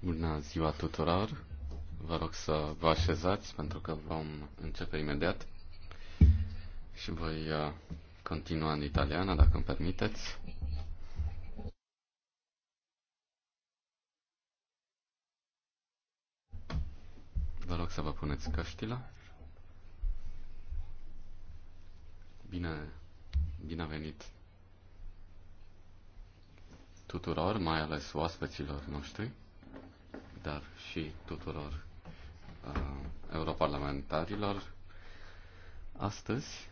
Bună ziua tuturor. Vă rog să vă așezați pentru că vom începe imediat și voi uh, continua în italiană, dacă îmi permiteți. Vă rog să vă puneți căștile. Bine, bine venit tuturor, mai ales oaspeților noștri, dar și tuturor uh, europarlamentarilor. Astăzi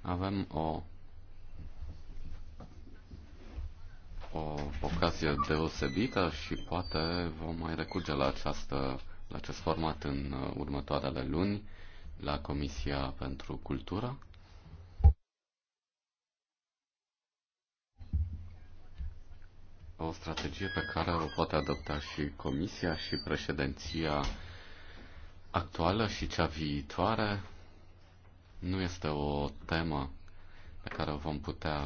avem o, o ocazie deosebită și poate vom mai recurge la, această, la acest format în uh, următoarele luni la Comisia pentru Cultură. o strategie pe care o poate adopta și Comisia și președinția actuală și cea viitoare. Nu este o temă pe care o vom putea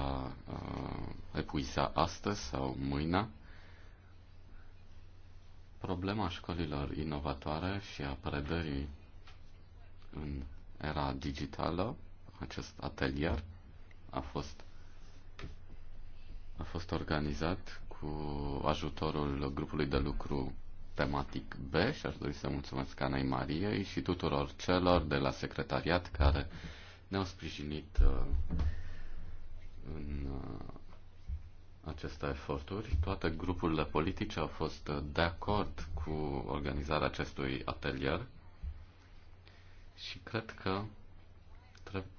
uh, epuiza astăzi sau mâine. Problema școlilor inovatoare și a predării în era digitală, acest atelier a fost a fost organizat cu ajutorul grupului de lucru tematic B și aș dori să mulțumesc Anei Mariei și tuturor celor de la secretariat care ne-au sprijinit uh, în uh, aceste eforturi. Toate grupurile politice au fost uh, de acord cu organizarea acestui atelier și cred că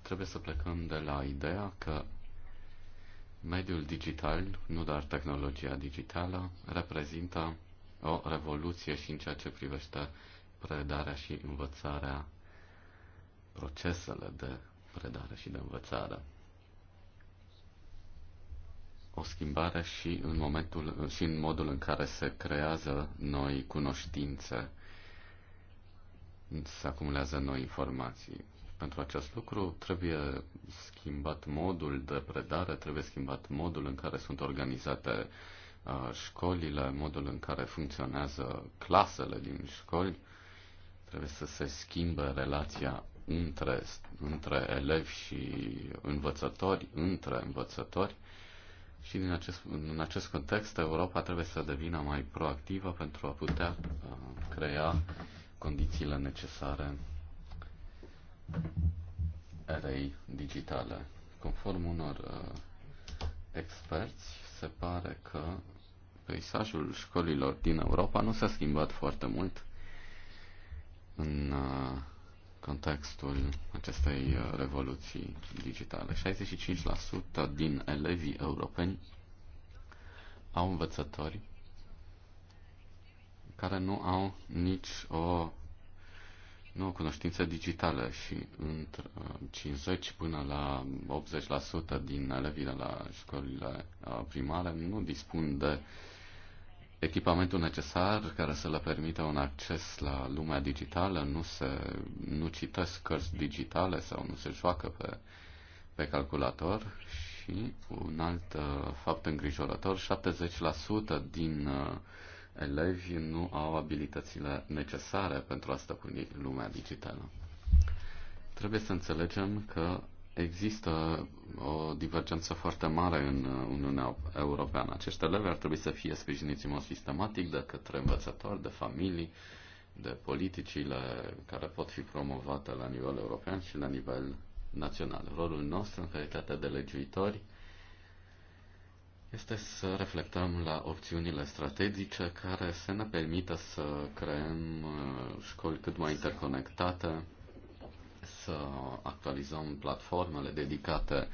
trebuie să plecăm de la ideea că Mediul digital, nu doar tehnologia digitală, reprezintă o revoluție și în ceea ce privește predarea și învățarea, procesele de predare și de învățare. O schimbare și în, momentul, și în modul în care se creează noi cunoștințe, se acumulează noi informații pentru acest lucru. Trebuie schimbat modul de predare, trebuie schimbat modul în care sunt organizate școlile, modul în care funcționează clasele din școli. Trebuie să se schimbe relația între, între elevi și învățători, între învățători. Și din acest, în acest context, Europa trebuie să devină mai proactivă pentru a putea uh, crea condițiile necesare erei digitale. Conform unor uh, experți, se pare că peisajul școlilor din Europa nu s-a schimbat foarte mult în uh, contextul acestei uh, revoluții digitale. 65% din elevii europeni au învățători care nu au nici o nu, cunoștință digitală și între 50 uh, până la 80% din elevii de la școlile uh, primare nu dispun de echipamentul necesar care să le permită un acces la lumea digitală, nu, se, nu citesc cărți digitale sau nu se joacă pe, pe calculator și un alt uh, fapt îngrijorător, 70% din uh, elevii nu au abilitățile necesare pentru a stăpâni lumea digitală. Trebuie să înțelegem că există o divergență foarte mare în Uniunea Europeană. Acești elevi ar trebui să fie sprijiniți în mod sistematic de către învățători, de familii, de politicile care pot fi promovate la nivel european și la nivel național. Rolul nostru, în calitate de legiuitori, este să reflectăm la opțiunile strategice care să ne permită să creăm uh, școli cât mai interconectate, să actualizăm platformele dedicate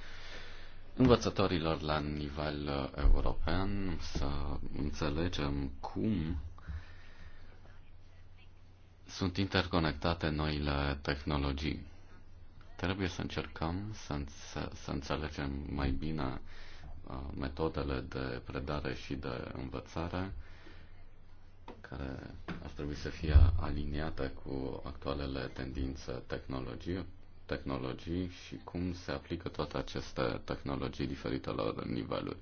învățătorilor la nivel uh, european, să înțelegem cum sunt interconectate noile tehnologii. Trebuie să încercăm să, înțe- să înțelegem mai bine metodele de predare și de învățare, care ar trebui să fie aliniate cu actualele tendințe tehnologie, tehnologii și cum se aplică toate aceste tehnologii diferitelor niveluri.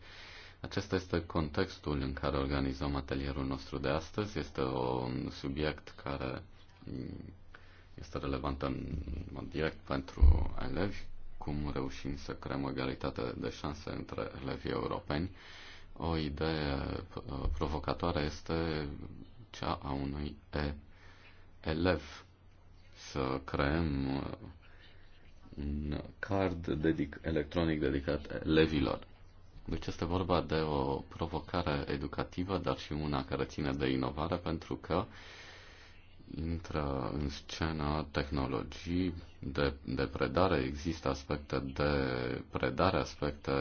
Acesta este contextul în care organizăm atelierul nostru de astăzi. Este un subiect care este relevant în mod direct pentru elevi cum reușim să creăm o egalitate de șanse între elevii europeni. O idee uh, provocatoare este cea a unui e elev. Să creăm uh, un card dedic- electronic dedicat elevilor. Deci este vorba de o provocare educativă, dar și una care ține de inovare, pentru că uh, intră în scenă tehnologii de, de predare, există aspecte de predare, aspecte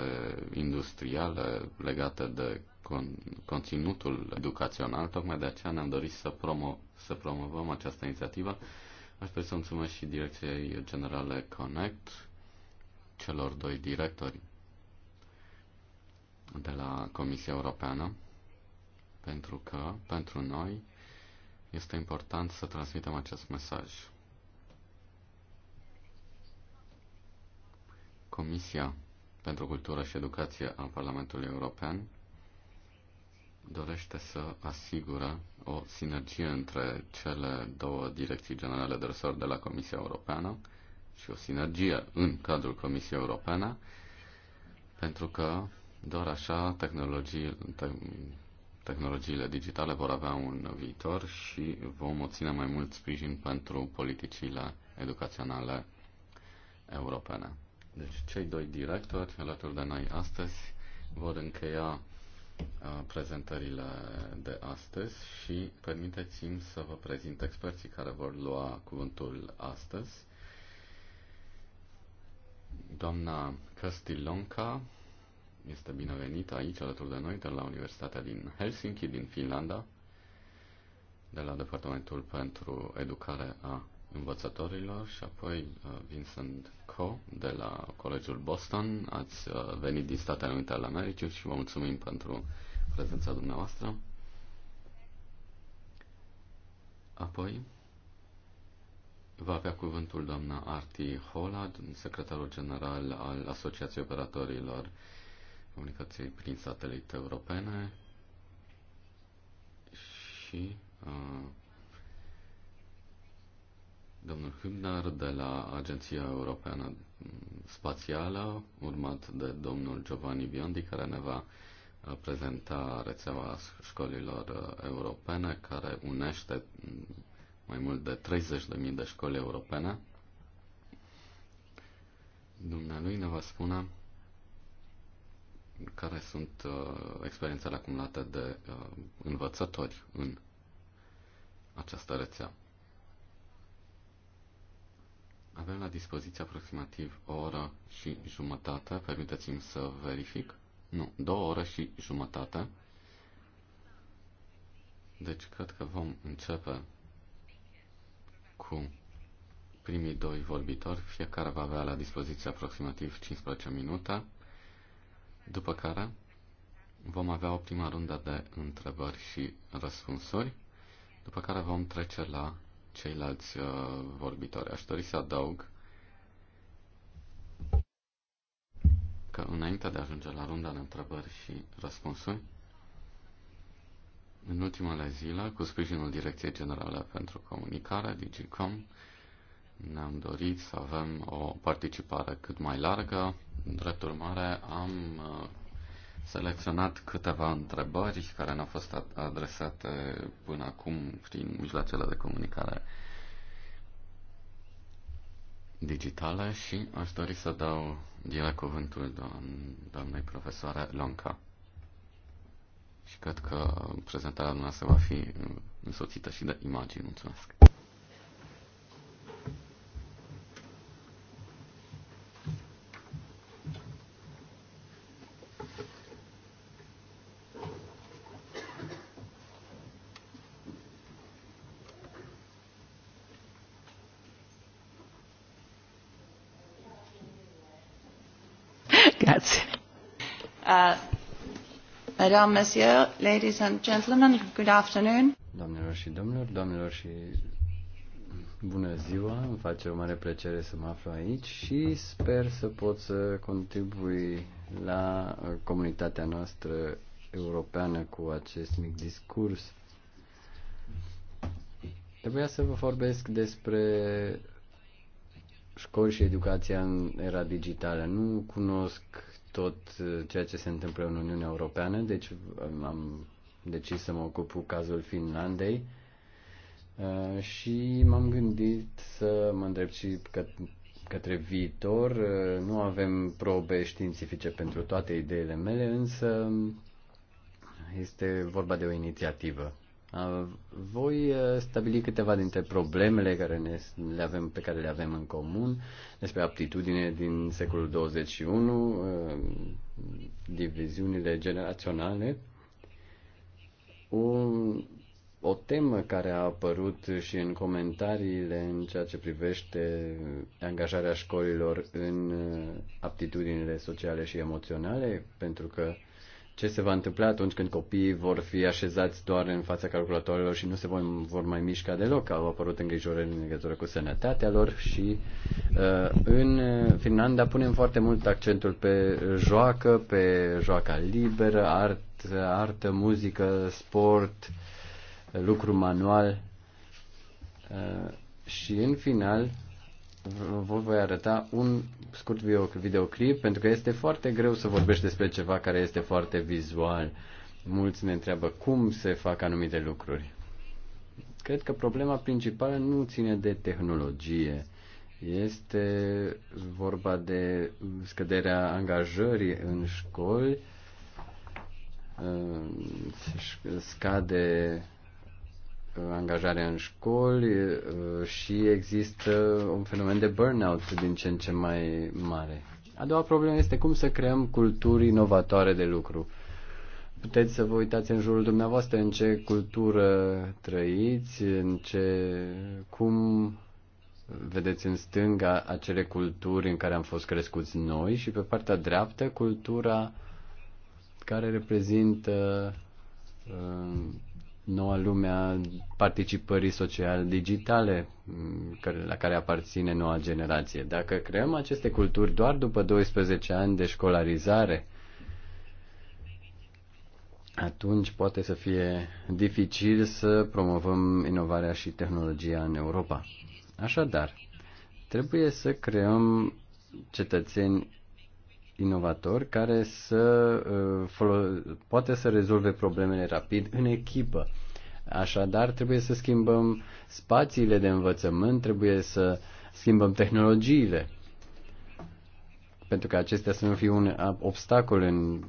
industriale legate de con, conținutul educațional. Tocmai de aceea ne-am dorit să, promo, să promovăm această inițiativă. Aș dori să mulțumesc și Direcției Generale Connect, celor doi directori de la Comisia Europeană, pentru că, pentru noi, este important să transmitem acest mesaj. Comisia pentru Cultură și Educație a Parlamentului European dorește să asigură o sinergie între cele două direcții generale de resort de la Comisia Europeană și o sinergie în cadrul Comisiei Europene, pentru că doar așa tehnologii, te, tehnologiile digitale vor avea un viitor și vom obține mai mult sprijin pentru politicile educaționale europene. Deci cei doi directori alături de noi astăzi vor încheia uh, prezentările de astăzi și permiteți-mi să vă prezint experții care vor lua cuvântul astăzi. Doamna Căstilonca, este binevenit aici alături de noi, de la Universitatea din Helsinki, din Finlanda, de la Departamentul pentru Educare a Învățătorilor și apoi uh, Vincent Co de la Colegiul Boston. Ați uh, venit din Statele Unite ale Americii și vă mulțumim pentru prezența dumneavoastră. Apoi, Va avea cuvântul doamna Arti Hola, secretarul general al Asociației Operatorilor comunicației prin satelite europene și uh, domnul Hübner de la Agenția Europeană Spațială, urmat de domnul Giovanni Biondi, care ne va uh, prezenta rețeaua școlilor uh, europene, care unește mm, mai mult de 30.000 de școli europene. Dumnealui ne va spune care sunt uh, experiențele acumulate de uh, învățători în această rețea. Avem la dispoziție aproximativ o oră și jumătate, permiteți-mi să verific. Nu, două ore și jumătate. Deci cred că vom începe cu primii doi vorbitori. Fiecare va avea la dispoziție aproximativ 15 minute după care vom avea o prima rundă de întrebări și răspunsuri, după care vom trece la ceilalți uh, vorbitori. Aș dori să adaug că înainte de a ajunge la runda de întrebări și răspunsuri, în ultimele zile, cu sprijinul Direcției Generale pentru Comunicare, DigiCom, ne-am dorit să avem o participare cât mai largă. În drept urmare, am uh, selecționat câteva întrebări care ne-au fost adresate până acum prin mijloacele de comunicare digitale și aș dori să dau direct cuvântul doamnei profesoare Lonca. Și cred că prezentarea noastră va fi însoțită și de imagini. Mulțumesc! Mesdames, ladies and gentlemen, good afternoon. Doamnelor și domnilor, doamnelor și bună ziua, îmi face o mare plăcere să mă aflu aici și sper să pot să contribui la comunitatea noastră europeană cu acest mic discurs. Trebuia să vă vorbesc despre școli și educația în era digitală. Nu cunosc tot uh, ceea ce se întâmplă în Uniunea Europeană, deci uh, am decis să mă ocup cu cazul Finlandei uh, și m-am gândit să mă îndrept și către viitor. Nu avem probe științifice pentru toate ideile mele, însă este vorba de o inițiativă. Voi stabili câteva dintre problemele care ne, le avem, pe care le avem în comun despre aptitudine din secolul 21, diviziunile generaționale. o o temă care a apărut și în comentariile în ceea ce privește angajarea școlilor în aptitudinile sociale și emoționale, pentru că ce se va întâmpla atunci când copiii vor fi așezați doar în fața calculatoarelor și nu se vor, vor mai mișca deloc. Au apărut îngrijorări în legătură cu sănătatea lor și uh, în Finlanda punem foarte mult accentul pe joacă, pe joaca liberă, art, artă, muzică, sport, lucru manual uh, și în final vă voi arăta un scurt videoclip, pentru că este foarte greu să vorbești despre ceva care este foarte vizual. Mulți ne întreabă cum se fac anumite lucruri. Cred că problema principală nu ține de tehnologie. Este vorba de scăderea angajării în școli, uh, scade angajare în școli uh, și există un fenomen de burnout din ce în ce mai mare. A doua problemă este cum să creăm culturi inovatoare de lucru. Puteți să vă uitați în jurul dumneavoastră în ce cultură trăiți, în ce, cum vedeți în stânga acele culturi în care am fost crescuți noi și pe partea dreaptă cultura care reprezintă uh, noua lume a participării social-digitale mm, la care aparține noua generație. Dacă creăm aceste culturi doar după 12 ani de școlarizare, atunci poate să fie dificil să promovăm inovarea și tehnologia în Europa. Așadar, trebuie să creăm cetățeni inovator care să uh, poate să rezolve problemele rapid în echipă. Așadar, trebuie să schimbăm spațiile de învățământ, trebuie să schimbăm tehnologiile, pentru că acestea să nu fie un obstacol în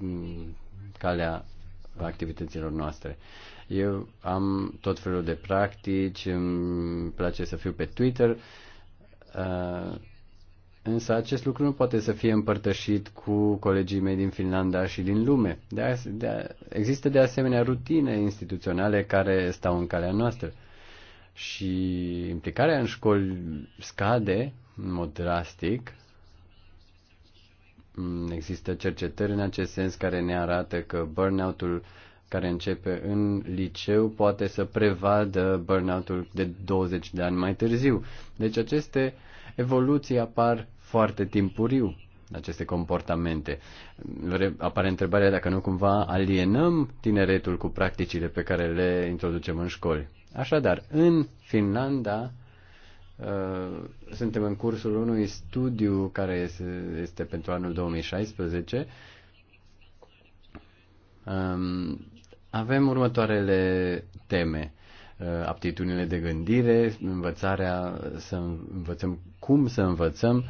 calea activităților noastre. Eu am tot felul de practici, îmi place să fiu pe Twitter, uh, Însă acest lucru nu poate să fie împărtășit cu colegii mei din Finlanda și din lume. De a, de a, există de asemenea rutine instituționale care stau în calea noastră. Și implicarea în școli scade în mod drastic. Mm, există cercetări în acest sens care ne arată că burnout-ul care începe în liceu poate să prevadă burnout-ul de 20 de ani mai târziu. Deci aceste evoluții apar foarte timpuriu aceste comportamente. Apare întrebarea dacă nu cumva alienăm tineretul cu practicile pe care le introducem în școli. Așadar, în Finlanda uh, suntem în cursul unui studiu care este pentru anul 2016. Um, avem următoarele teme uh, aptitudinile de gândire, învățarea să învățăm cum să învățăm,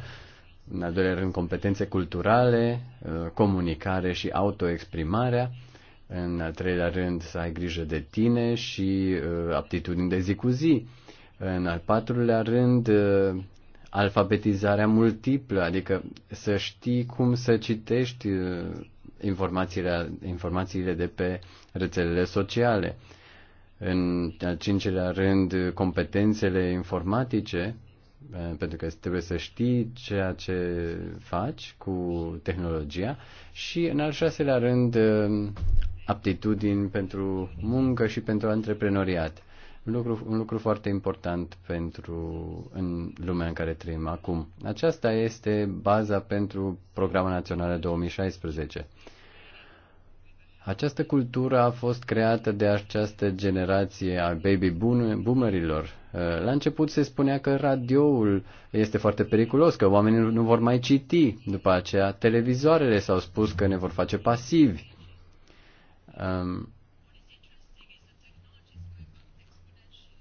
în al doilea rând competențe culturale, uh, comunicare și autoexprimarea, în al treilea rând să ai grijă de tine și uh, aptitudini de zi cu zi, în al patrulea rând uh, alfabetizarea multiplă, adică să știi cum să citești informațiile, informațiile de pe rețelele sociale. În al cincilea rând, competențele informatice, Eh, pentru că trebuie să știi ceea ce faci cu tehnologia și, în al șaselea rând, eh, aptitudini pentru muncă și pentru antreprenoriat. Un lucru, un lucru foarte important pentru în lumea în care trăim acum. Aceasta este baza pentru Programa Națională 2016. Această cultură a fost creată de această generație a baby boomerilor. Uh, la început se spunea că radioul este foarte periculos, că oamenii nu vor mai citi. După aceea, televizoarele s-au spus că ne vor face pasivi. Um,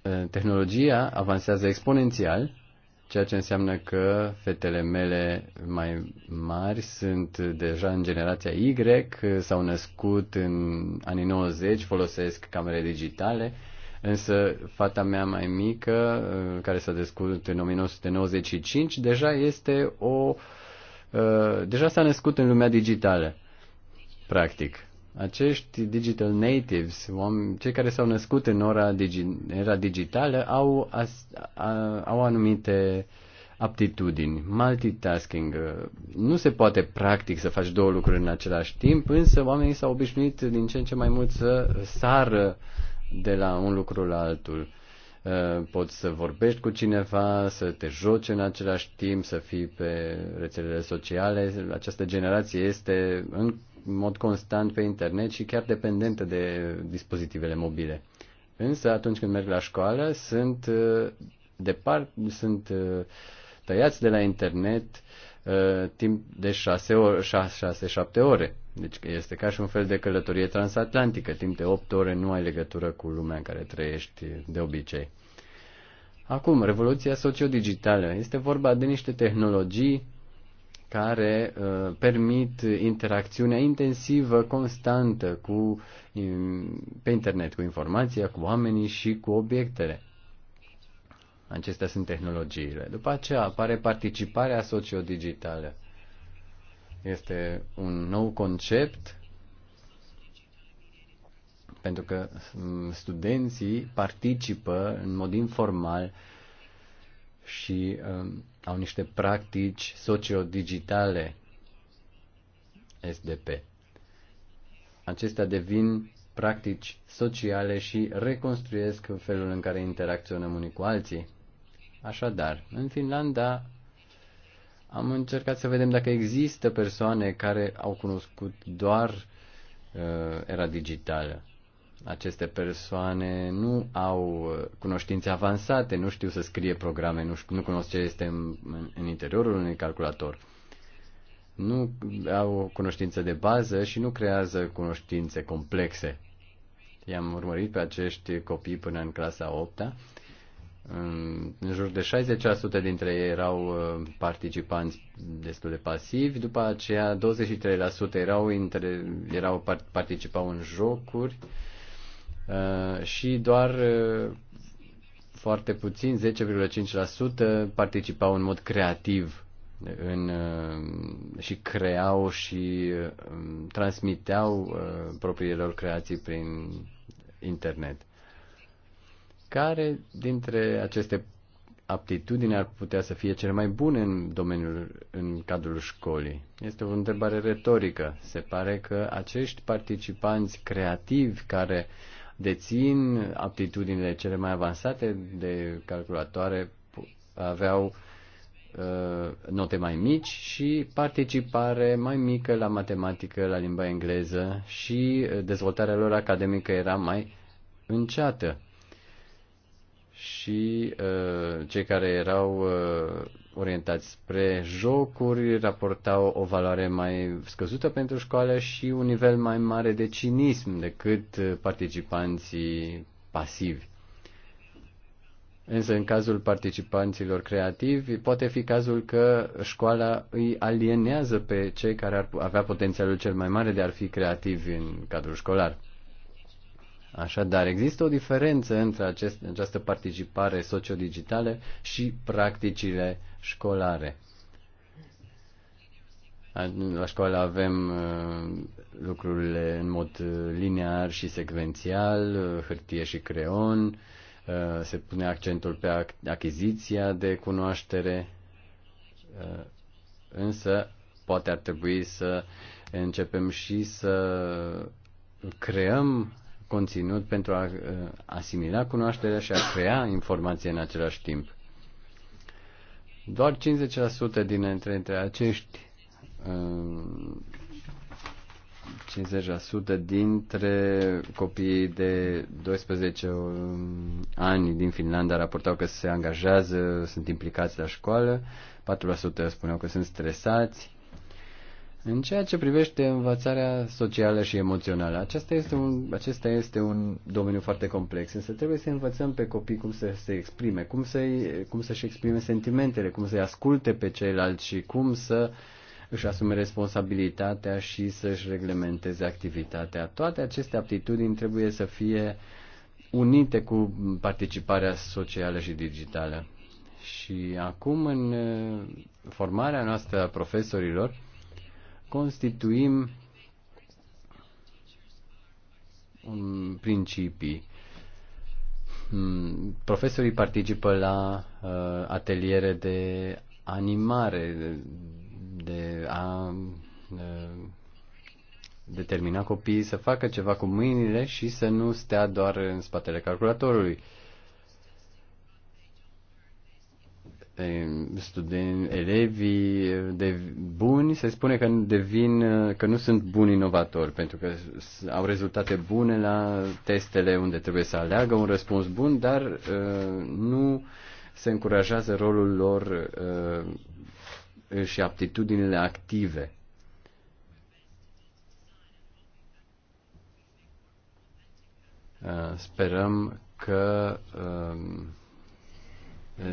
uh, tehnologia avansează exponențial ceea ce înseamnă că fetele mele mai mari sunt deja în generația Y, s-au născut în anii 90, folosesc camere digitale, însă fata mea mai mică, uh, care s-a născut în 1995, deja este o uh, deja s-a născut în lumea digitală, practic. Acești digital natives, cei care s-au născut în ora digi- era digitală, au, as, a, au anumite aptitudini, multitasking. Nu se poate practic să faci două lucruri în același timp, însă oamenii s-au obișnuit din ce în ce mai mult să sară de la un lucru la altul poți să vorbești cu cineva, să te joci în același timp, să fii pe rețelele sociale. Această generație este în în mod constant pe internet și chiar dependentă de dispozitivele mobile. Însă atunci când merg la școală sunt uh, depart, sunt uh, tăiați de la internet uh, timp de 6-7 ore. Deci este ca și un fel de călătorie transatlantică. Timp de 8 ore nu ai legătură cu lumea în care trăiești de obicei. Acum, revoluția sociodigitală. Este vorba de niște tehnologii care uh, permit interacțiunea intensivă, constantă cu, pe internet, cu informația, cu oamenii și cu obiectele. Acestea sunt tehnologiile. După aceea apare participarea sociodigitală. Este un nou concept pentru că mm, studenții participă în mod informal și uh, au niște practici sociodigitale SDP. Acestea devin practici sociale și reconstruiesc felul în care interacționăm unii cu alții. Așadar, în Finlanda am încercat să vedem dacă există persoane care au cunoscut doar uh, era digitală. Aceste persoane nu au uh, cunoștințe avansate, nu știu să scrie programe, nu, știu, nu cunosc ce este în, în interiorul unui calculator. Nu au cunoștință de bază și nu creează cunoștințe complexe. I-am urmărit pe acești copii până în clasa 8 -a. În jur de 60% dintre ei erau uh, participanți destul de pasivi, după aceea 23% erau, inter... erau participau în jocuri, Uh, și doar uh, foarte puțin, 10,5% participau în mod creativ în, uh, și creau și um, transmiteau propriilor creații prin internet. Care dintre aceste aptitudini ar putea să fie cele mai bune în domeniul, în cadrul școlii? Este o întrebare retorică. Se pare că acești participanți creativi care uh, dețin aptitudinile cele mai avansate de calculatoare aveau uh, note mai mici și participare mai mică la matematică, la limba engleză și uh, dezvoltarea lor academică era mai înceată. Și uh, cei care erau uh, orientați spre jocuri raportau o valoare mai scăzută pentru școală și un nivel mai mare de cinism decât participanții pasivi. Însă în cazul participanților creativi poate fi cazul că școala îi alienează pe cei care ar avea potențialul cel mai mare de a fi creativi în cadrul școlar. Așadar, există o diferență între acest, această participare sociodigitală și practicile școlare. La școală avem uh, lucrurile în mod uh, linear și secvențial, uh, hârtie și creon, se pune accentul pe achiziția de cunoaștere, însă poate ar trebui să începem și să creăm conținut pentru a uh, asimila cunoașterea și a crea informație în același timp. Doar 50% din între acești 50% uh, dintre copiii de 12 uh, ani din Finlanda raportau că se angajează, sunt implicați la școală, 4% spuneau că sunt stresați, în ceea ce privește învățarea socială și emoțională, acesta este un, acesta este un domeniu foarte complex, însă trebuie să învățăm pe copii cum să se exprime, cum, să cum să-și exprime sentimentele, cum să-i asculte pe ceilalți și cum să își asume responsabilitatea și să-și reglementeze activitatea. Toate aceste aptitudini trebuie să fie unite cu participarea socială și digitală. Și acum, în formarea noastră a profesorilor, constituim un principii. Profesorii participă la uh, ateliere de animare, de, de a uh, determina copiii să facă ceva cu mâinile și să nu stea doar în spatele calculatorului. Uh, studenți, elevii de buni, se spune că devin, că nu sunt buni inovatori, pentru că au rezultate bune la testele unde trebuie să aleagă un răspuns bun, dar uh, nu se încurajează rolul lor uh, și aptitudinile active. Uh, sperăm că uh,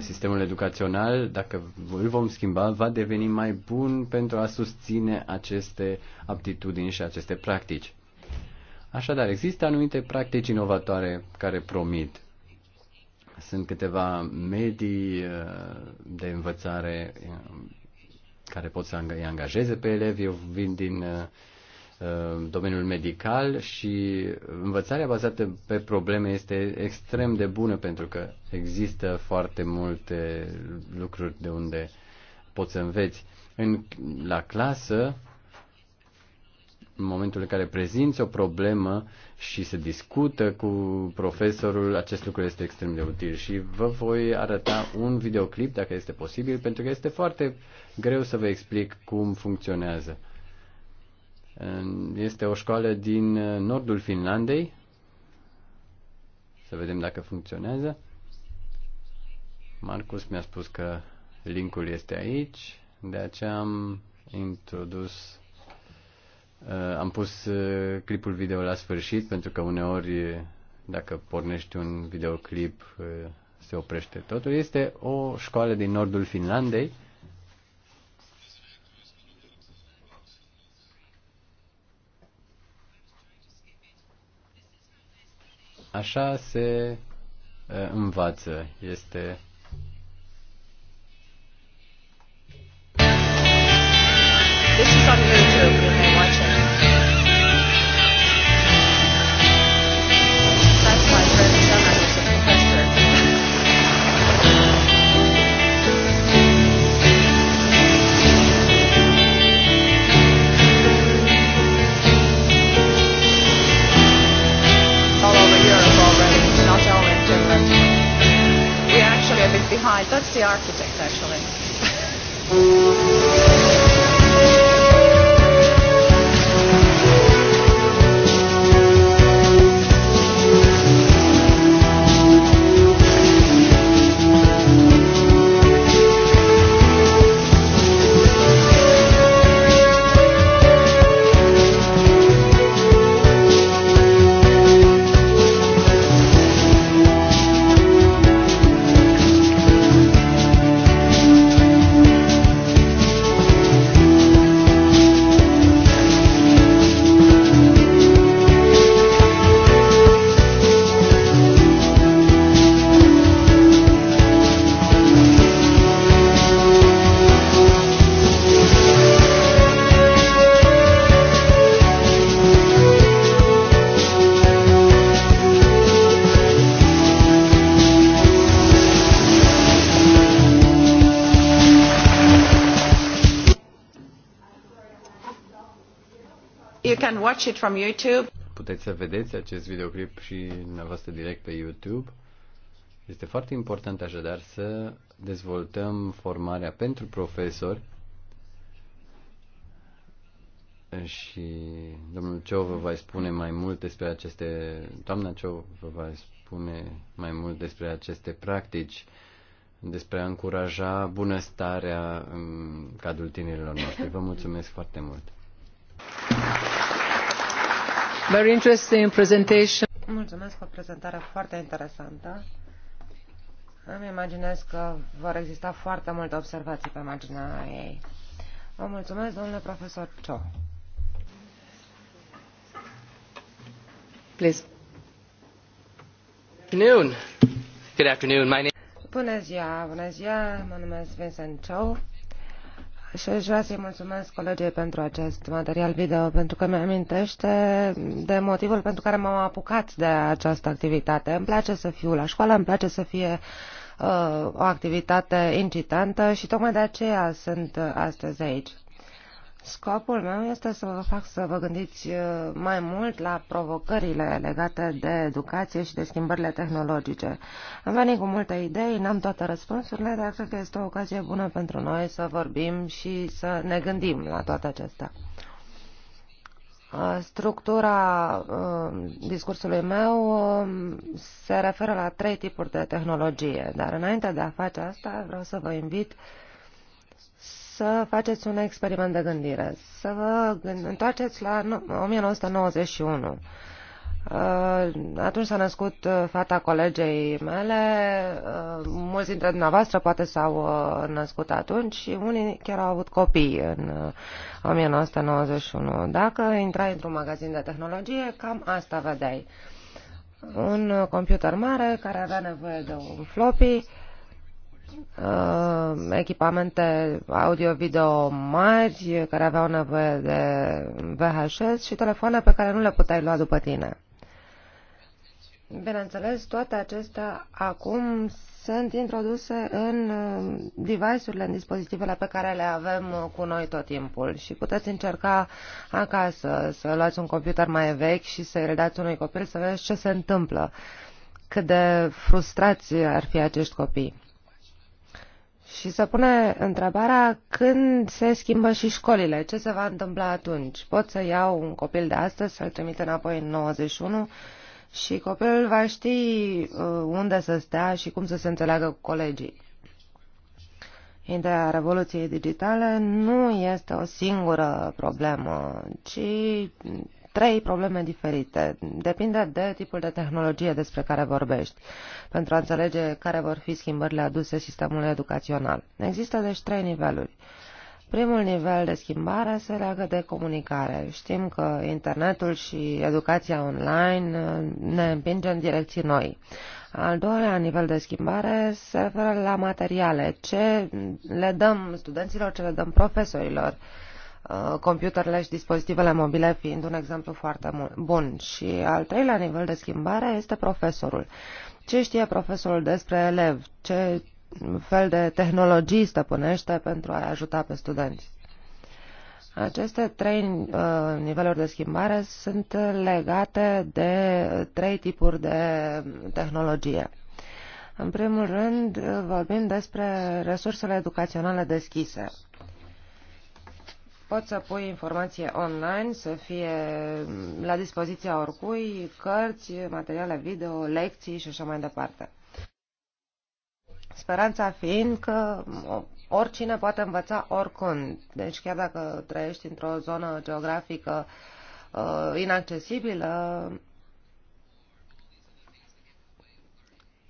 sistemul educațional, dacă îl vom schimba, va deveni mai bun pentru a susține aceste aptitudini și aceste practici. Așadar, există anumite practici inovatoare care promit. Sunt câteva medii uh, de învățare uh, care pot să îi angajeze pe elevi. Eu vin din uh, Uh, domeniul medical și învățarea bazată pe probleme este extrem de bună pentru că există foarte multe lucruri de unde poți să înveți. În, la clasă, în momentul în care prezinți o problemă și se discută cu profesorul, acest lucru este extrem de util și vă voi arăta un videoclip, dacă este posibil, pentru că este foarte greu să vă explic cum funcționează. Este o școală din uh, nordul Finlandei. Să vedem dacă funcționează. Marcus mi-a spus că linkul este aici, de aceea am introdus uh, am pus uh, clipul video la sfârșit pentru că uneori dacă pornești un videoclip se oprește totul. Este o școală din nordul Finlandei Așa se învață. Este This is on YouTube. Hyde. That's the architect, actually. can watch it from YouTube. Puteți să vedeți acest videoclip și dumneavoastră direct pe YouTube. Este foarte important așadar să dezvoltăm formarea pentru profesori și domnul Ciov vă va spune mai mult despre aceste, doamna Ciov vă va spune mai mult despre aceste practici, despre a încuraja bunăstarea în cadrul tinerilor noștri. Vă mulțumesc foarte mult! Mulțumesc pentru o prezentare foarte interesantă. Îmi imaginez că vor exista foarte multe observații pe marginea ei. Vă mulțumesc, domnule profesor Cho. Please. Good afternoon. Good afternoon. My name... Bună ziua, bună ziua. Mă numesc Vincent Cho. Și aș vrea să-i mulțumesc colegii pentru acest material video, pentru că mi-amintește de motivul pentru care m-am apucat de această activitate. Îmi place să fiu la școală, îmi place să fie uh, o activitate incitantă și tocmai de aceea sunt uh, astăzi aici. Scopul meu este să vă fac să vă gândiți uh, mai mult la provocările legate de educație și de schimbările tehnologice. Am venit cu multe idei, n-am toate răspunsurile, dar cred că este o ocazie bună pentru noi să vorbim și să ne gândim la toate acestea. Uh, structura uh, discursului meu se referă la trei tipuri de tehnologie, dar înainte de a face asta vreau să vă invit să faceți un experiment de gândire, să vă întoarceți la 1991. Uh, atunci s-a născut uh, fata colegei mele, uh, mulți dintre dumneavoastră poate s-au născut atunci și unii chiar au avut copii în 1991. Dacă intrai într-un magazin de tehnologie, cam asta vedeai. Un computer mare care avea nevoie de un floppy, Uh, echipamente audio-video mari care aveau nevoie de VHS și telefoane pe care nu le puteai lua după tine. Bineînțeles, toate acestea acum sunt introduse în uh, device-urile, în dispozitivele pe care le avem uh, cu noi tot timpul și puteți încerca acasă să luați un computer mai vechi și să-i redați unui copil să vezi ce se întâmplă, cât de frustrați ar fi acești copii. Și se pune întrebarea când se schimbă și școlile, ce se va întâmpla atunci. Pot să iau un copil de astăzi, să-l trimit înapoi în 91 și copilul va ști uh, unde să stea și cum să se înțeleagă cu colegii. Ideea revoluției digitale nu este o singură problemă, ci trei probleme diferite. Depinde de tipul de tehnologie despre care vorbești, pentru a înțelege care vor fi schimbările aduse sistemului educațional. Există deci trei niveluri. Primul nivel de schimbare se leagă de comunicare. Știm că internetul și educația online uh, ne împinge în direcții noi. Al doilea nivel de schimbare se referă la materiale. Ce le dăm studenților, ce le dăm profesorilor. Uh, computerele și dispozitivele mobile fiind un exemplu foarte bun. Și al treilea nivel de schimbare este profesorul. Ce știe profesorul despre elev? Ce fel de tehnologii stăpânește pentru a ajuta pe studenți? Aceste trei uh, niveluri de schimbare sunt legate de trei tipuri de tehnologie. În primul rând, vorbim despre resursele educaționale deschise. Poți să pui informație online, să fie la dispoziția oricui, cărți, materiale video, lecții și așa mai departe. Speranța fiind că oricine poate învăța oricând. Deci chiar dacă trăiești într-o zonă geografică uh, inaccesibilă,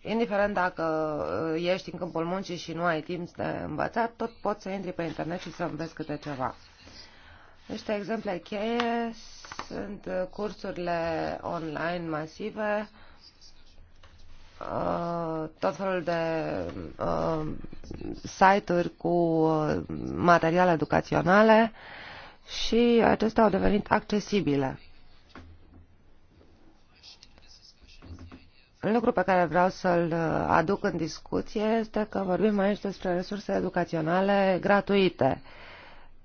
indiferent dacă uh, ești în câmpul muncii și nu ai timp de învățat, tot poți să intri pe internet și să înveți câte ceva. Niște exemple cheie sunt cursurile online masive, uh, tot felul de uh, site-uri cu uh, materiale educaționale și acestea au devenit accesibile. Un lucru pe care vreau să-l aduc în discuție este că vorbim aici despre resurse educaționale gratuite. Uh,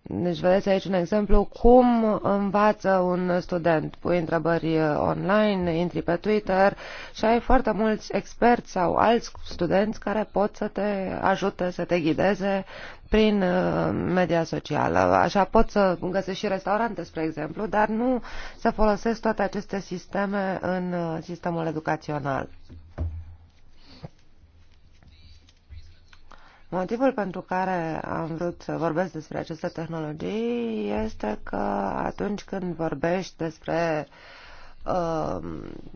deci vedeți aici un exemplu cum învață un student. Pui întrebări uh, online, intri pe Twitter și ai foarte mulți experți sau alți studenți care pot să te ajute, să te ghideze prin uh, media socială. Așa pot să găsești și restaurante, spre exemplu, dar nu să folosesc toate aceste sisteme în uh, sistemul educațional. Motivul pentru care am vrut să vorbesc despre aceste tehnologii este că atunci când vorbești despre uh,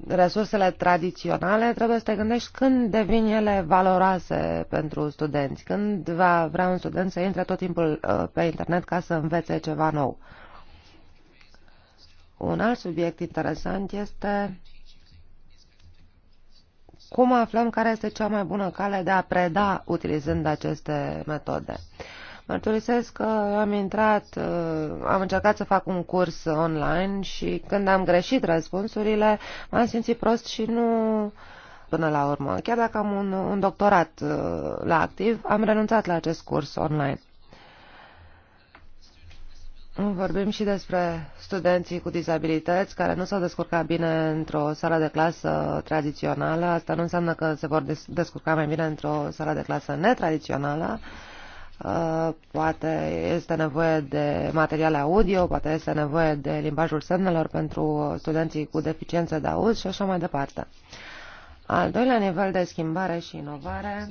resursele tradiționale, trebuie să te gândești când devin ele valoroase pentru studenți, când va vrea un student să intre tot timpul uh, pe internet ca să învețe ceva nou. Un alt subiect interesant este cum aflăm care este cea mai bună cale de a preda utilizând aceste metode? Mărturisesc că am intrat, uh, am încercat să fac un curs online și când am greșit răspunsurile, m-am simțit prost și nu până la urmă. Chiar dacă am un, un doctorat uh, la activ, am renunțat la acest curs online. Vorbim și despre studenții cu dizabilități care nu s-au descurcat bine într-o sală de clasă tradițională. Asta nu înseamnă că se vor descurca mai bine într-o sală de clasă netradițională. Uh, poate este nevoie de materiale audio, poate este nevoie de limbajul semnelor pentru studenții cu deficiențe de auz și așa mai departe. Al doilea nivel de schimbare și inovare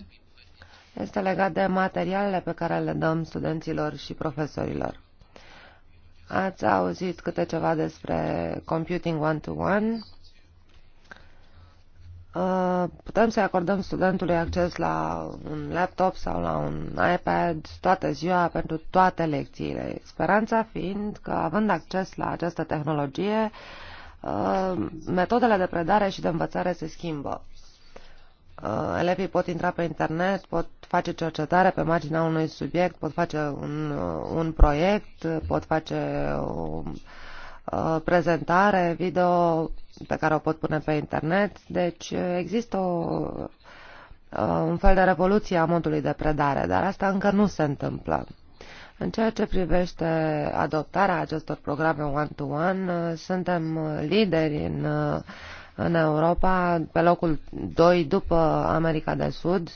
este legat de materialele pe care le dăm studenților și profesorilor. Ați auzit câte ceva despre computing one-to-one. -one. Uh, putem să-i acordăm studentului acces la un laptop sau la un iPad toată ziua pentru toate lecțiile. Speranța fiind că, având acces la această tehnologie, uh, metodele de predare și de învățare se schimbă. Uh, elevii pot intra pe internet, pot face cercetare pe marginea unui subiect, pot face un, uh, un proiect, pot face o uh, prezentare video pe care o pot pune pe internet. Deci există o, un fel de revoluție a modului de predare, dar asta încă nu se întâmplă. În ceea ce privește adoptarea acestor programe one-to-one, -one, suntem lideri în în Europa, pe locul 2 după America de Sud,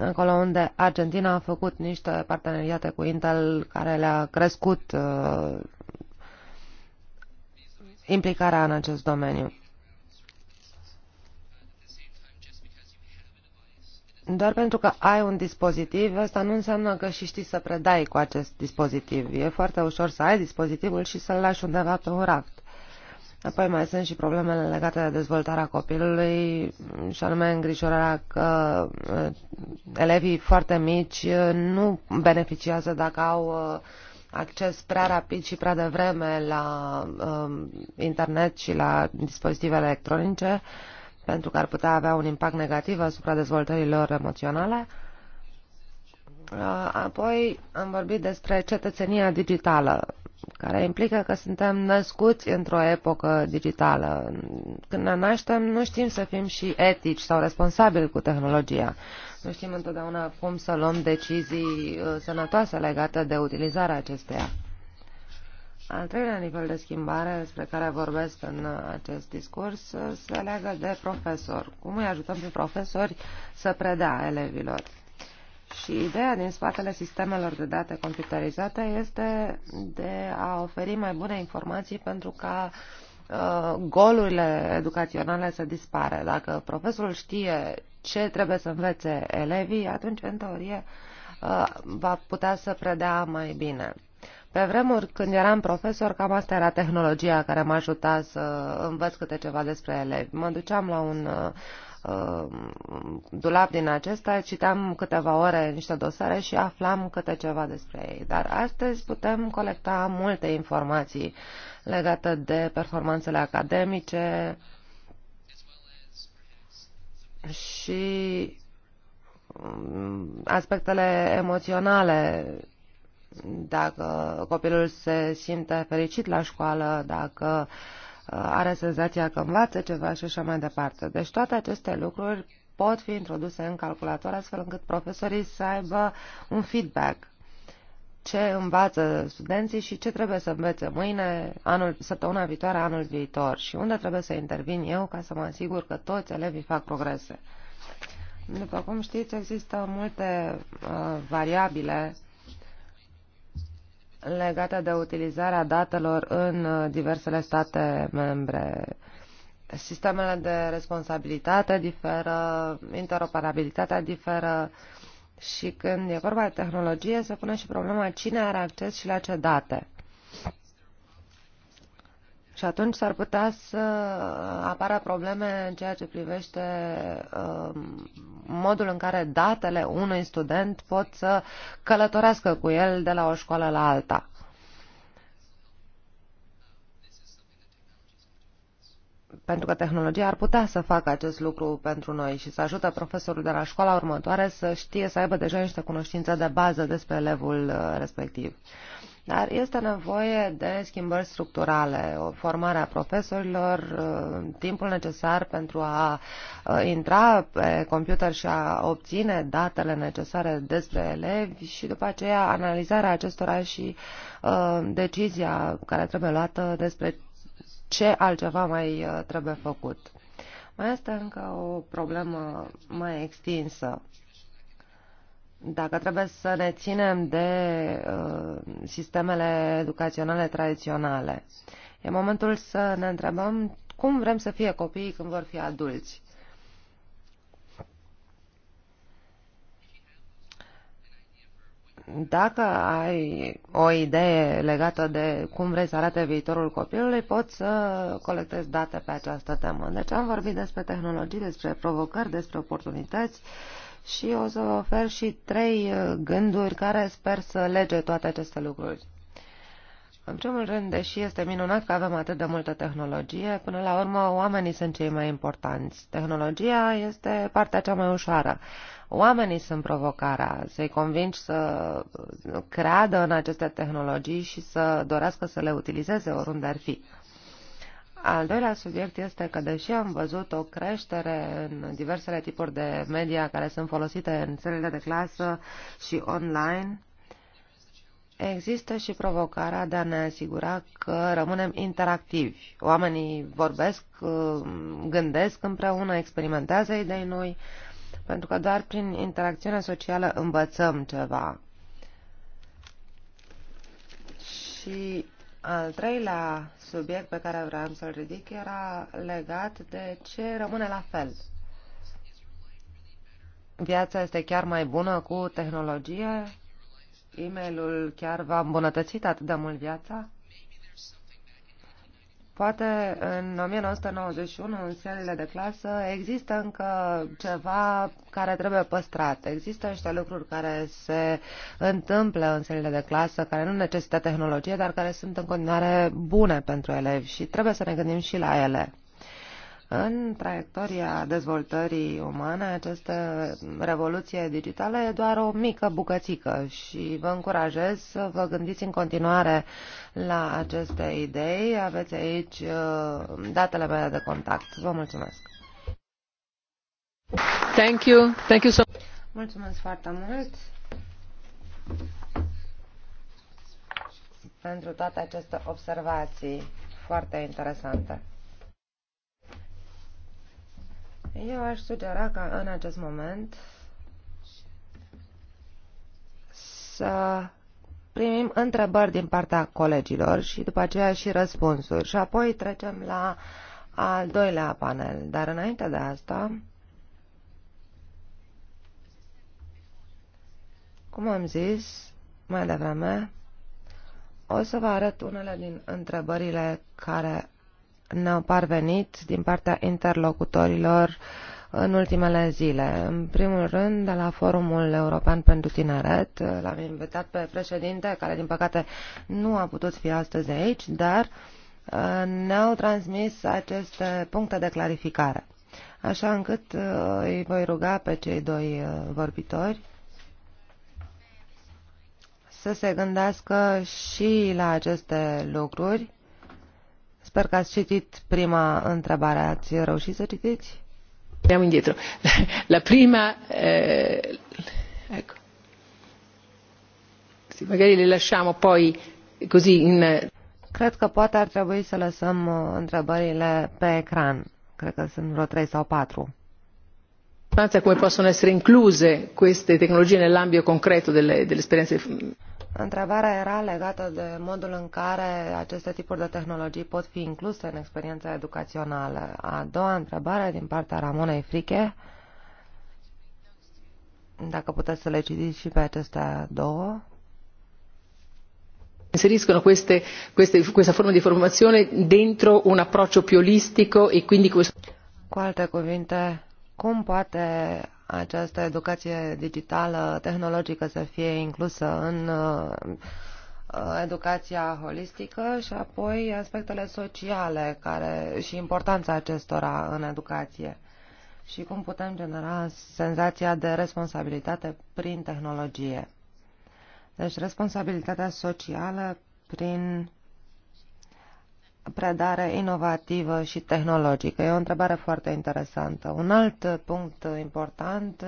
acolo unde Argentina a făcut niște parteneriate cu Intel care le-a crescut uh, implicarea în acest domeniu. Doar pentru că ai un dispozitiv, asta nu înseamnă că și știi să predai cu acest dispozitiv. E foarte ușor să ai dispozitivul și să-l lași undeva pe un raft. Apoi mai sunt și problemele legate de dezvoltarea copilului și anume îngrijorarea că uh, elevii foarte mici uh, nu beneficiază dacă au uh, acces prea rapid și prea devreme la um, internet și la dispozitive electronice pentru că ar putea avea un impact negativ asupra dezvoltării lor emoționale. Apoi am vorbit despre cetățenia digitală care implică că suntem născuți într-o epocă digitală. Când ne naștem, nu știm să fim și etici sau responsabili cu tehnologia. Nu știm întotdeauna cum să luăm decizii uh, sănătoase legate de utilizarea acesteia. Al treilea nivel de schimbare despre care vorbesc în uh, acest discurs uh, se leagă de profesor. Cum îi ajutăm pe profesori să predea elevilor? Și ideea din spatele sistemelor de date computerizate este de a oferi mai bune informații pentru ca uh, golurile educaționale să dispare. Dacă profesorul știe ce trebuie să învețe elevii, atunci, în teorie, uh, va putea să predea mai bine. Pe vremuri, când eram profesor, cam asta era tehnologia care mă ajuta să învăț câte ceva despre elevi. Mă duceam la un uh, Uh, dulap din acesta, citeam câteva ore niște dosare și aflam câte ceva despre ei. Dar astăzi putem colecta multe informații legate de performanțele academice și um, aspectele emoționale dacă copilul se simte fericit la școală, dacă uh, are senzația că învață ceva și așa mai departe. Deci toate aceste lucruri pot fi introduse în calculator astfel încât profesorii să aibă un feedback ce învață studenții și ce trebuie să învețe mâine, anul, săptămâna viitoare, anul viitor și unde trebuie să intervin eu ca să mă asigur că toți elevii fac progrese. După cum știți, există multe uh, variabile legate de utilizarea datelor în uh, diversele state membre. Sistemele de responsabilitate diferă, interoperabilitatea diferă și când e vorba de tehnologie se pune și problema cine are acces și la ce date. Și atunci s-ar putea să apară probleme în ceea ce privește um, modul în care datele unui student pot să călătorească cu el de la o școală la alta. pentru că tehnologia ar putea să facă acest lucru pentru noi și să ajute profesorul de la școala următoare să știe să aibă deja niște cunoștințe de bază despre elevul uh, respectiv. Dar este nevoie de schimbări structurale, o formare a profesorilor, uh, timpul necesar pentru a uh, intra pe computer și a obține datele necesare despre elevi și după aceea analizarea acestora și uh, decizia care trebuie luată despre ce altceva mai trebuie făcut. Mai este încă o problemă mai extinsă dacă trebuie să ne ținem de uh, sistemele educaționale tradiționale, e momentul să ne întrebăm cum vrem să fie copiii când vor fi adulți. dacă ai o idee legată de cum vrei să arate viitorul copilului, poți să colectezi date pe această temă. Deci am vorbit despre tehnologii, despre provocări, despre oportunități, și o să vă ofer și trei uh, gânduri care sper să lege toate aceste lucruri. În primul rând, deși este minunat că avem atât de multă tehnologie, până la urmă oamenii sunt cei mai importanți. Tehnologia este partea cea mai ușoară. Oamenii sunt provocarea, să-i convingi să uh, creadă în aceste tehnologii și să dorească să le utilizeze oriunde ar fi. Al doilea subiect este că, deși am văzut o creștere în diversele tipuri de media care sunt folosite în țările de clasă și online, Există și provocarea de a ne asigura că rămânem interactivi. Oamenii vorbesc, gândesc împreună, experimentează idei noi, pentru că doar prin interacțiune socială învățăm ceva. Și al treilea subiect pe care vreau să-l ridic era legat de ce rămâne la fel. Viața este chiar mai bună cu tehnologie? E-mailul chiar v-a îmbunătățit atât de mult viața? Poate în 1991, în serile de clasă, există încă ceva care trebuie păstrat. Există niște lucruri care se întâmplă în serile de clasă, care nu necesită tehnologie, dar care sunt în continuare bune pentru elevi și trebuie să ne gândim și la ele. În traiectoria dezvoltării umane, această revoluție digitală e doar o mică bucățică și vă încurajez să vă gândiți în continuare la aceste idei. Aveți aici uh, datele mele de contact. Vă mulțumesc! Thank you. Thank you so Mulțumesc foarte mult pentru toate aceste observații foarte interesante. Eu aș sugera ca în acest moment să primim întrebări din partea colegilor și după aceea și răspunsuri. Și apoi trecem la al doilea panel. Dar înainte de asta, cum am zis mai devreme, o să vă arăt unele din întrebările care ne-au parvenit din partea interlocutorilor în ultimele zile. În primul rând, de la Forumul European pentru Tineret, l-am invitat pe președinte, care din păcate nu a putut fi astăzi aici, dar uh, ne-au transmis aceste puncte de clarificare. Așa încât uh, îi voi ruga pe cei doi uh, vorbitori să se gândească și la aceste lucruri Sper că ați citit prima întrebare. Ați reușit să citiți? Andiamo indietro. La prima... Eh, ecco. Sì, magari le lasciamo poi così in... Cred că poate ar trebui să lăsăm uh, întrebările pe ecran. Cred că sunt vreo 3 sau 4 sostanza come possono essere incluse queste tecnologie nell'ambito concreto delle, delle esperienze Întrebarea era legată de modul în care aceste tipuri de tehnologii pot fi incluse în experiența educațională. A doua întrebare din partea Ramonei Friche, dacă puteți să le citiți și pe acestea două inseriscono queste, queste, questa forma di formazione dentro un approccio più olistico e quindi questo... Cu cuvinte, come può această educație digitală, tehnologică să fie inclusă în uh, educația holistică și apoi aspectele sociale care, și importanța acestora în educație și cum putem genera senzația de responsabilitate prin tehnologie. Deci responsabilitatea socială prin predare inovativă și tehnologică. E o întrebare foarte interesantă. Un alt punct important,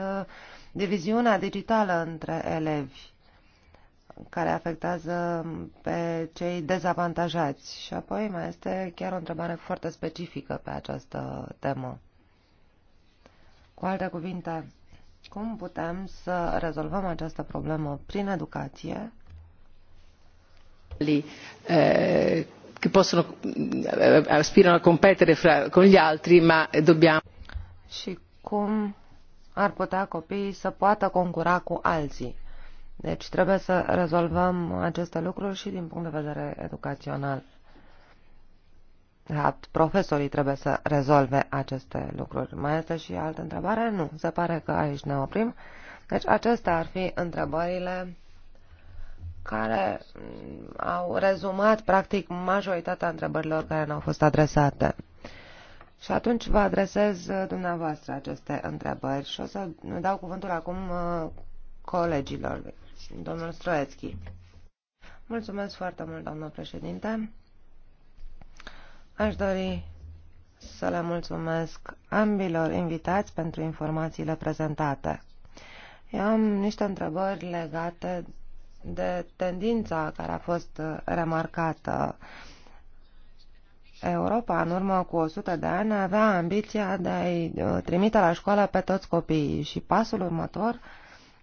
diviziunea digitală între elevi care afectează pe cei dezavantajați. Și apoi mai este chiar o întrebare foarte specifică pe această temă. Cu alte cuvinte, cum putem să rezolvăm această problemă prin educație? Eh, che possono eh, aspirano a competere fra, con gli altri ma dobbiamo și cum ar putea copiii să poată concura cu alții. Deci trebuie să rezolvăm aceste lucruri și din punct de vedere educațional. Fapt, profesorii trebuie să rezolve aceste lucruri. Mai este și altă întrebare? Nu. Se pare că aici ne oprim. Deci acestea ar fi întrebările care mm, au rezumat practic majoritatea întrebărilor care ne-au fost adresate. Și atunci vă adresez uh, dumneavoastră aceste întrebări și o să dau cuvântul acum uh, colegilor, domnul Stroețchi. Mulțumesc foarte mult, doamnă președinte. Aș dori să le mulțumesc ambilor invitați pentru informațiile prezentate. Eu am niște întrebări legate de tendința care a fost remarcată. Europa, în urmă cu 100 de ani, avea ambiția de a-i uh, trimite la școală pe toți copiii și pasul următor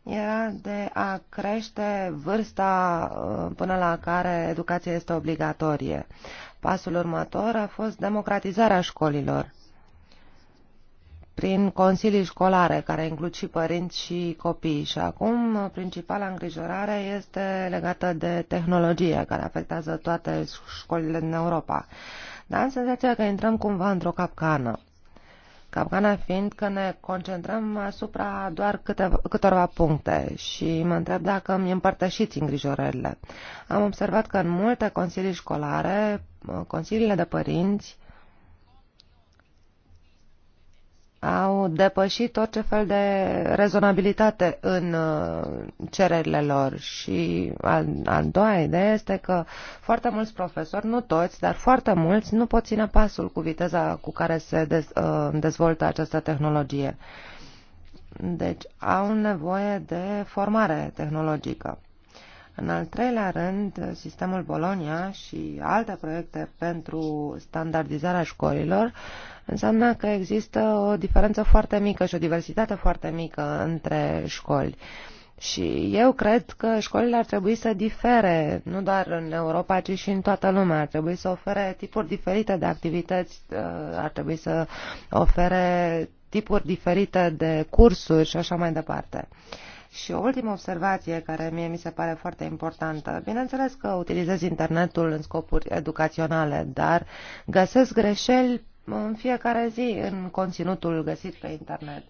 era de a crește vârsta uh, până la care educația este obligatorie. Pasul următor a fost democratizarea școlilor prin consilii școlare, care includ și părinți și copii. Și acum, principala îngrijorare este legată de tehnologie, care afectează toate școlile din Europa. Dar am senzația că intrăm cumva într-o capcană. Capcana fiind că ne concentrăm asupra doar câteva, câtorva puncte și mă întreb dacă îmi împărtășiți îngrijorările. Am observat că în multe consilii școlare, consiliile de părinți, au depășit orice fel de rezonabilitate în uh, cererile lor. Și al, al doua idee este că foarte mulți profesori, nu toți, dar foarte mulți, nu pot ține pasul cu viteza cu care se dez, uh, dezvoltă această tehnologie. Deci au nevoie de formare tehnologică. În al treilea rând, sistemul Bologna și alte proiecte pentru standardizarea școlilor înseamnă că există o diferență foarte mică și o diversitate foarte mică între școli. Și eu cred că școlile ar trebui să difere, nu doar în Europa, ci și în toată lumea. Ar trebui să ofere tipuri diferite de activități, uh, ar trebui să ofere tipuri diferite de cursuri și așa mai departe. Uh, și o ultimă observație care mie mi se pare foarte importantă. Bineînțeles că utilizez internetul în scopuri educaționale, dar găsesc greșeli în fiecare zi în conținutul găsit pe internet.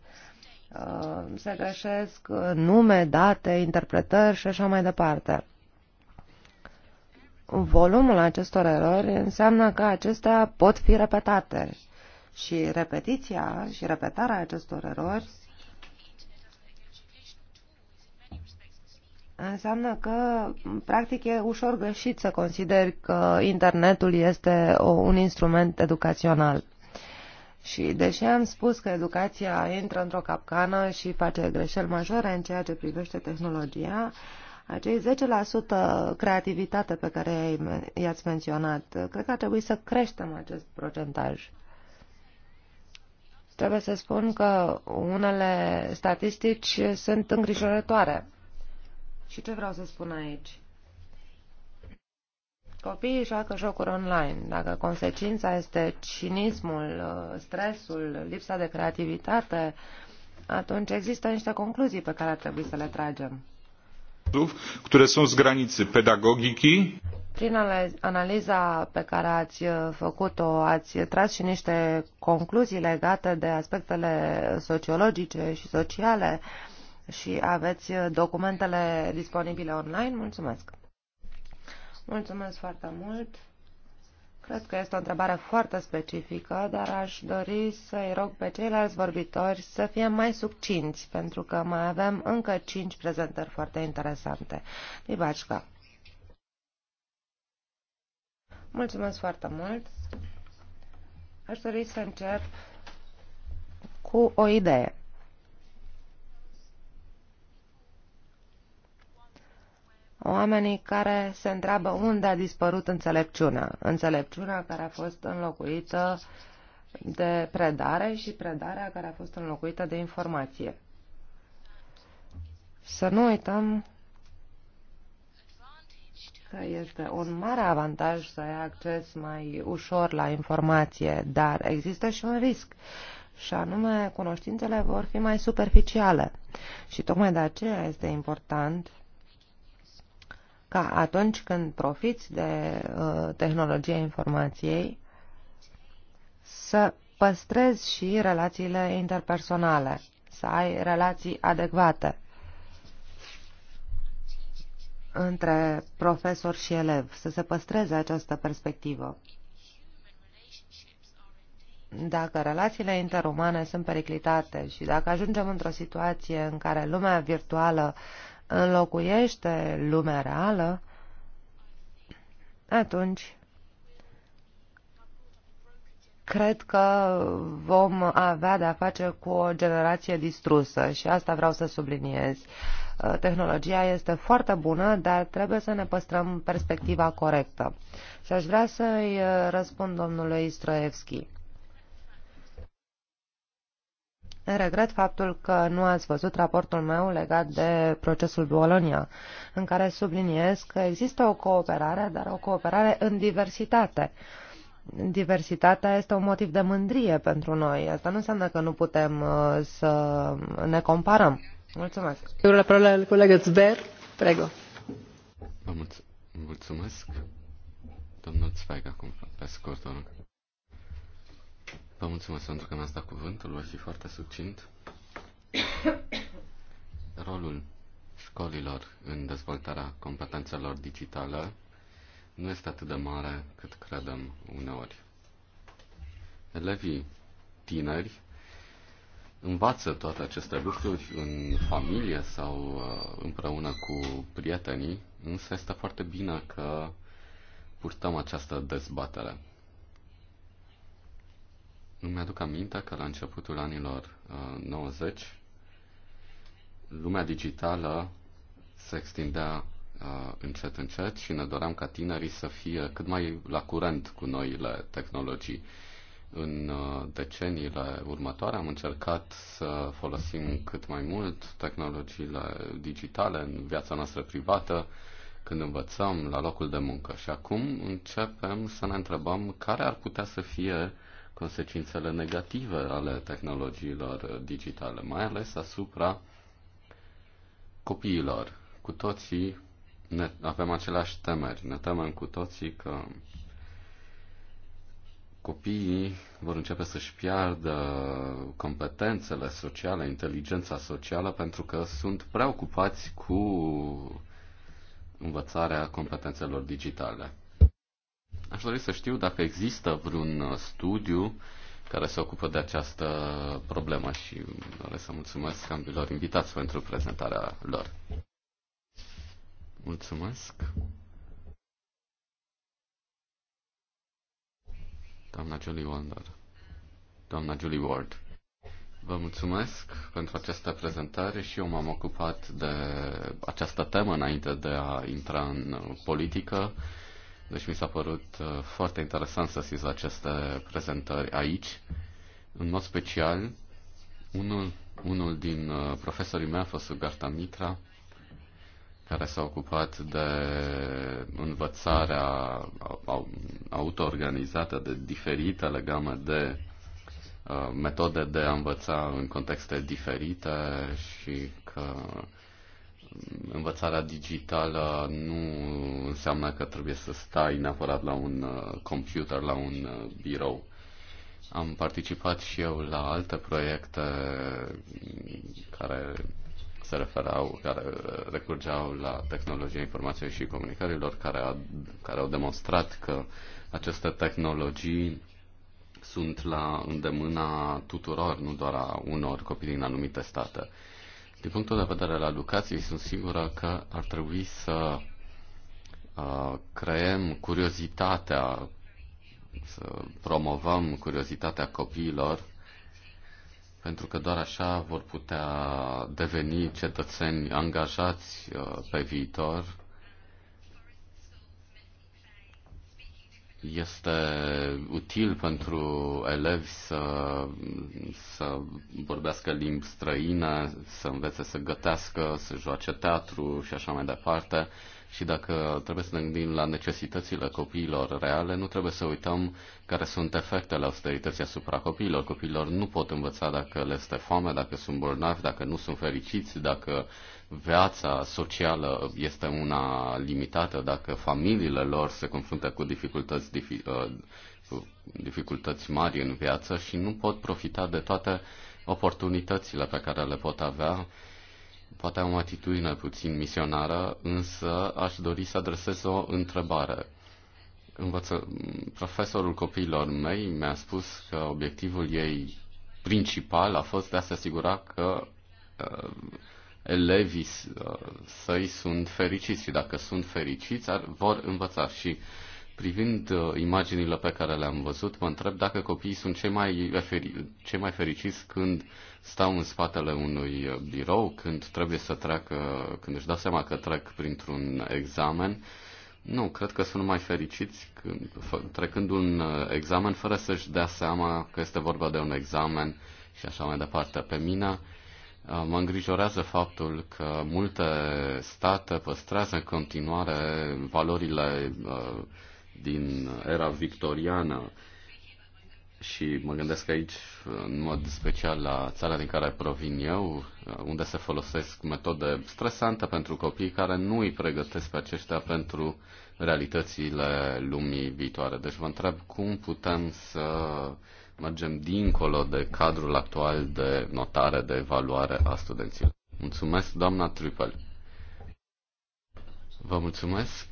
Uh, se greșesc nume, date, interpretări și așa mai departe. Volumul acestor erori înseamnă că acestea pot fi repetate și repetiția și repetarea acestor erori Înseamnă că, practic, e ușor greșit să consideri că internetul este o, un instrument educațional. Și deși am spus că educația intră într-o capcană și face greșeli majore în ceea ce privește tehnologia, acei 10% creativitate pe care i-ați menționat, cred că ar trebui să creștem acest procentaj. Trebuie să spun că unele statistici sunt îngrijorătoare și ce vreau să spun aici? Copiii joacă jocuri online. Dacă consecința este cinismul, stresul, lipsa de creativitate, atunci există niște concluzii pe care ar trebui să le tragem. care sunt granițe pedagogice? Prin analiza pe care ați făcut-o, ați tras și niște concluzii legate de aspectele sociologice și sociale uh, și aveți uh, documentele disponibile online. Mulțumesc! Mulțumesc foarte mult! Cred că este o întrebare foarte specifică, dar aș dori să-i rog pe ceilalți vorbitori să fie mai succinți, pentru că mai avem încă cinci prezentări foarte interesante. Libașca. Mulțumesc foarte mult. Aș dori să încep cu o idee. oamenii care se întreabă unde a dispărut înțelepciunea. Înțelepciunea care a fost înlocuită de predare și predarea care a fost înlocuită de informație. Să nu uităm că este un mare avantaj să ai acces mai ușor la informație, dar există și un risc, și anume cunoștințele vor fi mai superficiale. Și tocmai de aceea este important ca atunci când profiți de uh, tehnologia informației să păstrezi și relațiile interpersonale, să ai relații adecvate între profesor și elev, să se păstreze această perspectivă. Dacă relațiile interumane sunt periclitate și dacă ajungem într-o situație în care lumea virtuală înlocuiește lumea reală, atunci cred că vom avea de-a face cu o generație distrusă și asta vreau să subliniez. Uh, tehnologia este foarte bună, dar trebuie să ne păstrăm perspectiva corectă. Și aș vrea să-i uh, răspund domnului Stroevski. Regret faptul că nu ați văzut raportul meu legat de procesul Bolonia, în care subliniez că există o cooperare, dar o cooperare în diversitate. Diversitatea este un motiv de mândrie pentru noi. Asta nu înseamnă că nu putem uh, să ne comparăm. Mulțumesc. Eu la colegă Zver. Prego. Vă mulțumesc. Domnul Zweig acum, pe scurt, Vă mulțumesc pentru că mi-ați dat cuvântul, voi fi foarte succint. Rolul școlilor în dezvoltarea competențelor digitale nu este atât de mare cât credem uneori. Elevii tineri învață toate aceste lucruri în familie sau uh, împreună cu prietenii, însă este foarte bine că purtăm această dezbatere. Nu-mi aduc aminte că la începutul anilor uh, 90 lumea digitală se extindea uh, încet încet și ne doream ca tinerii să fie cât mai la curent cu noile tehnologii. În uh, deceniile următoare am încercat să folosim cât mai mult tehnologiile digitale în viața noastră privată, când învățăm, la locul de muncă. Și acum începem să ne întrebăm care ar putea să fie uh, consecințele negative ale tehnologiilor digitale, mai ales asupra copiilor. Cu toții ne, avem aceleași temeri. Ne temem cu toții că copiii vor începe să-și piardă competențele sociale, inteligența socială, pentru că sunt preocupați cu învățarea competențelor digitale. Aș dori să știu dacă există vreun uh, studiu care se ocupă de această problemă și doresc să mulțumesc ambilor invitați pentru prezentarea lor. Mulțumesc. Doamna Julie Wonder. Doamna Julie Ward. Vă mulțumesc pentru această prezentare și eu m-am ocupat de această temă înainte de a intra în uh, politică. Deci mi s-a părut uh, foarte interesant să asist aceste prezentări aici. În mod special, unul, unul din uh, profesorii mei a fost Garta Mitra, care s-a ocupat de învățarea autoorganizată de diferitele gamă de uh, metode de a învăța în contexte diferite și că învățarea digitală nu înseamnă că trebuie să stai neapărat la un uh, computer, la un uh, birou. Am participat și eu la alte proiecte mm, care se referau, care uh, recurgeau la tehnologia informației și comunicărilor, care, a, care au demonstrat că aceste tehnologii sunt la îndemâna tuturor, nu doar a unor copii din anumite state. Din punctul de vedere al educației, sunt sigură că ar trebui să uh, creăm curiozitatea, să promovăm curiozitatea copiilor, pentru că doar așa vor putea deveni cetățeni angajați uh, pe viitor este util pentru elevi să, să vorbească limbi străine, să învețe să gătească, să joace teatru și așa mai departe. Și dacă trebuie să ne gândim la necesitățile copiilor reale, nu trebuie să uităm care sunt efectele austerității asupra copiilor. Copiilor nu pot învăța dacă le este foame, dacă sunt bolnavi, dacă nu sunt fericiți, dacă uh, viața socială este una limitată, dacă familiile lor se confruntă cu dificultăți, difi, uh, cu dificultăți mari în viață și nu pot profita de toate oportunitățile pe care le pot avea, poate am o atitudine puțin misionară, însă aș dori să adresez o întrebare. Învăță... Profesorul copiilor mei mi-a spus că obiectivul ei principal a fost de a se asigura că uh, elevii uh, săi sunt fericiți și dacă sunt fericiți, ar, vor învăța și Privind uh, imaginile pe care le-am văzut, mă întreb dacă copiii sunt cei mai, feri- cei mai fericiți când stau în spatele unui uh, birou, când trebuie să treacă, când își dau seama că trec printr-un examen. Nu, cred că sunt mai fericiți când, trecând un uh, examen fără să-și dea seama că este vorba de un examen și așa mai departe. Pe mine, uh, Uh, mă îngrijorează faptul că multe state păstrează în continuare valorile uh, din era victoriană și mă gândesc aici uh, în mod special la țara din care provin eu, unde se folosesc metode stresante pentru copii care nu îi pregătesc pe aceștia pentru realitățile lumii viitoare. Deci vă întreb cum putem să mergem dincolo de cadrul actual de notare, de evaluare a studenților. Mulțumesc, doamna Trupel. Vă mulțumesc.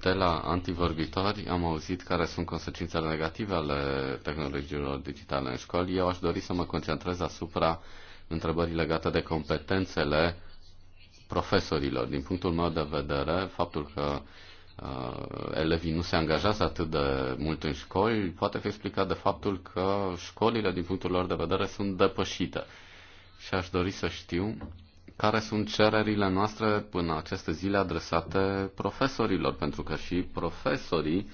De la antivorbitori am auzit care sunt consecințele negative ale tehnologiilor digitale în școli. Eu aș dori să mă concentrez asupra întrebării legate de competențele profesorilor. Din punctul meu de vedere, faptul că Uh, elevii nu se angajează atât de mult în școli, poate fi explicat de faptul că școlile, din punctul lor de vedere, sunt depășite. Și aș dori să știu care sunt cererile noastre până aceste zile adresate profesorilor, pentru că și profesorii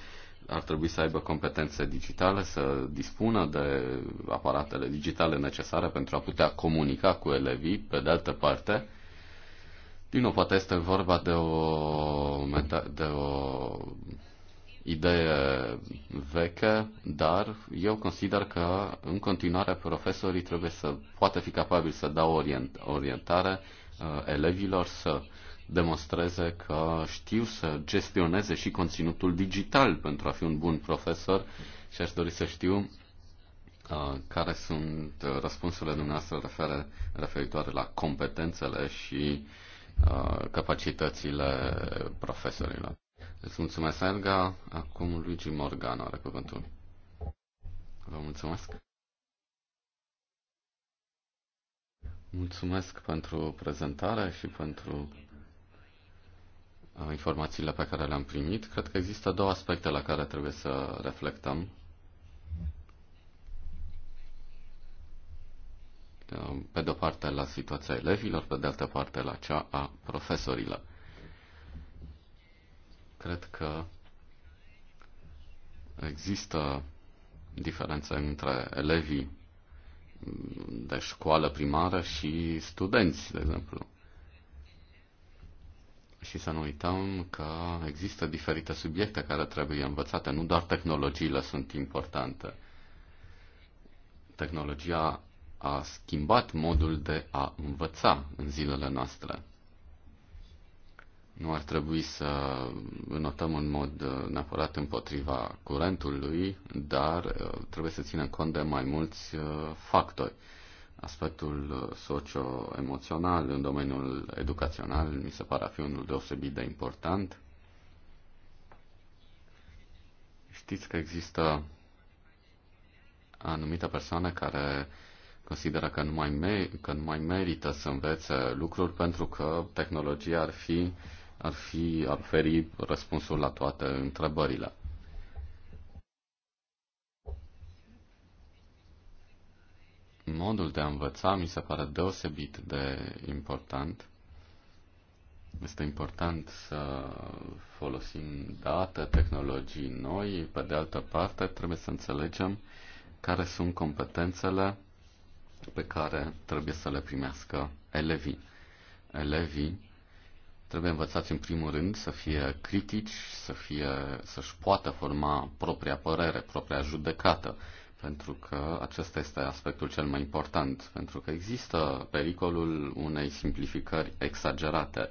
ar trebui să aibă competențe digitale, să dispună de aparatele digitale necesare pentru a putea comunica cu elevii. Pe de altă parte, din nou, poate este vorba de o, de o idee veche, dar eu consider că în continuare profesorii trebuie să poată fi capabili să dau orient, orientare uh, elevilor, să demonstreze că știu să gestioneze și conținutul digital pentru a fi un bun profesor și aș dori să știu uh, care sunt uh, răspunsurile dumneavoastră referitoare la competențele și uh, Uh, capacitățile profesorilor. Îți mulțumesc, Elga. Acum Luigi Morgano are cuvântul. Vă mulțumesc. Mulțumesc pentru prezentare și pentru uh, informațiile pe care le-am primit. Cred că există două aspecte la care trebuie să reflectăm Um, pe de-o parte la situația elevilor, pe de altă parte la cea a profesorilor. Cred că există diferențe între elevii de școală primară și studenți, de exemplu. Și să nu uităm că există diferite subiecte care trebuie învățate, nu doar tehnologiile sunt importante. Tehnologia a schimbat modul de a învăța în zilele noastre. Nu ar trebui să notăm în mod uh, neapărat împotriva curentului, dar uh, trebuie să ținem cont de mai mulți uh, factori. Aspectul socio-emoțional în domeniul educațional mi se pare a fi unul deosebit de important. Știți că există anumite persoane care uh, consideră că nu mai, me- că nu mai merită să învețe lucruri pentru că tehnologia ar fi ar fi ar oferi răspunsul la toate întrebările. Modul de a învăța mi se pare deosebit de important. Este important să folosim date, tehnologii noi. Pe de altă parte, trebuie să înțelegem care sunt competențele pe care trebuie să le primească elevii. Elevii trebuie învățați în primul rând să fie critici, să fie, să-și poată forma propria părere, propria judecată, pentru că acesta este aspectul cel mai important, pentru că există pericolul unei simplificări exagerate.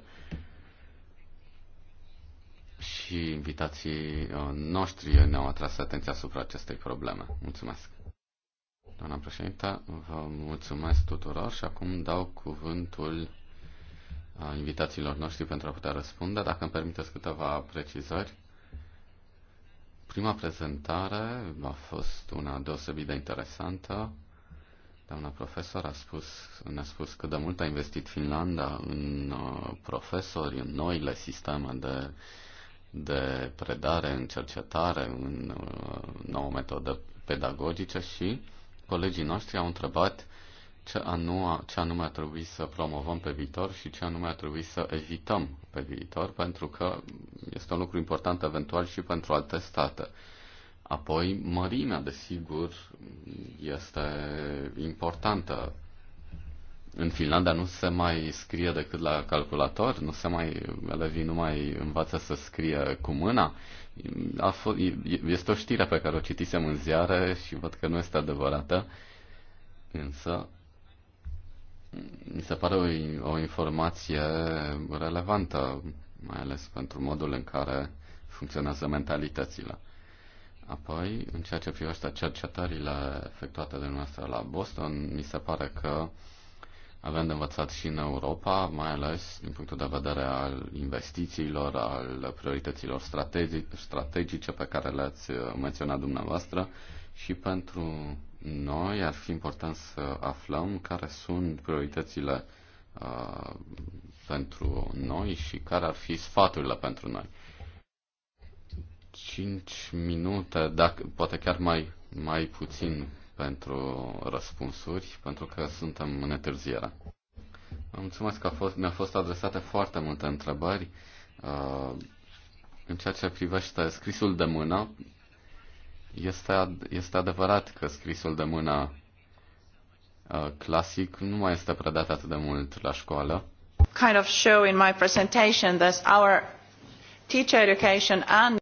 Și invitații uh, noștri ne-au atras atenția asupra acestei probleme. Mulțumesc! Doamna președinte, vă mulțumesc tuturor și acum dau cuvântul invitațiilor noștri pentru a putea răspunde. Dacă îmi permiteți câteva precizări. Prima prezentare a fost una deosebit de interesantă. Doamna profesor a spus, ne-a spus cât de mult a investit Finlanda în profesori, în noile sisteme de, de predare, în cercetare, în nouă metodă pedagogice și colegii noștri au întrebat ce anume, ce anume a trebuit să promovăm pe viitor și ce anume a trebuit să evităm pe viitor, pentru că este un lucru important eventual și pentru alte state. Apoi, mărimea, desigur, este importantă. În Finlanda nu se mai scrie decât la calculator, nu se mai, elevii nu mai învață să scrie cu mâna, a fost, este o știre pe care o citisem în ziare și văd că nu este adevărată, însă mi se pare o, o informație relevantă, mai ales pentru modul în care funcționează mentalitățile. Apoi, în ceea ce privește cercetările efectuate de noastră la Boston, mi se pare că avem de învățat și în Europa, mai ales din punctul de vedere al investițiilor, al priorităților strategice pe care le-ați uh, menționat dumneavoastră și pentru noi ar fi important să aflăm care sunt prioritățile uh, pentru noi și care ar fi sfaturile pentru noi. 5 minute, dacă, poate chiar mai, mai puțin pentru răspunsuri, pentru că suntem în întârziere. Vă mulțumesc că a fost, mi-au fost adresate foarte multe întrebări uh, în ceea ce privește scrisul de mână. Este, ad, este adevărat că scrisul de mână uh, clasic nu mai este predat atât de mult la școală. Kind of show in my presentation that our teacher education and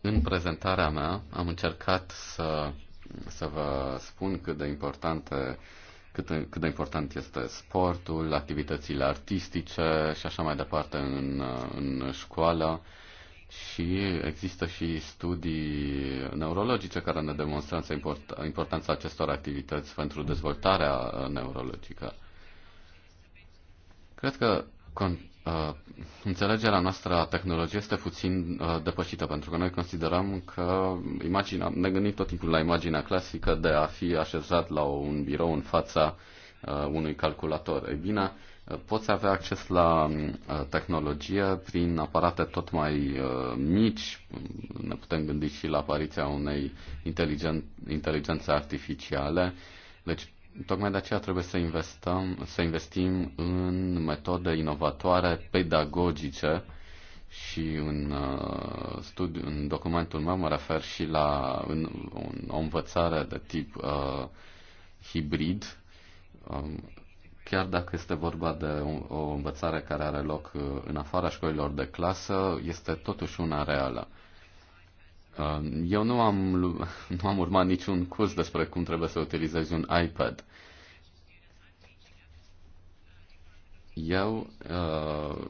în prezentarea mea am încercat să să vă spun cât de important cât, cât de important este sportul, activitățile artistice și așa mai departe în, în școală. Și există și studii neurologice care ne demonstrează import, importanța acestor activități pentru dezvoltarea neurologică. Cred că Uh, înțelegerea noastră a tehnologiei este puțin uh, depășită, pentru că noi considerăm că imaginea, ne gândim tot timpul la imaginea clasică de a fi așezat la un birou în fața uh, unui calculator. Ei bine, uh, poți avea acces la uh, tehnologie prin aparate tot mai uh, mici. Ne putem gândi și la apariția unei inteligen- inteligențe artificiale. Deci Tocmai de aceea trebuie să, investăm, să investim în metode inovatoare, pedagogice și în, uh, studiu, în documentul meu mă refer și la în, în, o învățare de tip uh, hibrid, um, chiar dacă este vorba de o, o învățare care are loc uh, în afara școlilor de clasă, este totuși una reală. Um, eu nu am, nu am urmat niciun curs despre cum trebuie să utilizezi un iPad. Eu uh,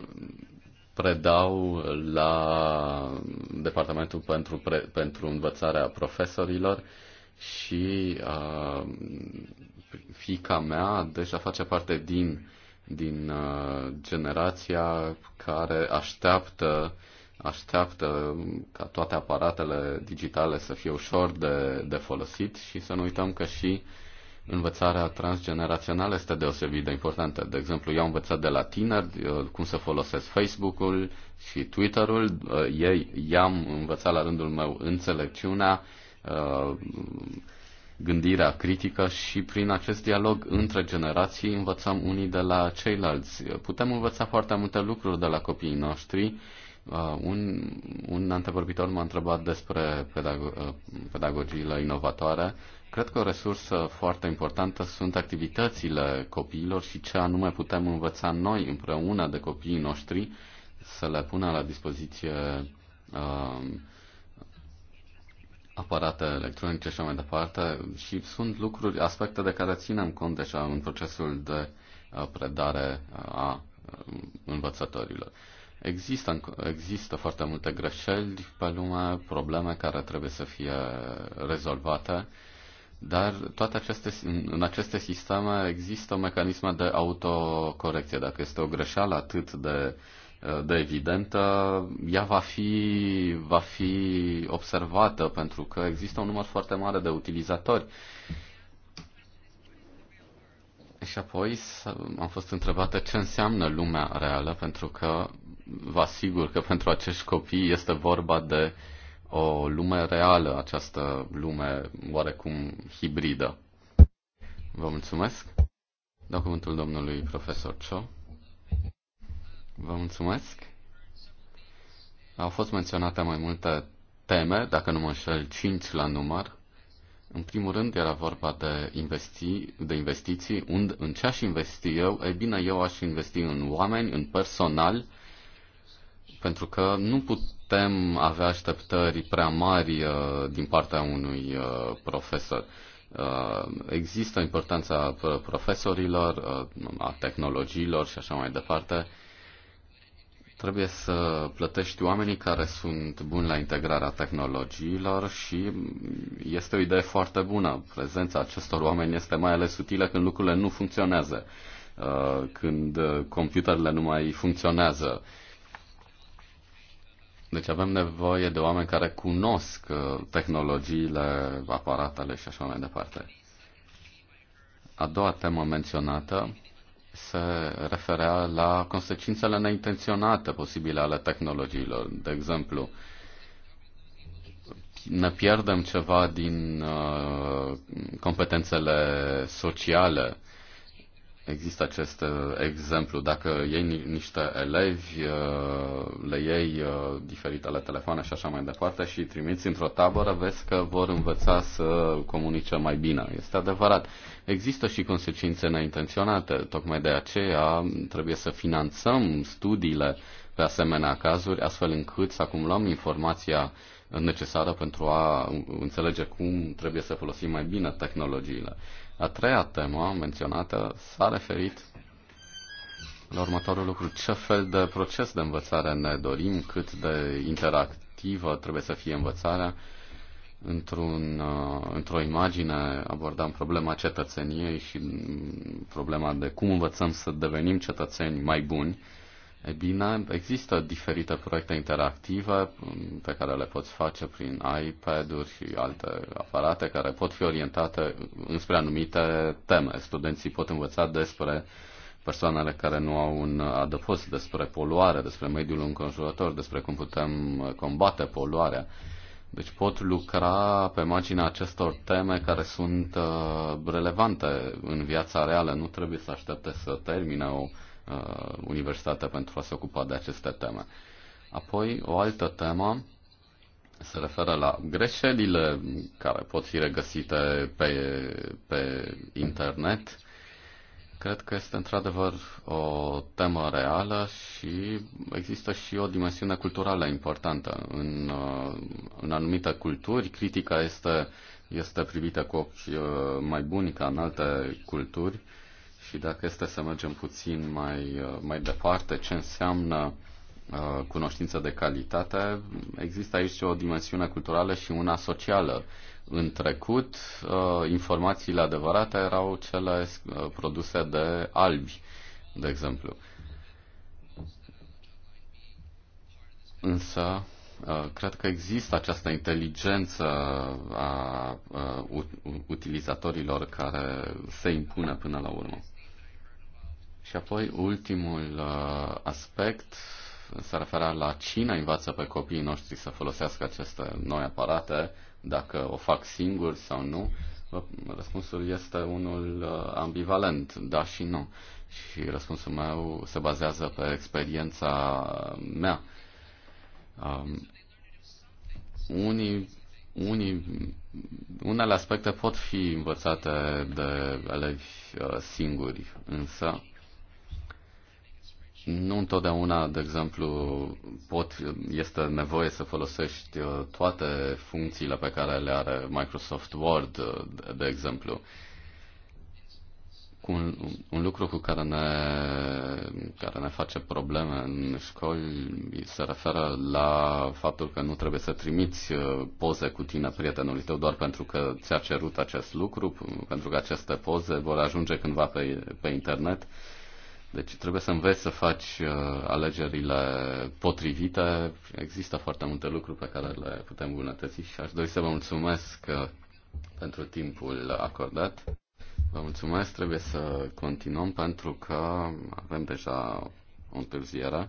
predau la Departamentul pentru, pre, pentru Învățarea Profesorilor și uh, fica mea deja face parte din, din uh, generația care așteaptă uh, așteaptă ca toate aparatele digitale să fie ușor de, de folosit și să nu uităm că și învățarea transgenerațională este deosebit de importantă. De exemplu, eu am învățat de la tineri cum să folosesc Facebook-ul și Twitter-ul. Uh, ei, i-am învățat la rândul meu înțelepciunea, uh, gândirea critică și prin acest dialog între generații învățăm unii de la ceilalți. Putem învăța foarte multe lucruri de la copiii noștri Uh, un, un antevorbitor m-a întrebat despre pedago- uh, pedagogiile inovatoare. Cred că o resursă foarte importantă sunt activitățile copiilor și ce anume putem învăța noi împreună de copiii noștri să le pună la dispoziție uh, aparate electronice și mai departe și sunt lucruri, aspecte de care ținem cont deja în procesul de uh, predare a învățătorilor. Există, există foarte multe greșeli pe lume, probleme care trebuie să fie rezolvate, dar toate aceste, în aceste sisteme există mecanisme de autocorecție. Dacă este o greșeală atât de, de evidentă, ea va fi, va fi observată pentru că există un număr foarte mare de utilizatori. Și apoi am fost întrebată ce înseamnă lumea reală, pentru că vă asigur că pentru acești copii este vorba de o lume reală, această lume oarecum hibridă. Vă mulțumesc. Dau cuvântul domnului profesor Cho. Vă mulțumesc. Au fost menționate mai multe teme, dacă nu mă înșel, cinci la număr. În primul rând era vorba de, investi, de investiții. Unde, în ce aș investi eu? E bine, eu aș investi în oameni, în personal, pentru că nu putem avea așteptări prea mari uh, din partea unui uh, profesor. Uh, există importanța profesorilor, a tehnologiilor și așa mai departe. Trebuie să plătești oamenii care sunt buni la integrarea tehnologiilor și este o idee foarte bună. Prezența acestor oameni este mai ales utilă când lucrurile nu funcționează, când computerele nu mai funcționează deci avem nevoie de oameni care cunosc uh, tehnologiile, aparatele și așa mai departe. A doua temă menționată se referea la consecințele neintenționate posibile ale tehnologiilor. De exemplu, ne pierdem ceva din uh, competențele sociale Există acest uh, exemplu, dacă iei niște elevi, uh, le iei uh, diferitele telefoane și așa mai departe și îi trimiți într-o tabără, vezi că vor învăța să comunice mai bine. Este adevărat. Există și consecințe neintenționate, tocmai de aceea trebuie să finanțăm studiile pe asemenea cazuri, astfel încât să acumulăm informația necesară pentru a înțelege cum trebuie să folosim mai bine tehnologiile. A treia temă menționată s-a referit la următorul lucru. Ce fel de proces de învățare ne dorim, cât de interactivă trebuie să fie învățarea? Într-un, uh, într-o imagine abordam problema cetățeniei și mm, problema de cum învățăm să devenim cetățeni mai buni E bine, există diferite proiecte interactive mm, pe care le poți face prin iPad-uri și alte aparate care pot fi orientate înspre anumite teme. Studenții pot învăța despre persoanele care nu au un adăpost, despre poluare, despre mediul înconjurător, despre cum putem combate poluarea. Deci pot lucra pe marginea acestor teme care sunt uh, relevante în viața reală. Nu trebuie să aștepte să termine o uh, universitate pentru a se ocupa de aceste teme. Apoi, o altă temă se referă la greșelile care pot fi regăsite pe, pe internet. Cred că este într-adevăr o temă reală și există și o dimensiune culturală importantă. În, uh, în anumite culturi, critica este, este privită cu ochi uh, mai buni ca în alte culturi și dacă este să mergem puțin mai, uh, mai departe, ce înseamnă uh, cunoștință de calitate, există aici o dimensiune culturală și una socială. În trecut, uh, informațiile adevărate erau cele produse de albi, de exemplu. Însă, cred că există această inteligență a utilizatorilor care se impune până la urmă. Și apoi ultimul uh, aspect se referă la cine învață pe copiii noștri să folosească aceste noi aparate, dacă o fac singuri sau nu. Răspunsul este unul uh, ambivalent, da și nu. Și răspunsul meu se bazează pe experiența mea. Um, unii, unii, unele aspecte pot fi învățate de elevi uh, singuri, însă nu întotdeauna, de exemplu, pot, este nevoie să folosești uh, toate funcțiile pe care le are Microsoft Word, uh, de exemplu. Cu un, un lucru cu care ne, care ne face probleme în școli se referă la faptul că nu trebuie să trimiți uh, poze cu tine prietenului tău doar pentru că ți-a cerut acest lucru, pentru că aceste poze vor ajunge cândva pe, pe internet deci trebuie să înveți să faci uh, alegerile potrivite. Există foarte multe lucruri pe care le putem îmbunătăți și aș dori să vă mulțumesc uh, pentru timpul acordat. Vă mulțumesc, trebuie să continuăm pentru că avem deja o întârziere.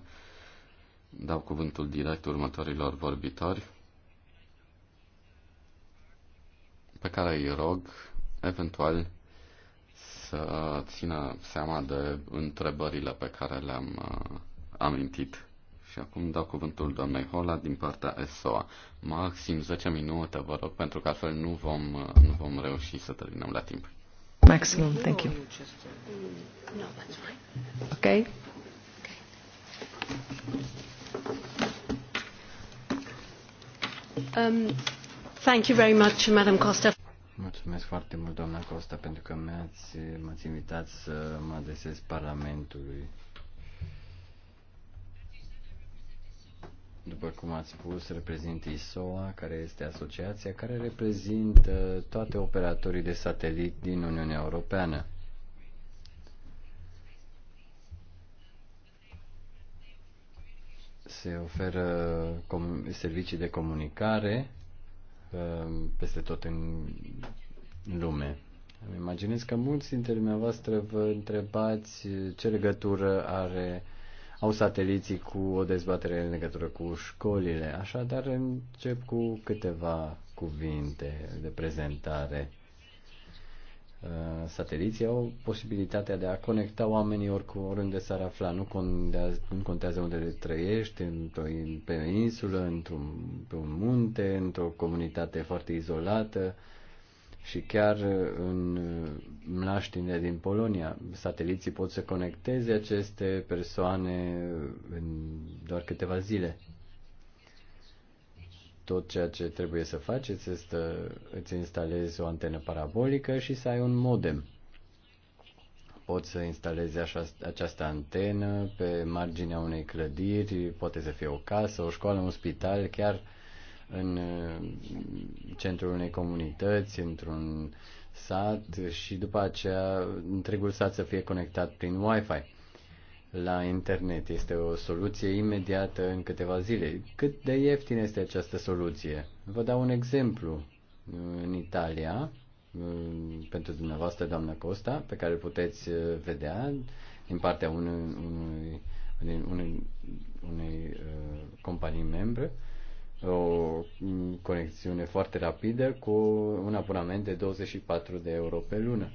Dau cuvântul direct următorilor vorbitori pe care îi rog eventual să uh, țină seama de întrebările pe care le-am uh, amintit. Și acum dau cuvântul doamnei Hola din partea SOA. Maxim 10 minute, vă rog, pentru că altfel nu vom, uh, nu vom reuși să terminăm la timp. Maximum, thank you. Okay. Um, thank you very much, Madam Costa. Mulțumesc foarte mult, doamna Costa, pentru că mi-ați, m-ați invitat să mă adresez Parlamentului. După cum ați spus, reprezint ISOA, care este asociația care reprezintă toate operatorii de satelit din Uniunea Europeană. Se oferă servicii de comunicare Uh, peste tot în lume. Îmi imaginez că mulți dintre dumneavoastră vă întrebați ce legătură are au sateliții cu o dezbatere în legătură cu școlile. Așadar, încep cu câteva cuvinte de prezentare. Uh, sateliții au posibilitatea de a conecta oamenii oricum, oriunde s-ar afla. Nu contează, nu contează unde trăiești, într-o pe insulă, într-un, pe un munte, într-o comunitate foarte izolată și chiar în mlaștine din Polonia. Sateliții pot să conecteze aceste persoane în doar câteva zile tot ceea ce trebuie să faci este să îți instalezi o antenă parabolică și să ai un modem. Poți să instalezi așa, această antenă pe marginea unei clădiri, poate să fie o casă, o școală, un spital, chiar în uh, centrul unei comunități, într-un sat și după aceea întregul sat să fie conectat prin Wi-Fi la internet. Este o soluție imediată în câteva zile. Cât de ieftin este această soluție? Vă dau un exemplu. În Italia, pentru dumneavoastră, doamna Costa, pe care puteți uh, vedea din partea unui, unui, unei, unei, uh, unei companii membre, o conexiune foarte rapidă cu un abonament de 24 de euro pe lună.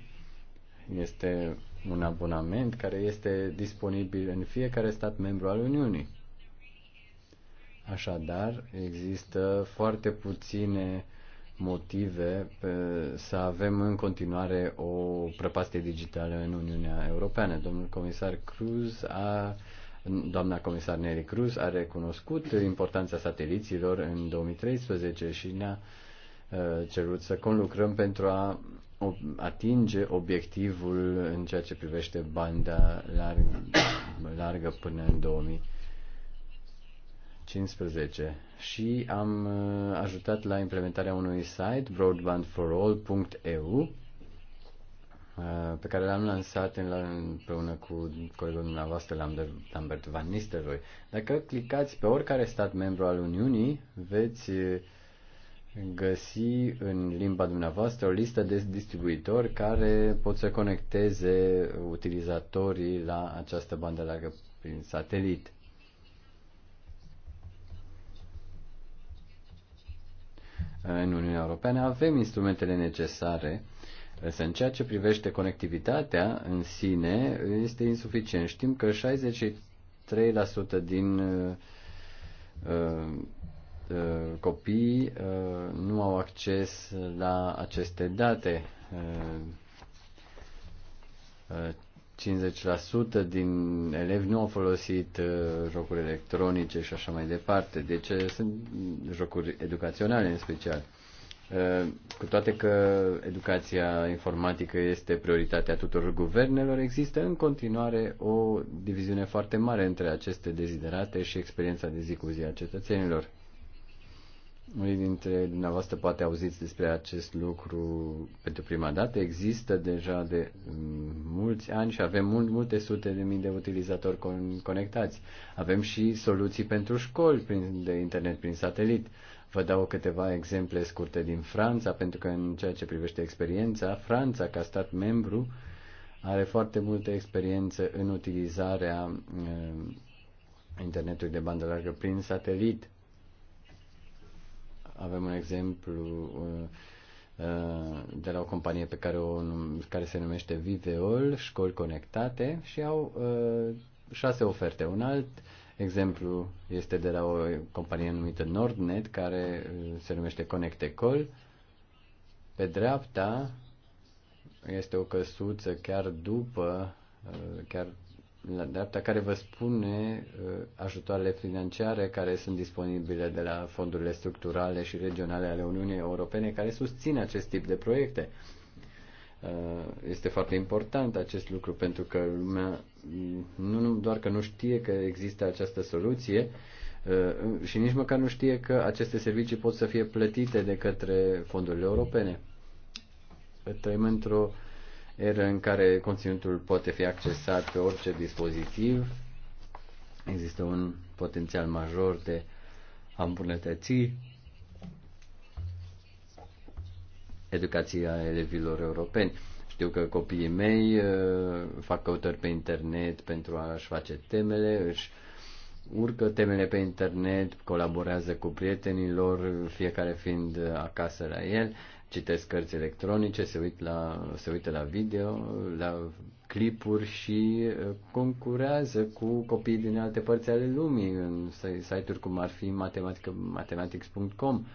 Este un abonament care este disponibil în fiecare stat membru al Uniunii. Așadar, există foarte puține motive pe, să avem în continuare o prăpastie digitală în Uniunea Europeană. Domnul comisar Cruz a doamna comisar Neri Cruz a recunoscut importanța sateliților în 2013 și ne-a uh, Uh, cerut să conlucrăm pentru a atinge obiectivul în ceea ce privește banda larg, largă până în 2015 și am uh, ajutat la implementarea unui site broadbandforall.eu uh, pe care l-am lansat în, împreună cu colegul dumneavoastră Lambert, Van Nistelrooy. Dacă clicați pe oricare stat membru al Uniunii, veți uh, găsi în limba dumneavoastră o listă de distribuitori care pot să conecteze utilizatorii la această bandă largă prin satelit. În Uniunea Europeană avem instrumentele necesare, însă în ceea ce privește conectivitatea în sine este insuficient. Știm că 63% din uh, uh, Uh, copii uh, nu au acces la aceste date. 50% uh, din elevi nu au folosit jocuri electronice și așa mai departe. Deci sunt jocuri educaționale în special. Cu toate că educația informatică este prioritatea tuturor guvernelor, există în continuare o diviziune foarte mare între aceste deziderate și experiența de zi cu zi a cetățenilor. Unii dintre dumneavoastră poate auziți despre acest lucru pentru prima dată. Există deja de mm, mulți ani și avem mult, multe sute de mii de utilizatori con- conectați. Avem și soluții pentru școli prin, de internet prin satelit. Vă dau câteva exemple scurte din Franța, pentru că în ceea ce privește experiența, Franța, ca stat membru, are foarte multă experiență în utilizarea mm, internetului de bandă largă prin satelit avem un exemplu uh, uh, de la o companie pe care, o, care se numește Viveol, școli conectate și au uh, șase oferte. Un alt exemplu este de la o companie numită Nordnet care se numește Connectecol. Pe dreapta este o căsuță chiar după, chiar la dreapta care vă spune uh, ajutoarele financiare care sunt disponibile de la fondurile structurale și regionale ale Uniunii Europene care susțin acest tip de proiecte. Uh, este foarte important acest lucru pentru că lumea nu doar că nu știe că există această soluție uh, și nici măcar nu știe că aceste servicii pot să fie plătite de către fondurile europene. Trăim într-o uh, era în care conținutul poate fi accesat pe orice dispozitiv. Există un potențial major de a îmbunătăți educația elevilor europeni. Știu că copiii mei uh, fac căutări pe internet pentru a-și face temele, își urcă temele pe internet, colaborează cu prietenii lor, fiecare fiind acasă la el citesc cărți electronice, se, uit la, se uită la video, la clipuri și uh, concurează cu copiii din alte părți ale lumii, în site-uri cum ar fi mathematics.com.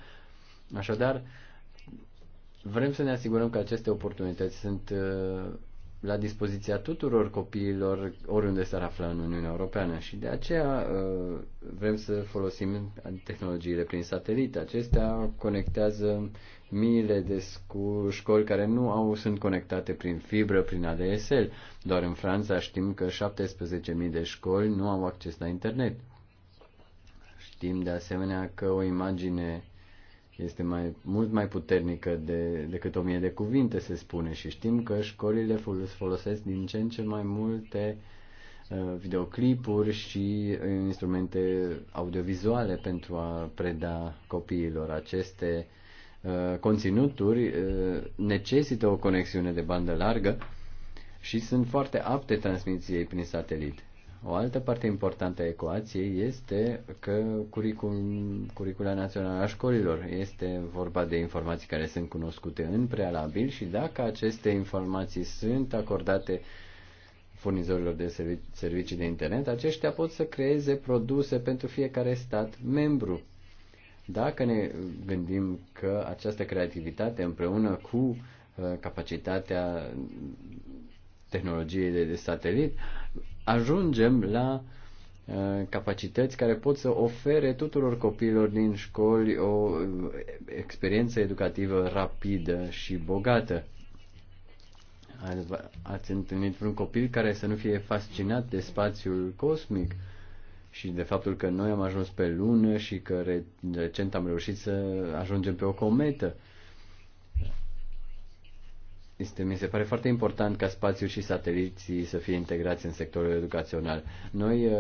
Așadar, vrem să ne asigurăm că aceste oportunități sunt uh, la dispoziția tuturor copiilor oriunde s-ar afla în Uniunea Europeană și de aceea uh, vrem să folosim tehnologiile prin satelit. Acestea conectează miile de școli care nu au, sunt conectate prin fibră, prin ADSL. Doar în Franța știm că 17.000 de școli nu au acces la internet. Știm de asemenea că o imagine este mai, mult mai puternică de, decât o mie de cuvinte, se spune, și știm că școlile folosesc din ce în ce mai multe uh, videoclipuri și uh, instrumente audiovizuale pentru a preda copiilor aceste uh, Uh, conținuturi uh, necesită o conexiune de bandă largă și sunt foarte apte transmisiei prin satelit. O altă parte importantă a ecuației este că curicul, curicula națională a școlilor este vorba de informații care sunt cunoscute în prealabil și dacă aceste informații sunt acordate furnizorilor de servicii de internet, aceștia pot să creeze produse pentru fiecare stat membru dacă ne gândim că această creativitate împreună cu uh, capacitatea tehnologiei de, de satelit, ajungem la uh, capacități care pot să ofere tuturor copiilor din școli o uh, experiență educativă rapidă și bogată. Ați întâlnit vreun copil care să nu fie fascinat de spațiul cosmic? Uh, și de faptul că noi am ajuns pe lună și că recent am reușit să ajungem pe o cometă. Este, mi se pare foarte important ca spațiul și sateliții să fie integrați în sectorul educațional. Noi uh,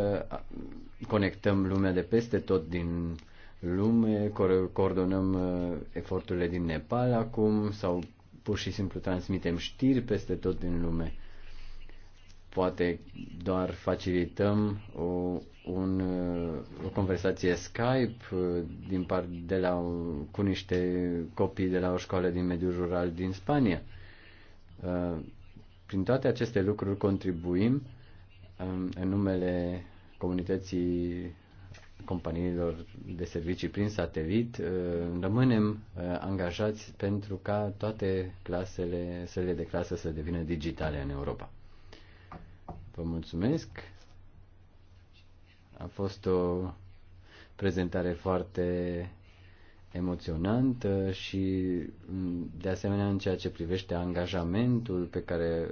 conectăm lumea de peste tot din lume, coordonăm uh, eforturile din Nepal acum sau pur și simplu transmitem știri peste tot din lume poate doar facilităm o, un, o conversație Skype uh, din part de la, cu niște copii de la o școală din mediul rural din Spania. Uh, prin toate aceste lucruri contribuim um, în numele comunității companiilor de servicii prin satelit, uh, rămânem angajați pentru ca toate clasele, sălile de clasă să devină digitale în Europa. Vă mulțumesc. A fost o prezentare foarte emoționantă și mm, de asemenea în ceea ce privește angajamentul pe care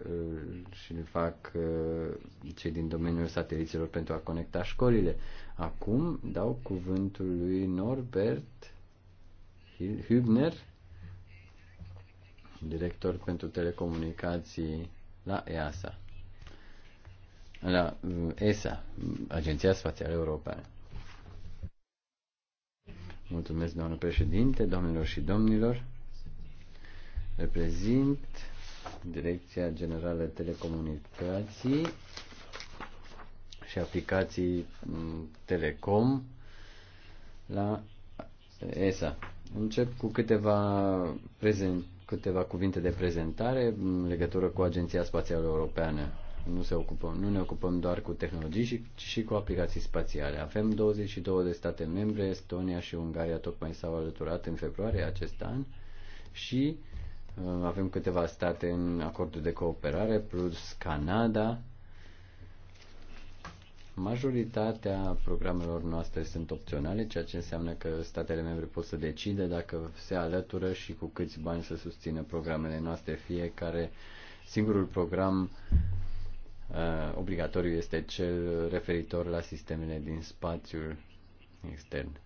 îl uh, fac uh, cei din domeniul sateliților pentru a conecta școlile. Acum dau cuvântul lui Norbert Hübner, director pentru telecomunicații la EASA la ESA, Agenția Spațială Europeană. Mulțumesc, doamnă președinte, domnilor și domnilor. Reprezint Direcția Generală Telecomunicații și Aplicații Telecom la ESA. Încep cu câteva, prezent, câteva cuvinte de prezentare în legătură cu Agenția Spațială Europeană nu, se ocupăm, nu ne ocupăm doar cu tehnologii, și, și cu aplicații spațiale. Avem 22 de state membre, Estonia și Ungaria tocmai s-au alăturat în februarie acest an și uh, avem câteva state în acordul de cooperare, plus Canada. Majoritatea programelor noastre sunt opționale, ceea ce înseamnă că statele membre pot să decide dacă se alătură și cu câți bani să susțină programele noastre. Fiecare singurul program uh, Uh, obligatoriu este cel referitor la sistemele din spațiul extern.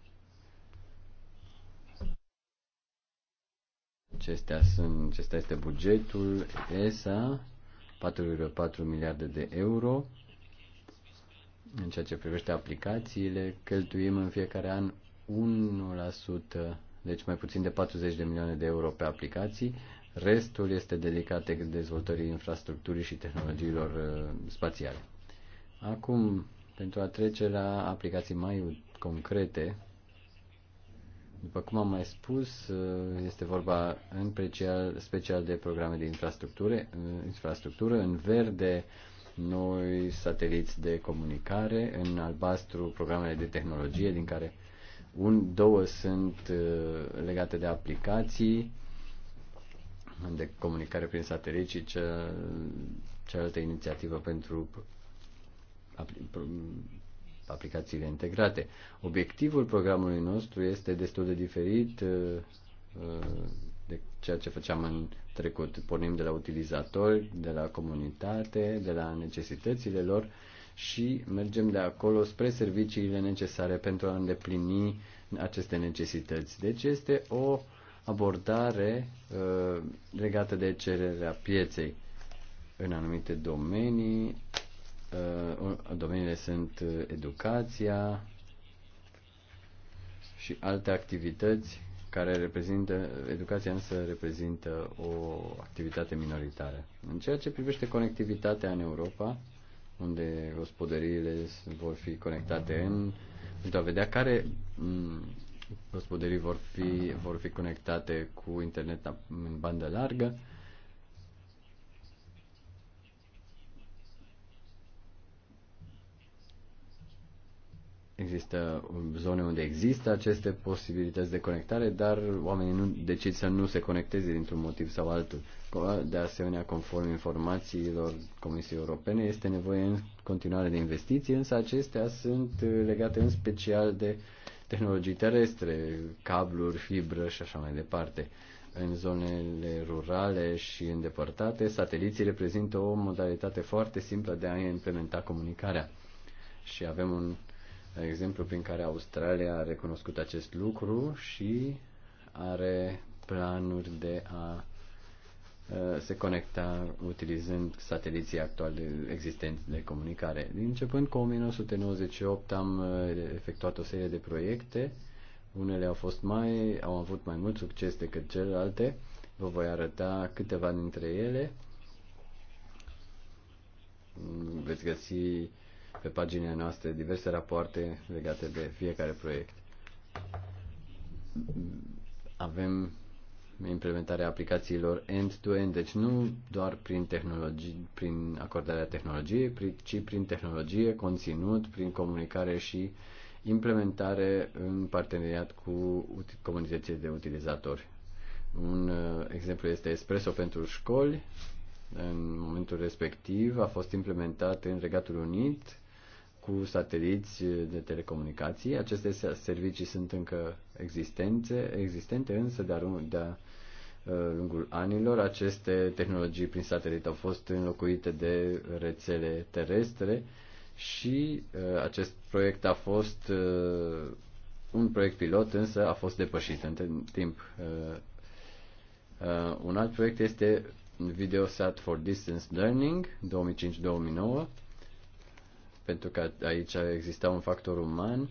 Acestea sunt, acesta este bugetul ESA, 4,4 miliarde de euro. În ceea ce privește aplicațiile, cheltuim în fiecare an 1%, deci mai puțin de 40 de milioane de euro pe aplicații. Restul este dedicat dezvoltării infrastructurii și tehnologiilor uh, spațiale. Acum, pentru a trece la aplicații mai concrete, după cum am mai spus, uh, este vorba în special, special de programe de infrastructură, uh, infrastructură în verde, noi sateliți de comunicare, în albastru programele de tehnologie, din care un, două sunt legate de aplicații, de comunicare prin satelit și ce, cealaltă inițiativă pentru aplicațiile integrate. Obiectivul programului nostru este destul de diferit uh, uh, de ceea ce făceam în trecut. Pornim de la utilizatori, de la comunitate, de la necesitățile lor și mergem de acolo spre serviciile necesare pentru a îndeplini aceste necesități. Deci este o abordare uh, legată de cererea pieței în anumite domenii. Uh, domeniile sunt uh, educația și alte activități care reprezintă, educația însă reprezintă o activitate minoritară. În ceea ce privește conectivitatea în Europa, unde gospodăriile vor fi conectate în, pentru a vedea care gospodării vor fi, vor fi conectate cu internet în bandă largă. Există zone unde există aceste posibilități de conectare, dar oamenii nu decid să nu se conecteze dintr-un motiv sau altul. De asemenea, conform informațiilor Comisiei Europene, este nevoie în continuare de investiții, însă acestea sunt legate în special de uh, tehnologii terestre, cabluri, fibră și așa mai departe. În zonele rurale și îndepărtate, sateliții reprezintă o modalitate foarte simplă de a implementa comunicarea. Și avem un exemplu prin care Australia a recunoscut acest lucru și are planuri de a Uh, se conecta utilizând sateliții actuali existenți de comunicare. Începând cu 1998 am uh, efectuat o serie de proiecte, unele au fost mai, au avut mai mult succes decât celelalte. Vă voi arăta câteva dintre ele. Veți găsi pe paginile noastre diverse rapoarte legate de fiecare proiect. Avem implementarea aplicațiilor end-to-end, -end, deci nu doar prin, tehnologie, prin acordarea tehnologiei, ci prin tehnologie, conținut, prin comunicare și implementare în parteneriat cu comunitățile de utilizatori. Un uh, exemplu este Espresso pentru școli. În momentul respectiv a fost implementat în Regatul Unit cu sateliți de telecomunicații. Aceste servicii sunt încă existențe, existente, însă de-a de uh, lungul anilor aceste tehnologii prin satelit au fost înlocuite de rețele terestre și uh, acest proiect a fost uh, un proiect pilot, însă a fost depășit în timp. un alt proiect este VideoSat for Distance Learning 2005-2009 pentru că aici exista un factor uman,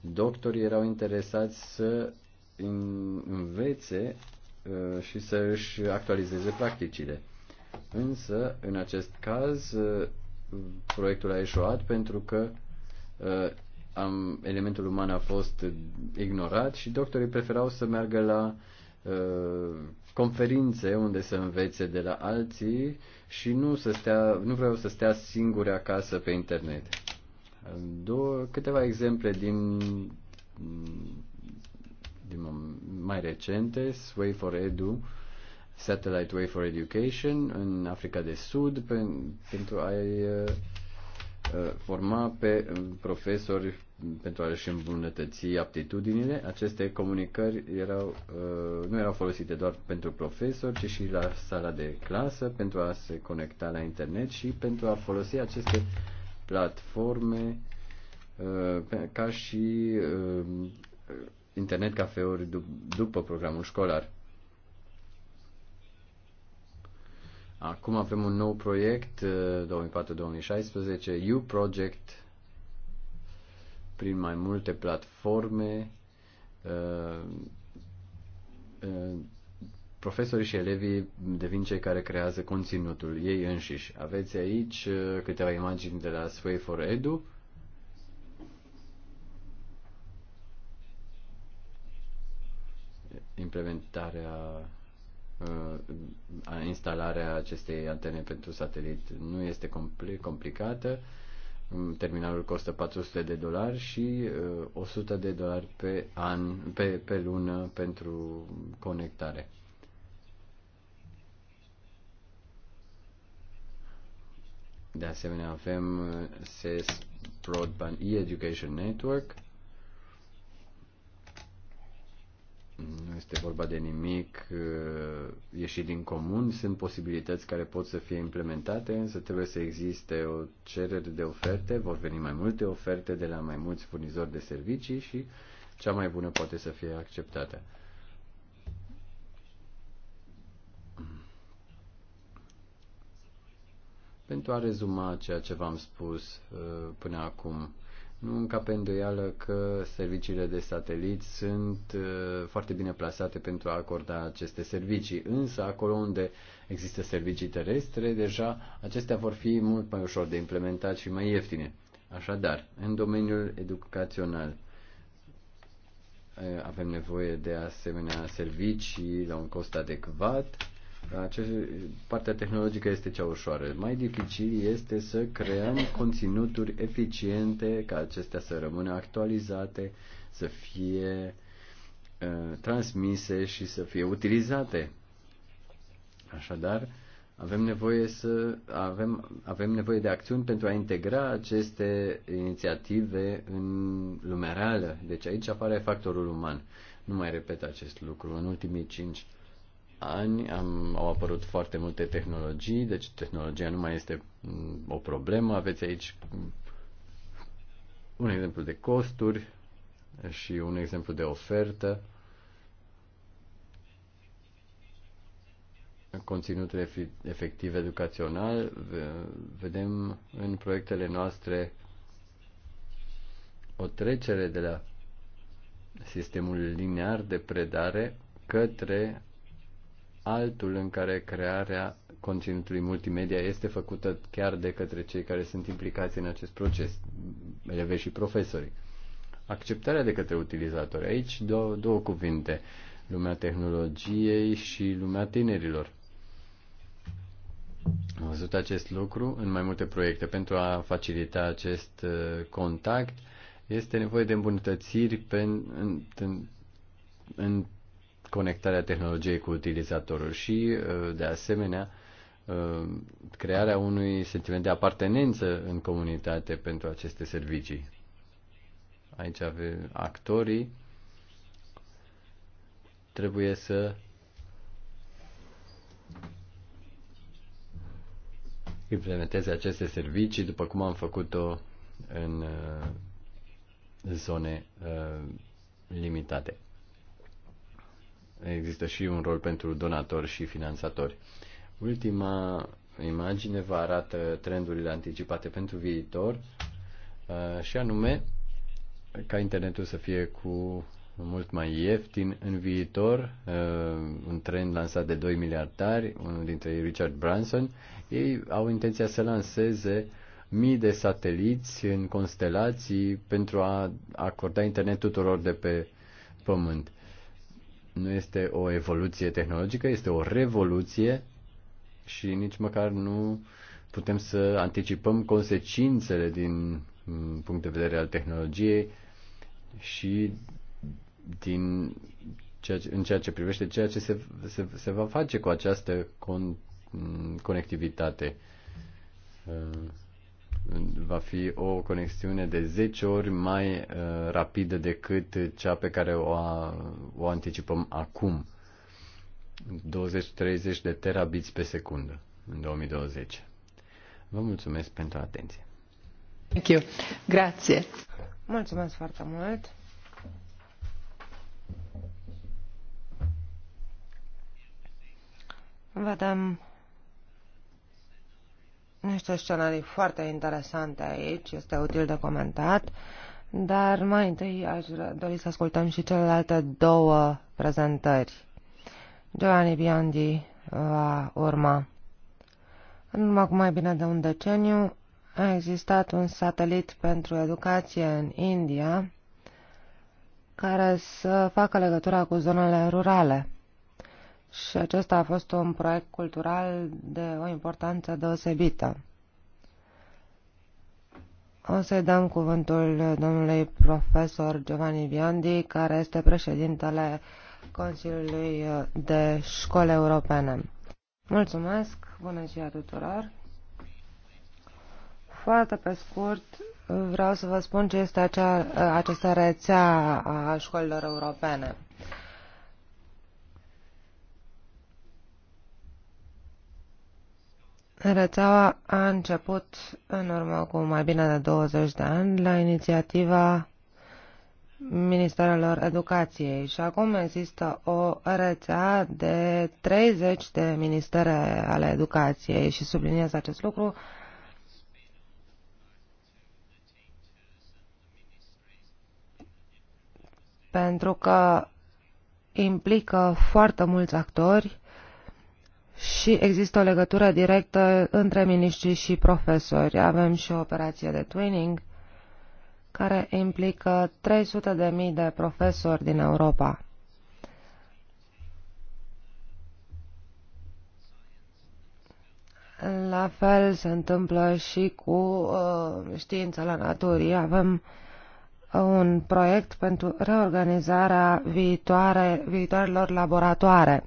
doctorii erau interesați să învețe uh, și să își actualizeze practicile. Însă, în acest caz, uh, proiectul a eșuat pentru că uh, am, elementul uman a fost ignorat și doctorii preferau să meargă la conferințe unde să învețe de la alții și nu, să stea, nu vreau să stea singure acasă pe internet. Două, câteva exemple din, din mai recente, Sway for Edu, Satellite Way for Education în Africa de Sud pentru a-i uh, forma pe profesori pentru a și îmbunătăți aptitudinile, aceste comunicări erau, uh, nu erau folosite doar pentru profesori, ci și la sala de clasă, pentru a se conecta la internet și pentru a folosi aceste platforme uh, ca și uh, internet cafeuri după programul școlar. Acum avem un nou proiect 2004-2016, U Project prin mai multe platforme. Uh, uh, profesorii și elevii devin cei care creează conținutul ei înșiși. Aveți aici uh, câteva imagini de la Sway for Edu. Implementarea instalarea acestei antene pentru satelit nu este compl- complicată terminalul costă 400 de dolari și 100 uh, de dolari pe an, pe, pe lună pentru conectare. De asemenea avem SES uh, Broadband e-Education Network, Nu este vorba de nimic ieșit din comun, sunt posibilități care pot să fie implementate, însă trebuie să existe o cerere de oferte, vor veni mai multe oferte de la mai mulți furnizori de servicii și cea mai bună poate să fie acceptată. Pentru a rezuma ceea ce v-am spus uh, până acum, nu încă pe îndoială că serviciile de satelit sunt uh, foarte bine plasate pentru a acorda aceste servicii, însă acolo unde există servicii terestre, deja acestea vor fi mult mai ușor de implementat și mai ieftine. Așadar, în domeniul educațional uh, avem nevoie de asemenea servicii la un cost adecvat această partea tehnologică este cea ușoară. Mai dificil este să creăm conținuturi eficiente, ca acestea să rămână actualizate, să fie uh, transmise și să fie utilizate. Așadar, avem nevoie să avem, avem nevoie de acțiuni pentru a integra aceste inițiative în lumea reală. Deci aici apare factorul uman. Nu mai repet acest lucru. În ultimii cinci ani am, au apărut foarte multe tehnologii, deci tehnologia nu mai este mm, o problemă. Aveți aici mm, un exemplu de costuri și un exemplu de ofertă. Conținutul efectiv educațional vedem în proiectele noastre o trecere de la sistemul linear de predare către altul în care crearea conținutului multimedia este făcută chiar de către cei care sunt implicați în acest proces, elevii și profesorii. Acceptarea de către utilizatori. Aici două, două cuvinte, lumea tehnologiei și lumea tinerilor. Am văzut acest lucru în mai multe proiecte. Pentru a facilita acest uh, contact, este nevoie de îmbunătățiri pe, în, în, în conectarea tehnologiei cu utilizatorul și, uh, de asemenea, uh, crearea unui sentiment de apartenență în comunitate pentru aceste servicii. Aici avem actorii, trebuie să implementeze aceste servicii după cum am făcut-o în uh, zone limitate există și un rol pentru donatori și finanțatori. Ultima imagine vă arată trendurile anticipate pentru viitor uh, și anume ca internetul să fie cu mult mai ieftin în viitor, uh, un trend lansat de 2 miliardari, unul dintre ei Richard Branson, ei au intenția să lanseze mii de sateliți în constelații pentru a acorda internet tuturor de pe pământ. Nu este o evoluție tehnologică, este o revoluție și nici măcar nu putem să anticipăm consecințele din mm, punct de vedere al tehnologiei și din ceea ce, în ceea ce privește ceea ce se, se, se va face cu această con, mm, conectivitate. Uh, va fi o conexiune de 10 ori mai uh, rapidă decât cea pe care o, a, o anticipăm acum. 20-30 de terabits pe secundă în 2020. Vă mulțumesc pentru atenție. Thank you. Grazie. Mulțumesc foarte mult. Vă dăm niște scenarii foarte interesante aici, este util de comentat, dar mai întâi aș dori să ascultăm și celelalte două prezentări. Giovanni Biondi uh, va urma. În urmă cu mai bine de un deceniu a existat un satelit pentru educație în India care să facă legătura cu zonele rurale și acesta a fost un proiect cultural de o importanță deosebită. O să-i dăm cuvântul domnului profesor Giovanni Biondi, care este președintele Consiliului de Școli Europene. Mulțumesc, bună ziua tuturor! Foarte pe scurt, vreau să vă spun ce este acea, această rețea a școlilor europene. Rețeaua a început în urmă cu mai bine de 20 de ani la inițiativa Ministerelor Educației și acum există o rețea de 30 de ministere ale educației și subliniez acest lucru pentru că implică foarte mulți actori și există o legătură directă între miniștri și profesori. Avem și o operație de twinning care implică 300.000 de profesori din Europa. La fel se întâmplă și cu uh, științele naturii. Avem uh, un proiect pentru reorganizarea viitoare, viitoarelor laboratoare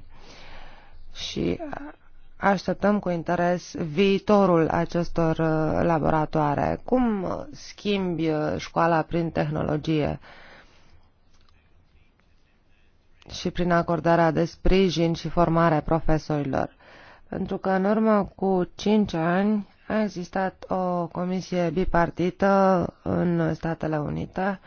și așteptăm cu interes viitorul acestor uh, laboratoare. Cum schimbi uh, școala prin tehnologie și prin acordarea de sprijin și formare profesorilor? Pentru că în urmă cu 5 ani a existat o comisie bipartită în Statele Unite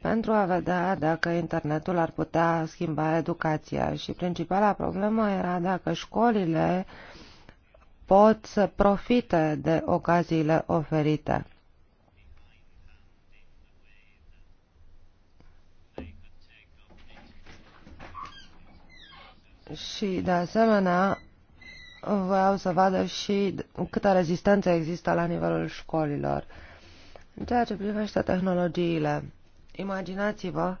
pentru a vedea dacă internetul ar putea schimba educația și principala problemă era dacă școlile pot să profite de ocaziile oferite. Și, de asemenea, vreau să vadă și câtă rezistență există la nivelul școlilor. În ceea ce privește tehnologiile, Imaginați-vă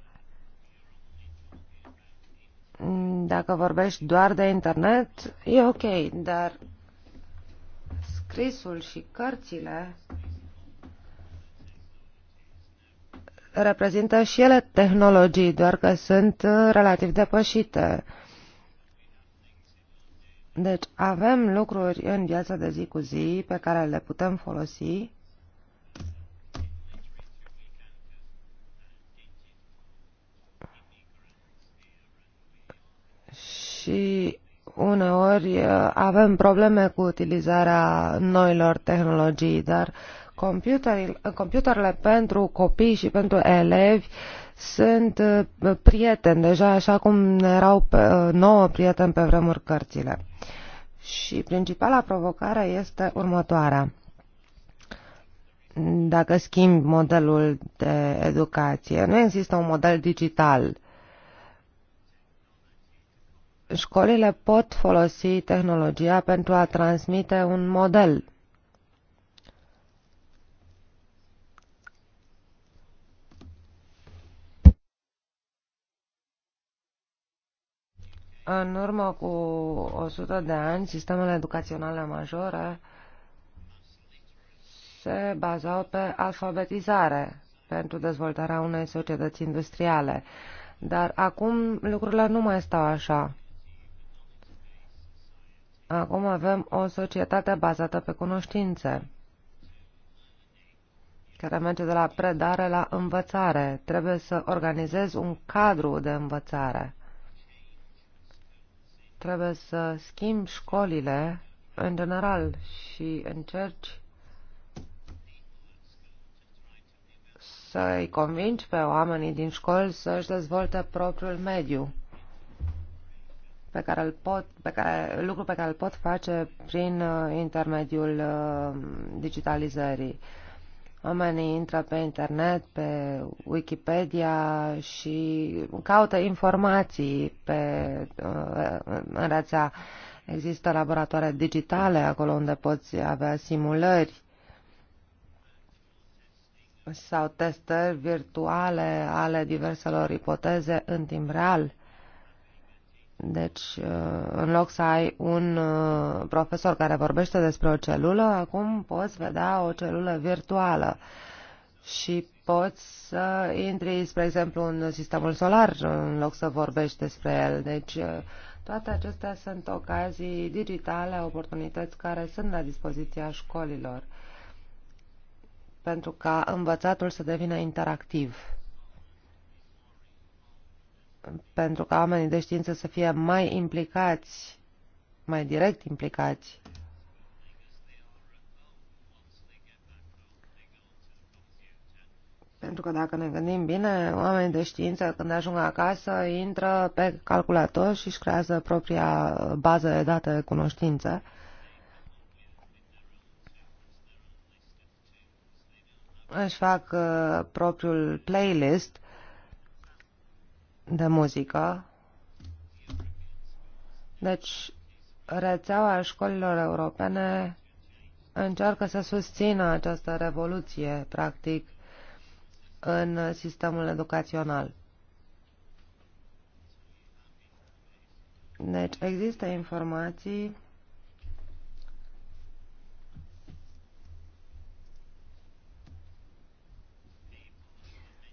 dacă vorbești doar de internet, e ok, dar scrisul și cărțile reprezintă și ele tehnologii, doar că sunt uh, relativ depășite. Deci avem lucruri în viața de zi cu zi pe care le putem folosi și uneori uh, avem probleme cu utilizarea noilor tehnologii, dar computerele pentru copii și pentru elevi sunt uh, prieteni deja, așa cum erau pe, uh, nouă prieteni pe vremuri cărțile. Și principala provocare este următoarea. Dacă schimb modelul de educație, nu există un model digital școlile pot folosi tehnologia pentru a transmite un model În urmă cu 100 de ani, sistemele educaționale majore se bazau pe alfabetizare pentru dezvoltarea unei societăți industriale. Dar acum lucrurile nu mai stau așa. Acum avem o societate bazată pe cunoștințe, care merge de la predare la învățare. Trebuie să organizezi un cadru de învățare. Trebuie să schimbi școlile în general și încerci să-i convingi pe oamenii din școli să-și dezvolte propriul mediu pe care îl pot, pe care, lucru pe care îl pot face prin uh, intermediul uh, digitalizării. Oamenii intră pe internet, pe Wikipedia și caută informații pe, uh, în rețea. Există laboratoare digitale acolo unde poți avea simulări sau testări virtuale ale diverselor ipoteze în timp real. Deci, uh, în loc să ai un uh, profesor care vorbește despre o celulă, acum poți vedea o celulă virtuală și poți să intri, spre exemplu, în sistemul solar în loc să vorbești despre el. Deci, uh, toate acestea sunt ocazii digitale, oportunități care sunt la dispoziția școlilor pentru ca învățatul să devină interactiv pentru ca oamenii de știință să fie mai implicați, mai direct implicați. Pentru că dacă ne gândim bine, oamenii de știință când ajung acasă intră pe calculator și își creează propria bază de date de cunoștință. Își fac uh, propriul playlist uh, de muzică. Deci, rețeaua școlilor europene încearcă să susțină această revoluție, practic, în sistemul educațional. Deci, există informații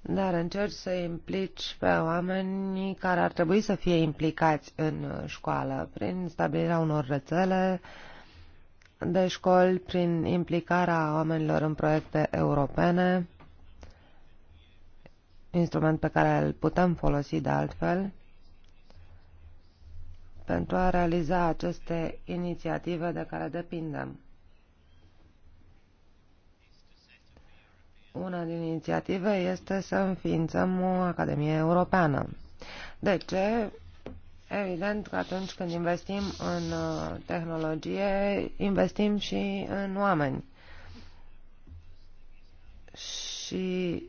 Dar încerci să implici pe oamenii care ar trebui să fie implicați în școală, prin stabilirea unor rețele de școli, prin implicarea oamenilor în proiecte europene, instrument pe care îl putem folosi de altfel, pentru a realiza aceste inițiative de care depindem. Una din inițiative este să înființăm o Academie Europeană. De ce? Evident că atunci când investim în uh, tehnologie, investim și în oameni. Și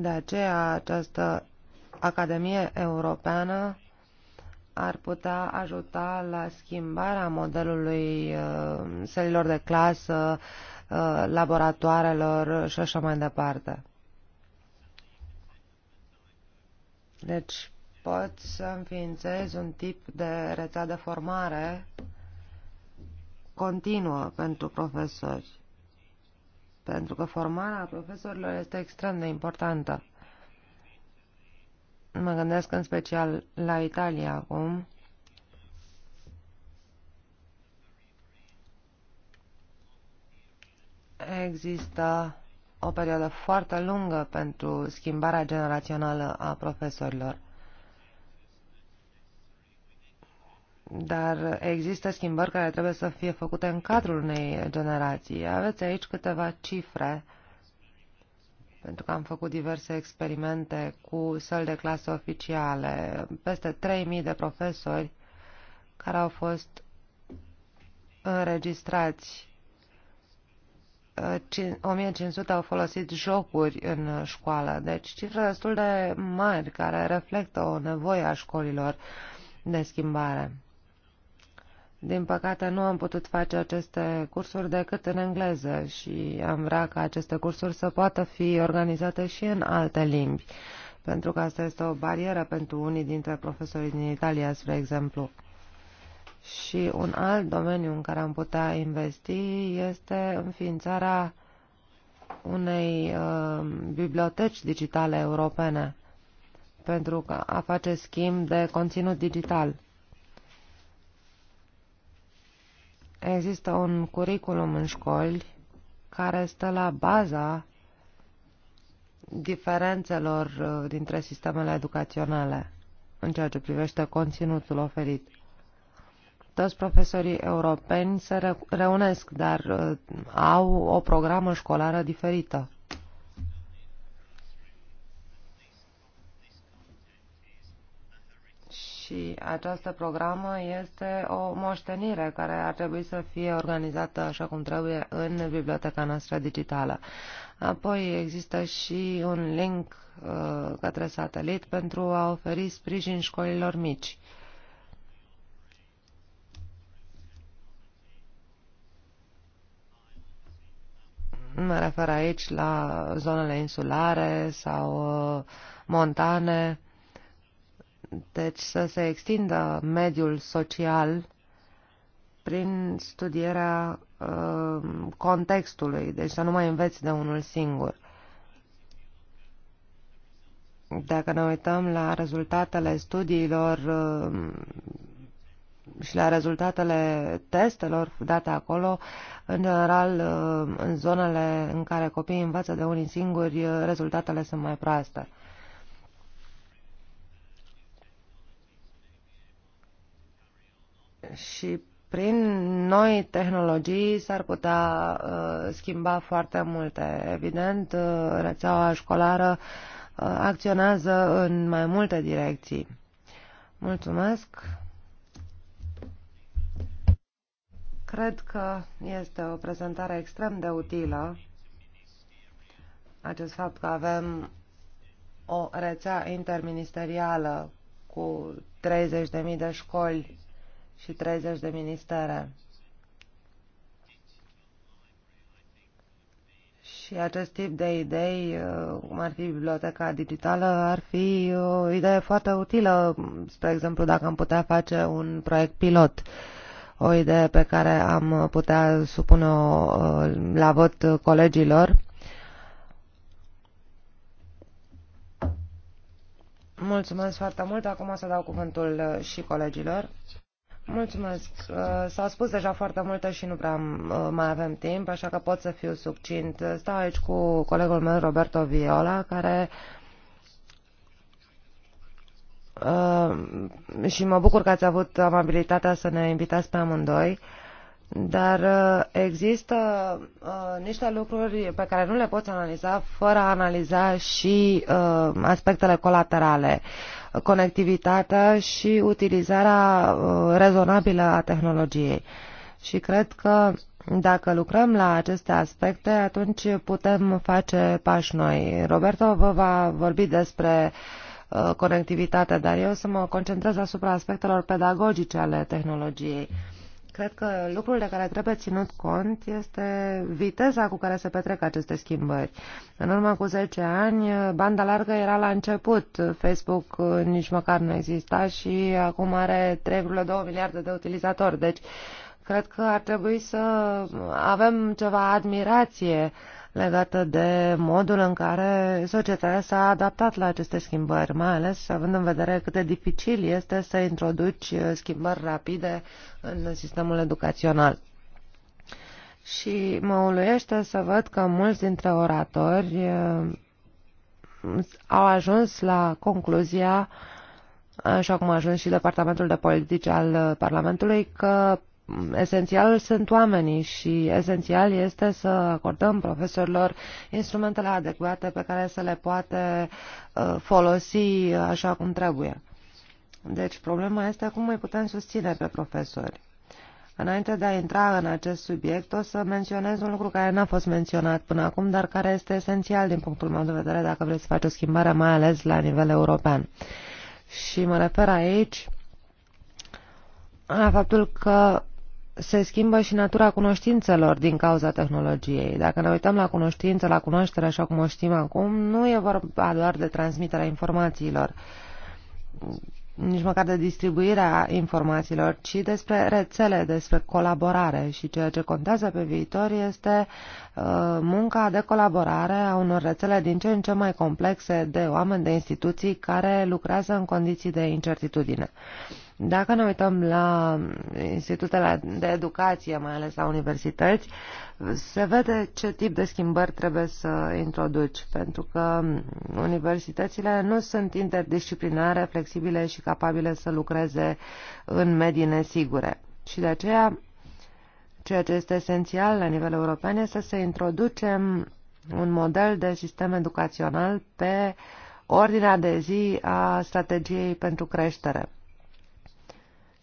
de aceea această Academie Europeană ar putea ajuta la schimbarea modelului uh, sălilor de clasă, Uh, laboratoarelor și așa mai departe. Deci pot să înființez un tip de rețea de formare continuă pentru profesori. Pentru că formarea profesorilor este extrem de importantă. Mă gândesc în special la Italia acum, există o perioadă foarte lungă pentru schimbarea generațională a profesorilor. Dar există schimbări care trebuie să fie făcute în cadrul unei generații. Aveți aici câteva cifre, pentru că am făcut diverse experimente cu săli de clasă oficiale, peste 3.000 de profesori care au fost înregistrați 1500 au folosit jocuri în școală, deci cifre destul de mari care reflectă o nevoie a școlilor de schimbare. Din păcate nu am putut face aceste cursuri decât în engleză și am vrea ca aceste cursuri să poată fi organizate și în alte limbi, pentru că asta este o barieră pentru unii dintre profesorii din Italia, spre exemplu. Și un alt domeniu în care am putea investi este înființarea unei uh, biblioteci digitale europene pentru a face schimb de conținut digital. Există un curriculum în școli care stă la baza diferențelor uh, dintre sistemele educaționale în ceea ce privește conținutul oferit toți profesorii europeni se reunesc, dar uh, au o programă școlară diferită. și această programă este o moștenire care ar trebui să fie organizată așa cum trebuie în biblioteca noastră digitală. Apoi există și un link uh, către satelit pentru a oferi sprijin școlilor mici. Uh, Mă refer aici la zonele insulare sau uh, montane. Deci să se extindă mediul social prin studierea uh, contextului, deci să nu mai înveți de unul singur. Dacă ne uităm la rezultatele studiilor uh, și la rezultatele testelor date acolo, în general, în zonele în care copiii învață de unii singuri, rezultatele sunt mai proaste. Și prin noi tehnologii s-ar putea uh, schimba foarte multe. Evident, uh, rețeaua școlară uh, acționează în mai multe direcții. Mulțumesc! Cred că este o prezentare extrem de utilă acest fapt că avem o rețea interministerială cu 30.000 de școli și 30 de ministere. Și acest tip de idei, uh, cum ar fi biblioteca digitală, ar fi uh, o idee foarte utilă, spre exemplu, dacă am putea face un proiect pilot. Uh, o idee pe care am putea supune-o uh, la vot colegilor. Mulțumesc foarte mult. Acum o să dau cuvântul uh, și colegilor. Mulțumesc. Uh, s-au spus deja foarte multe și nu prea mai avem timp, așa că pot să fiu succint. Stau aici cu colegul meu, Roberto Viola, care Uh, și mă bucur că ați avut amabilitatea să ne invitați pe amândoi, dar uh, există uh, niște lucruri pe care nu le poți analiza fără a analiza și uh, aspectele colaterale, conectivitatea și utilizarea uh, rezonabilă a tehnologiei. Și cred că dacă lucrăm la aceste aspecte, atunci putem face pași noi. Roberto vă va vorbi despre uh, Uh, conectivitate, dar eu să mă concentrez asupra aspectelor pedagogice ale tehnologiei. Cred că lucrul de care trebuie ținut cont este viteza cu care se petrec aceste schimbări. În urmă cu 10 ani, banda largă era la început. Facebook uh, nici măcar nu exista și acum are 3,2 miliarde de utilizatori. Deci, cred că ar trebui să avem ceva admirație uh, legată de modul în care societatea s-a adaptat la aceste schimbări, mai ales având în vedere cât de dificil este să introduci uh, schimbări rapide în sistemul educațional. Și mă uluiește să văd că mulți dintre oratori uh, au ajuns la concluzia, așa cum a ajuns și Departamentul de Politici al uh, Parlamentului, că esențial sunt oamenii și esențial este să acordăm profesorilor instrumentele adecvate pe care să le poate uh, folosi așa cum trebuie. Deci problema este cum îi putem susține pe profesori. Înainte de a intra în acest subiect, o să menționez un lucru care n-a fost menționat până acum, dar care este esențial din punctul meu de vedere dacă vreți să faci o schimbare, mai ales la nivel european. Și mă refer aici la faptul că se schimbă și natura cunoștințelor din cauza tehnologiei. Dacă ne uităm la cunoștință, la cunoaștere așa cum o știm acum, nu e vorba doar de transmiterea informațiilor, nici măcar de distribuirea informațiilor, ci despre rețele, despre colaborare și ceea ce contează pe viitor este uh, munca de colaborare a unor rețele din ce în ce mai complexe de oameni, de instituții care lucrează în condiții de incertitudine. Dacă ne uităm la institutele de educație, mai ales la universități, se vede ce tip de schimbări trebuie să introduci, pentru că universitățile nu sunt interdisciplinare, flexibile și capabile să lucreze în medii nesigure. Și de aceea, ceea ce este esențial la nivel european este să se introducem un model de sistem educațional pe ordinea de zi a strategiei pentru creștere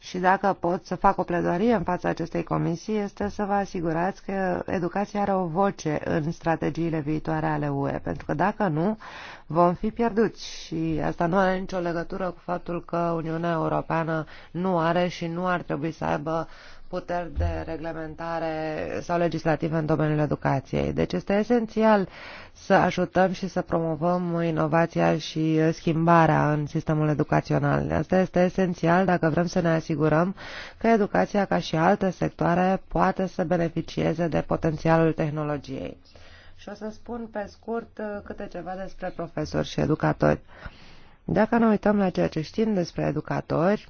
și dacă pot să fac o pledoarie în fața acestei comisii, este să vă asigurați că educația are o voce în strategiile viitoare ale UE, pentru că dacă nu, vom fi pierduți. Și asta nu are nicio legătură cu faptul că Uniunea Europeană nu are și nu ar trebui să aibă puteri de reglementare sau legislative în domeniul educației. Deci este esențial să ajutăm și să promovăm inovația și schimbarea în sistemul educațional. Asta este esențial dacă vrem să ne asigurăm că educația, ca și alte sectoare, poate să beneficieze de potențialul tehnologiei. Și o să spun pe scurt uh, câte ceva despre profesori și educatori. Dacă ne uităm la ceea ce știm despre educatori,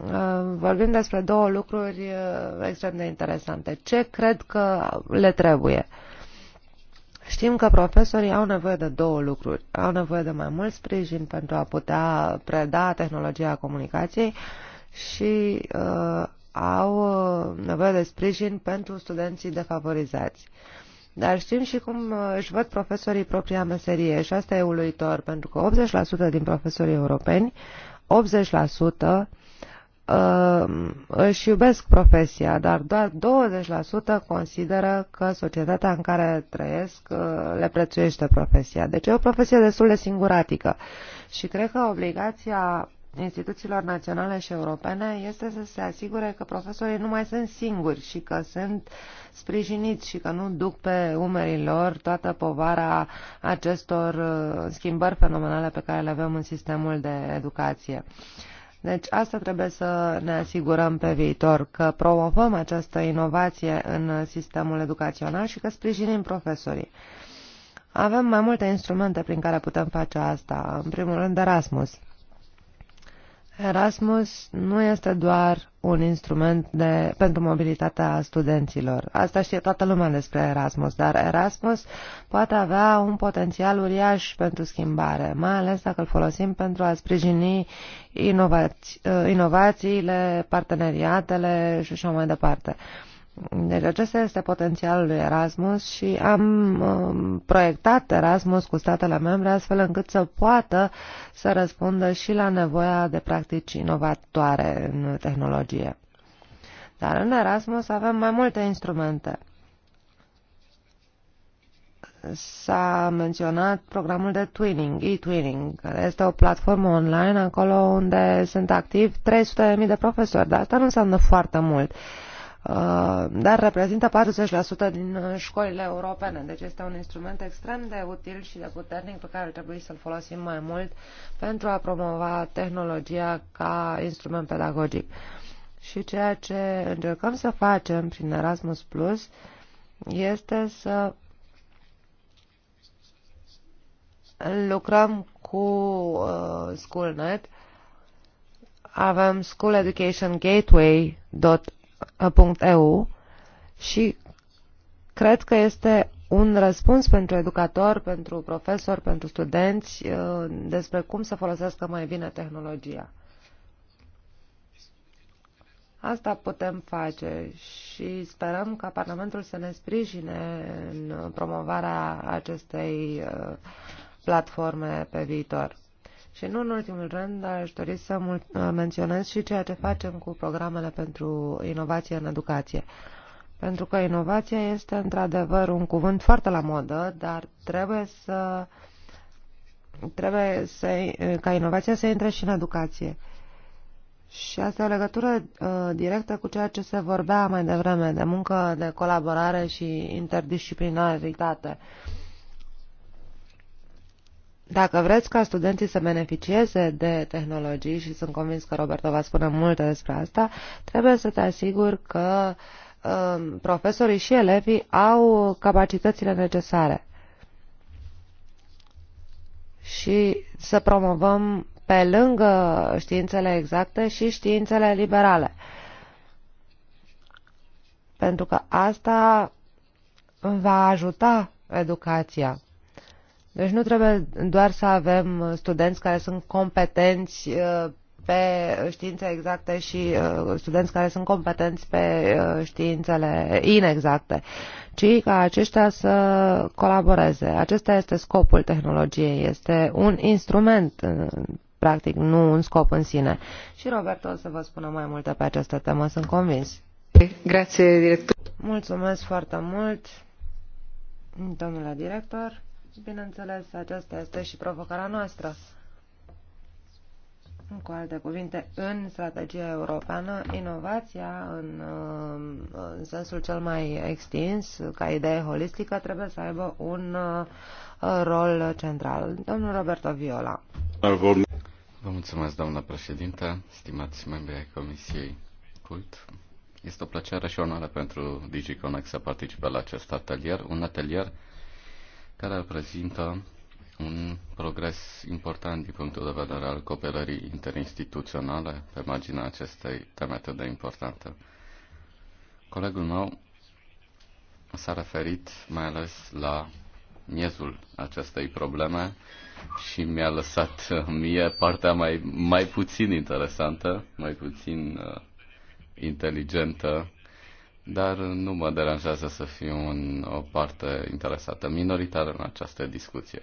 Uh, vorbim despre două lucruri uh, extrem de interesante. Ce cred că le trebuie? Știm că profesorii au nevoie de două lucruri. Au nevoie de mai mult sprijin pentru a putea preda tehnologia comunicației și uh, au uh, nevoie de sprijin pentru studenții defavorizați. Dar știm și cum își văd profesorii propria meserie și asta e uluitor, pentru că 80% din profesorii europeni, 80% Uh, își iubesc profesia, dar doar 20% consideră că societatea în care trăiesc uh, le prețuiește profesia. Deci e o profesie destul de singuratică și cred că obligația instituțiilor naționale și europene este să se asigure că profesorii nu mai sunt singuri și că sunt sprijiniți și că nu duc pe umerii lor toată povara acestor uh, schimbări fenomenale pe care le avem în sistemul de educație. Uh, deci asta trebuie să ne asigurăm pe viitor, că promovăm această inovație în sistemul educațional și că sprijinim profesorii. Avem mai multe instrumente prin care putem face asta. În primul rând Erasmus. Erasmus nu este doar un instrument de, pentru mobilitatea studenților. Asta știe toată lumea despre Erasmus, dar Erasmus poate avea un potențial uriaș pentru schimbare, mai ales dacă îl folosim pentru a sprijini inovați, inovațiile, parteneriatele și așa mai departe. Uh, deci acesta este potențialul lui Erasmus și am um, proiectat Erasmus cu statele membre astfel încât să poată să răspundă și la nevoia de practici inovatoare în tehnologie. Dar în Erasmus avem mai multe instrumente. S-a menționat programul de twinning, e-twinning, care este o platformă online acolo unde sunt activ 300.000 de profesori, dar asta nu înseamnă foarte mult. Uh, Uh, dar reprezintă 40% din uh, școlile europene. Deci este un instrument extrem de util și de puternic pe care ar trebui să-l folosim mai mult pentru a promova tehnologia ca instrument pedagogic. Și ceea ce încercăm să facem prin Erasmus Plus este să lucrăm cu uh, SchoolNet. Avem schooleducationgateway.org eu și cred că este un răspuns pentru educatori, pentru profesori, pentru studenți uh, despre cum să folosească mai bine tehnologia. Asta putem face și sperăm ca Parlamentul să ne sprijine în promovarea acestei uh, platforme pe viitor. Și nu în ultimul rând, aș dori să uh, menționez și ceea ce facem cu programele pentru inovație în educație. Pentru că inovația este într-adevăr un cuvânt foarte la modă, dar trebuie să trebuie să, ca inovația să intre și în educație. Și asta e o legătură uh, directă cu ceea ce se vorbea mai devreme, de muncă, de colaborare și interdisciplinaritate. Uh, dacă vreți ca studenții să beneficieze de tehnologii, și sunt convins că Roberto va spune multe despre asta, trebuie să te asiguri că um, profesorii și elevii au capacitățile necesare și să promovăm pe lângă științele exacte și științele liberale. Pentru că asta va ajuta educația deci nu trebuie doar să avem studenți care sunt competenți uh, pe științe exacte și uh, studenți care sunt competenți pe uh, științele inexacte, ci ca aceștia să colaboreze. Acesta este scopul tehnologiei, este un instrument practic, nu un scop în sine. Și Roberto o să vă spună mai multe pe această temă, sunt convins. Grație, director. Mulțumesc foarte mult, domnule director. Bineînțeles, aceasta este și provocarea noastră. Cu alte cuvinte, în strategia europeană, inovația în, um, în sensul cel mai extins, ca idee holistică, trebuie să aibă un uh, rol central. Domnul Roberto Viola. Vă mulțumesc, doamna președintă, stimați membri ai Comisiei Cult. Este o plăcere și onoare pentru DigiConnect să participe la acest atelier, un atelier care reprezintă un progres important din punctul de vedere al cooperării interinstituționale pe marginea acestei teme atât de importante. Colegul meu s-a referit mai ales la miezul acestei probleme și mi-a lăsat mie partea mai, mai puțin interesantă, mai puțin uh, inteligentă dar nu mă deranjează să fiu în o parte interesată, minoritară în această discuție.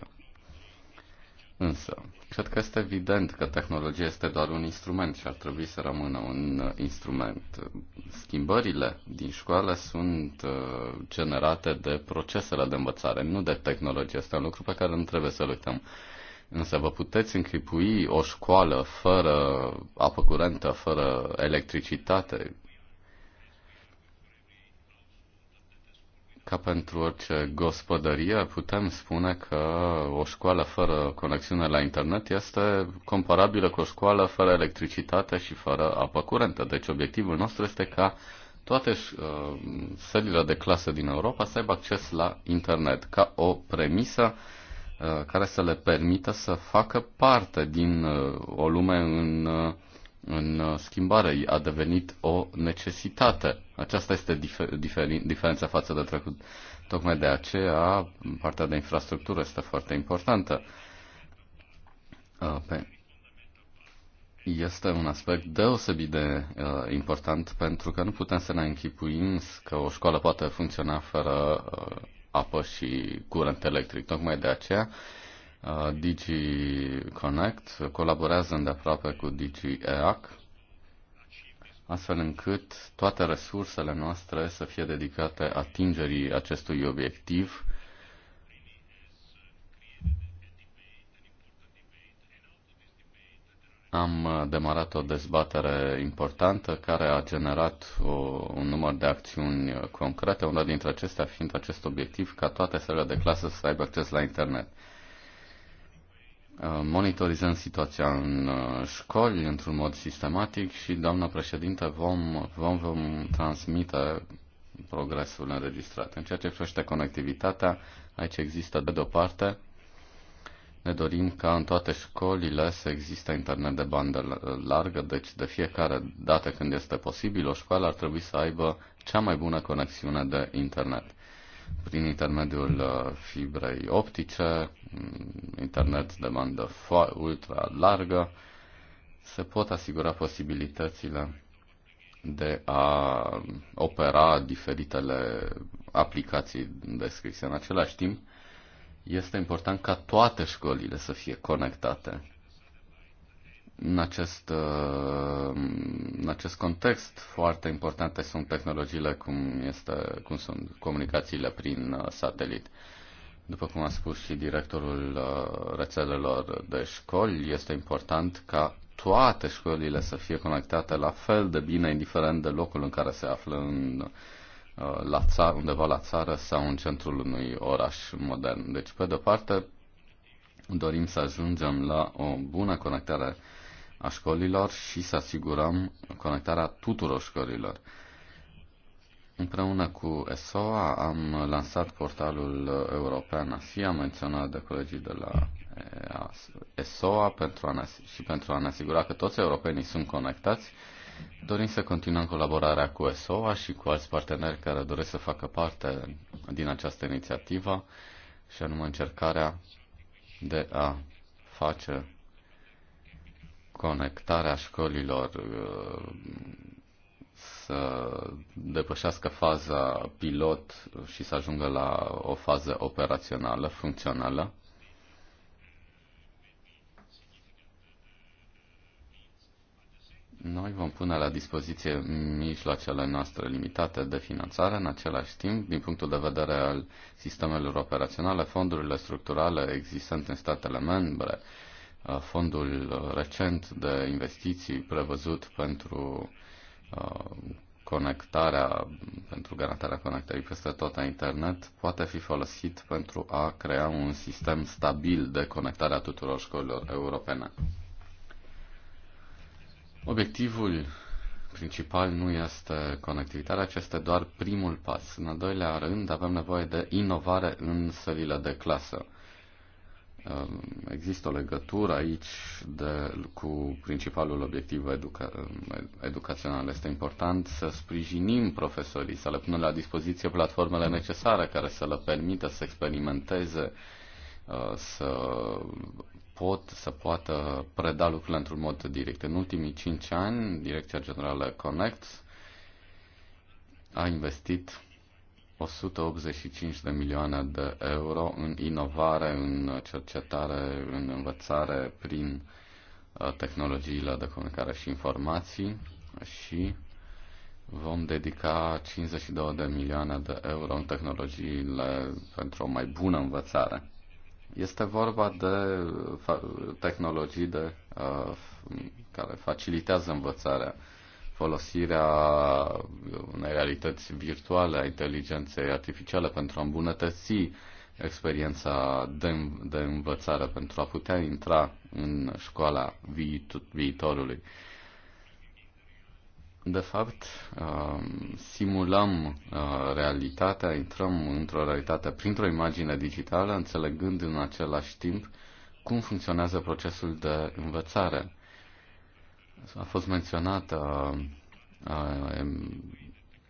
Însă, cred că este evident că tehnologia este doar un instrument și ar trebui să rămână un instrument. Schimbările din școală sunt uh, generate de procesele de învățare, nu de tehnologie. Este un lucru pe care nu trebuie să-l uităm. Însă vă puteți închipui o școală fără apă curentă, fără electricitate, Ca pentru orice gospodărie, putem spune că o școală fără conexiune la internet este comparabilă cu o școală fără electricitate și fără apă curentă. Deci obiectivul nostru este ca toate uh, sălile de clasă din Europa să aibă acces la internet ca o premisă uh, care să le permită să facă parte din uh, o lume în uh, în uh, schimbare, a devenit o necesitate. Aceasta este difer- difer- diferența față de trecut. Tocmai de aceea partea de infrastructură este foarte importantă. Uh, este un aspect deosebit de uh, important pentru că nu putem să ne închipuim că o școală poate funcționa fără apă și curent electric. Tocmai de aceea Uh, Digi Connect colaborează îndeaproape cu Digi EAC, astfel încât toate resursele noastre să fie dedicate atingerii acestui obiectiv Am uh, demarat o dezbatere importantă care a generat o, un număr de acțiuni concrete, una dintre acestea fiind acest obiectiv ca toate sălile de clasă să aibă acces la internet. Uh, monitorizăm situația în uh, școli într-un mod sistematic și, doamnă președinte, vom, vom, vom transmite progresul înregistrat. În ceea ce privește conectivitatea, aici există de o parte. Ne dorim ca în toate școlile să existe internet de bandă largă, deci de fiecare dată când este posibil, o școală ar trebui să aibă cea mai bună conexiune de internet prin intermediul uh, fibrei optice, mm, internet de bandă ultra largă, se pot asigura posibilitățile de a opera diferitele aplicații descrise. În același timp, este important ca toate școlile să fie conectate în acest, uh, în acest context, foarte importante sunt tehnologiile cum, este, cum sunt comunicațiile prin uh, satelit. După cum a spus și directorul uh, rețelelor de școli, este important ca toate școlile să fie conectate la fel de bine, indiferent de locul în care se află în, la țară, undeva la țară sau în centrul unui oraș modern. Deci, pe de-o parte, dorim să ajungem la o bună conectare a școlilor și să asigurăm conectarea tuturor școlilor. Împreună cu ESOA am lansat portalul european ASIA, menționat de colegii de la ESOA pentru a ne, și pentru a ne asigura că toți europenii sunt conectați. Dorim să continuăm colaborarea cu ESOA și cu alți parteneri care doresc să facă parte din această inițiativă și anume încercarea de a face conectarea școlilor uh, să depășească faza pilot și să ajungă la o fază operațională, funcțională. Noi vom pune la dispoziție mijloacele noastre limitate de finanțare, în același timp, din punctul de vedere al sistemelor operaționale, fondurile structurale existente în statele membre, Uh, fondul uh, recent de investiții prevăzut pentru uh, conectarea, pentru garantarea conectării peste tot a internet, poate fi folosit pentru a crea un sistem stabil de conectare a tuturor școlilor europene. Obiectivul principal nu este conectivitatea, ci este doar primul pas. În al doilea rând, avem nevoie de inovare în sălile de clasă. Um, există o legătură aici de, cu principalul obiectiv educa, um, educațional. Este important să sprijinim profesorii, să le punem la dispoziție platformele necesare care să le permită să experimenteze, uh, să pot să poată preda lucrurile într-un mod direct. În ultimii cinci ani, Direcția Generală Connect a investit 185 de milioane de euro în inovare, în cercetare, în învățare prin uh, tehnologiile de comunicare și informații și vom dedica 52 de milioane de euro în tehnologiile pentru o mai bună învățare. Este vorba de uh, tehnologii de, uh, care facilitează învățarea folosirea unei realități virtuale a inteligenței artificiale pentru a îmbunătăți experiența de, de învățare, pentru a putea intra în școala viitorului. De fapt, uh, simulăm uh, realitatea, intrăm într-o realitate printr-o imagine digitală, înțelegând în același timp cum funcționează procesul de învățare. A fost menționată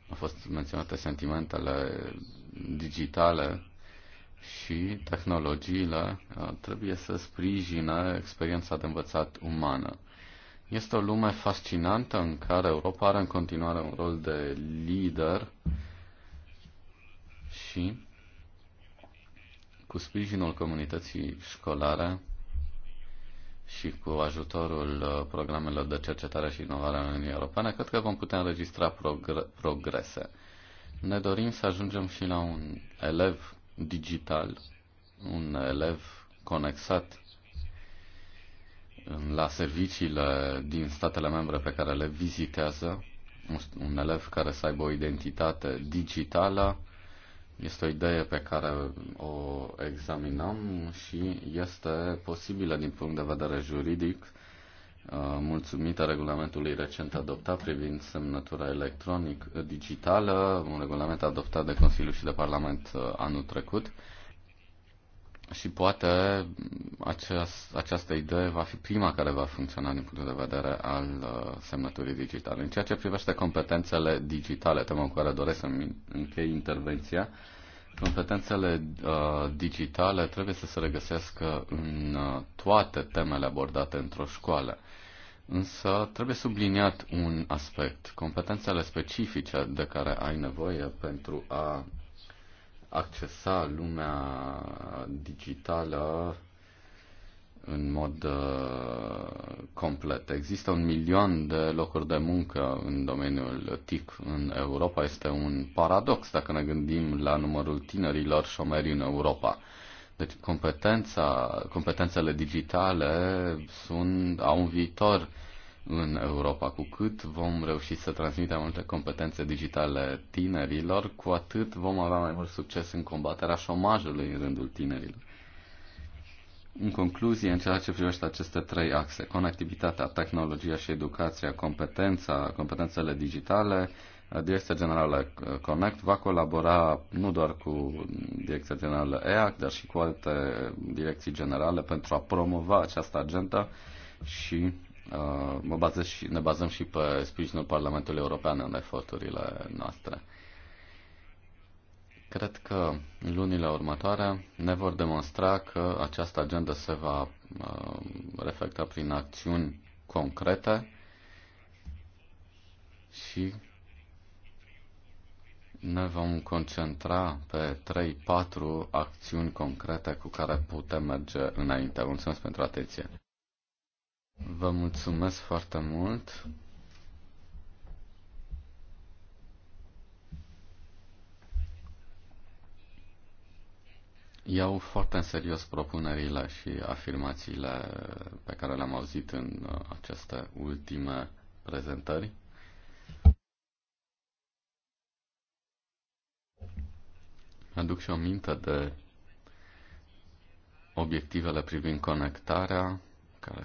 a fost menționate sentimentele digitale și tehnologiile trebuie să sprijine experiența de învățat umană. Este o lume fascinantă în care Europa are în continuare un rol de lider și cu sprijinul comunității școlare și cu ajutorul uh, programelor de cercetare și inovare în Uniunea Europeană, cred că vom putea înregistra progr- progrese. Ne dorim să ajungem și la un elev digital, un elev conexat la serviciile din statele membre pe care le vizitează, un elev care să aibă o identitate digitală, este o idee pe care o examinăm și este posibilă din punct de vedere juridic, uh, mulțumită regulamentului recent adoptat privind semnătura electronic digitală, un regulament adoptat de Consiliu și de Parlament uh, anul trecut, și poate aceast, această idee va fi prima care va funcționa din punctul de vedere al uh, semnăturii digitale. În ceea ce privește competențele digitale, tema cu care doresc să-mi închei intervenția, competențele uh, digitale trebuie să se regăsească în uh, toate temele abordate într-o școală. Însă trebuie subliniat un aspect. Competențele specifice de care ai nevoie pentru a accesa lumea digitală în mod uh, complet. Există un milion de locuri de muncă în domeniul TIC în Europa. Este un paradox dacă ne gândim la numărul tinerilor șomeri în Europa. Deci competența, competențele digitale sunt, au un viitor uh, în Europa. Cu cât vom reuși să transmitem multe competențe digitale tinerilor, cu atât vom avea mai mult succes în combaterea șomajului în rândul tinerilor. În concluzie, în ceea ce privește aceste trei axe, conectivitatea, tehnologia și educația, competența, competențele digitale, Direcția Generală Connect va colabora nu doar cu Direcția Generală EAC, dar și cu alte direcții generale pentru a promova această agenda și Uh, mă bazez și, ne bazăm și pe sprijinul Parlamentului European în eforturile noastre. Cred că lunile următoare ne vor demonstra că această agendă se va uh, reflecta prin acțiuni concrete și ne vom concentra pe 3-4 acțiuni concrete cu care putem merge înainte. Mulțumesc pentru atenție! Vă mulțumesc foarte mult. Iau foarte în serios propunerile și afirmațiile pe care le-am auzit în uh, aceste ultime prezentări. Aduc și o minte de obiectivele privind conectarea, care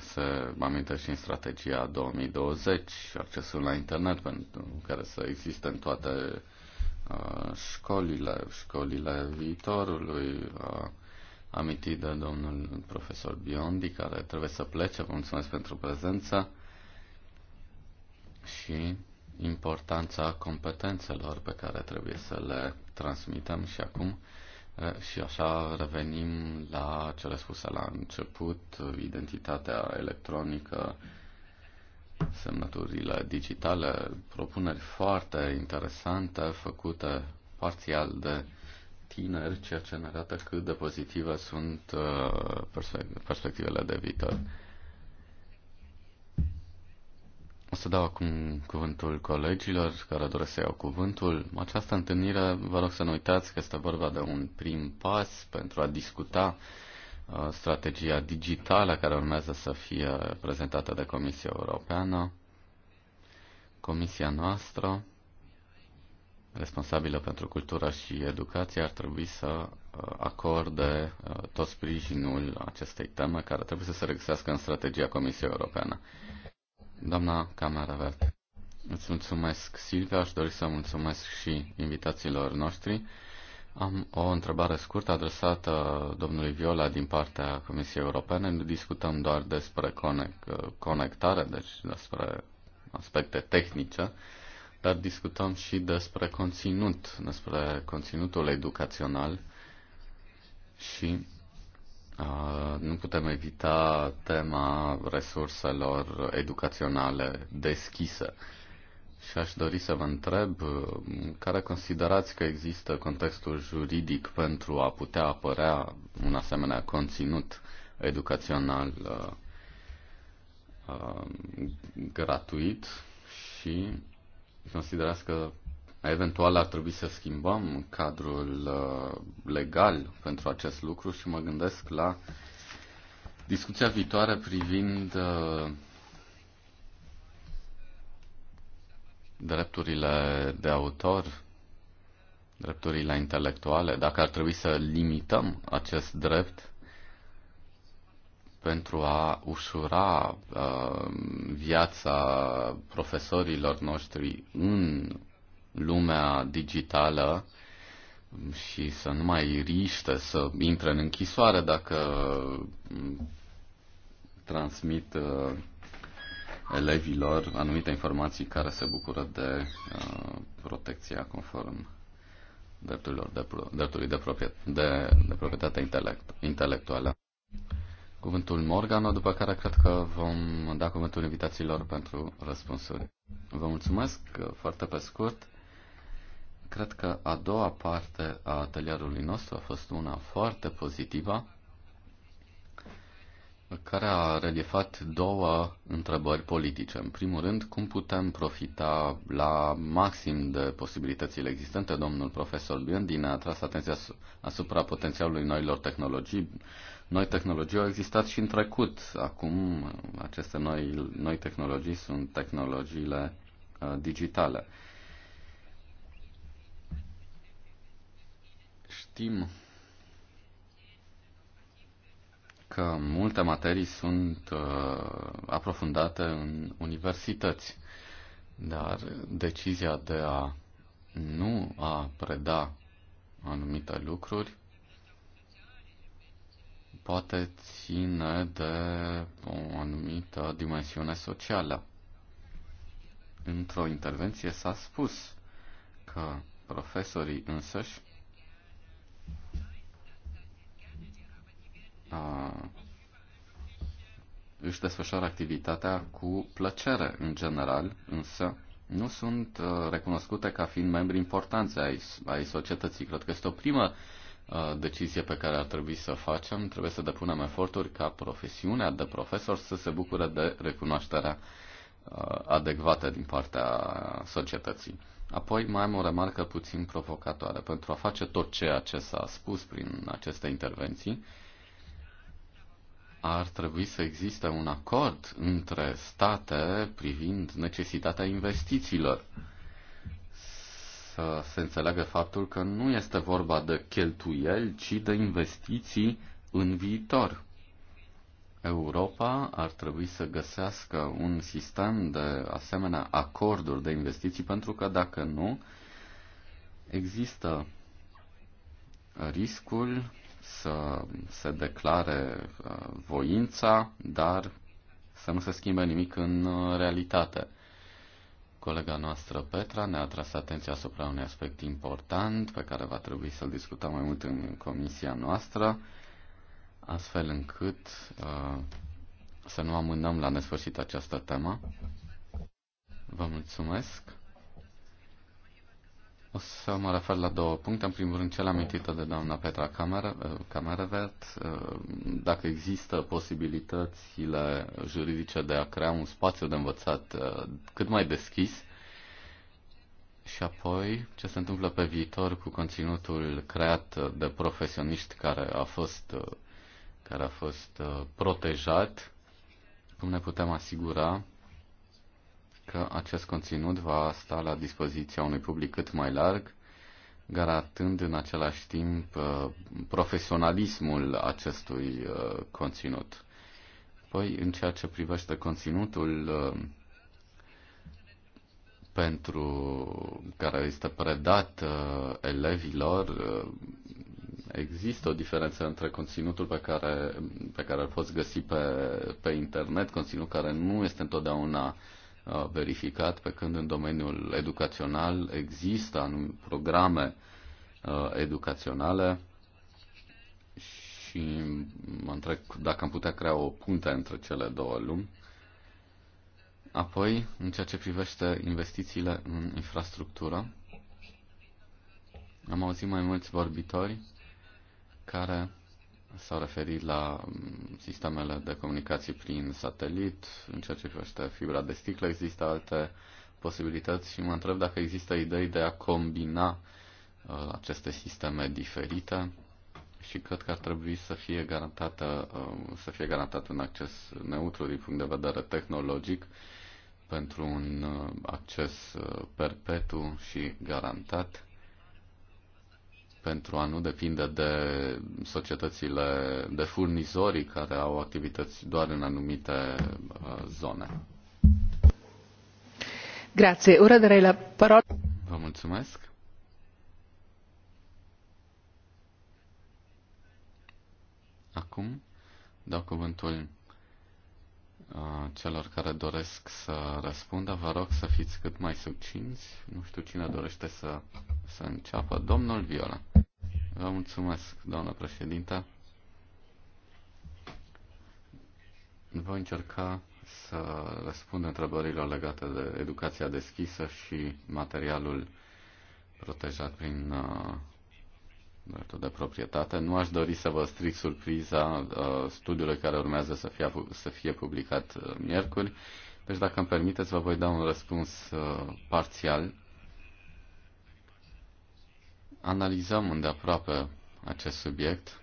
mă amintesc și în strategia 2020, accesul la internet pentru care să existe în toate uh, școlile, școlile viitorului, uh, amintit de domnul profesor Biondi, care trebuie să plece. Vă mulțumesc pentru prezență și importanța competențelor pe care trebuie să le transmitem și acum. Și așa revenim la cele spuse la început, identitatea electronică, semnăturile digitale, propuneri foarte interesante făcute parțial de tineri, ceea ce ne arată cât de pozitive sunt perspectivele de viitor. O să dau acum cuvântul colegilor care doresc să iau cuvântul. Această întâlnire, vă rog să nu uitați că este vorba de un prim pas pentru a discuta uh, strategia digitală care urmează să fie prezentată de Comisia Europeană. Comisia noastră, responsabilă pentru cultura și educație, ar trebui să uh, acorde uh, tot sprijinul acestei teme care trebuie să se regăsească în strategia Comisiei Europeană. mm Doamna Camerevert, îți mulțumesc, Silvia. Aș dori să mulțumesc și invitațiilor noștri. Am o întrebare scurtă adresată domnului Viola din partea Comisiei Europene. Nu discutăm doar despre conectare, deci despre aspecte tehnice, dar discutăm și despre conținut, despre conținutul educațional și nu putem evita tema resurselor educaționale deschise. Și aș dori să vă întreb care considerați că există contextul juridic pentru a putea apărea un asemenea conținut educațional gratuit și considerați că Eventual ar trebui să schimbăm cadrul uh, legal pentru acest lucru și mă gândesc la discuția viitoare privind uh, drepturile de autor, drepturile intelectuale, dacă ar trebui să limităm acest drept pentru a ușura uh, viața profesorilor noștri în lumea digitală și să nu mai riște să intre în închisoare dacă mm, transmit uh, elevilor anumite informații care se bucură de uh, protecția conform drepturilor de, dreptului de, propriet, de, de proprietate intelect, intelectuală. Cuvântul Morgan după care cred că vom da cuvântul invitațiilor pentru răspunsuri. Vă mulțumesc uh, foarte pe scurt. Cred că a doua parte a atelierului nostru a fost una foarte pozitivă, care a reliefat două întrebări politice. În primul rând, cum putem profita la maxim de posibilitățile existente? Domnul profesor Biondin a tras atenția asupra potențialului noilor tehnologii. Noi tehnologii au existat și în trecut. Acum aceste noi, noi tehnologii sunt tehnologiile uh, digitale. Uh, știm că multe materii sunt uh, aprofundate în universități, dar decizia de a nu a preda anumite lucruri poate ține de o anumită dimensiune socială. Într-o intervenție s-a spus că profesorii însăși uh, își desfășoară activitatea cu plăcere în general, însă nu sunt uh, recunoscute ca fiind membri importanți ai, ai societății. Cred că este o primă uh, decizie pe care ar trebui să o facem. Trebuie să depunem eforturi ca profesiunea de profesor să se bucure de recunoașterea uh, adecvată din partea societății. Apoi mai am o remarcă puțin provocatoare. Pentru a face tot ceea ce s-a spus prin aceste intervenții, ar trebui să existe un acord între state privind necesitatea investițiilor. Să se înțeleagă faptul că nu este vorba de cheltuieli, ci de investiții în viitor. Europa ar trebui să găsească un sistem de asemenea acorduri de investiții, pentru că dacă nu, există riscul să se declare uh, voința, dar să nu se schimbe nimic în uh, realitate. Colega noastră Petra ne-a tras atenția asupra unui aspect important pe care va trebui să-l discutăm mai mult în comisia noastră, astfel încât uh, să nu amânăm la nesfârșit această temă. Vă mulțumesc. O să mă refer la două puncte. În primul rând, cel amintită de doamna Petra Camerevert, dacă există posibilitățile juridice de a crea un spațiu de învățat eh, cât mai deschis și apoi ce se întâmplă pe viitor cu conținutul creat de profesioniști care a fost, eh, care a fost eh, protejat, cum ne putem asigura că acest conținut va sta la dispoziția unui public cât mai larg, garantând în același timp uh, profesionalismul acestui uh, conținut. Păi, în ceea ce privește conținutul uh, pentru care este predat elevilor, există o diferență între conținutul pe care, pe care îl poți găsi pe, pe internet, conținut care nu este întotdeauna uh, verificat, pe când în domeniul educațional există anum, programe uh, educaționale și mă întreb dacă am putea crea o punte între cele două lumi. Apoi, în ceea ce privește investițiile în infrastructură, am auzit mai mulți vorbitori care s-au referit la mm, sistemele de comunicații prin satelit, în ceea ce privește fibra de sticlă, există alte posibilități și mă întreb dacă există idei de a combina uh, aceste sisteme diferite și cred că ar trebui să fie garantată, uh, să fie garantat un acces neutru din punct de vedere tehnologic pentru un uh, acces uh, perpetu și garantat pentru a nu depinde de societățile, de furnizori care au activități doar în anumite uh, zone. Grazie. Ora darei la parola. Vă mulțumesc. Acum dau cuvântul uh, celor care doresc să răspundă, vă rog să fiți cât mai succinți. Nu știu cine dorește să, să înceapă. Domnul Viola. Vă mulțumesc, doamnă președinte. Voi încerca să răspund întrebărilor legate de educația deschisă și materialul protejat prin uh, dreptul de proprietate. Nu aș dori să vă stric surpriza uh, studiului care urmează să fie, să fie publicat uh, miercuri. Deci, dacă îmi permiteți, vă voi da un răspuns uh, parțial Analizăm îndeaproape acest subiect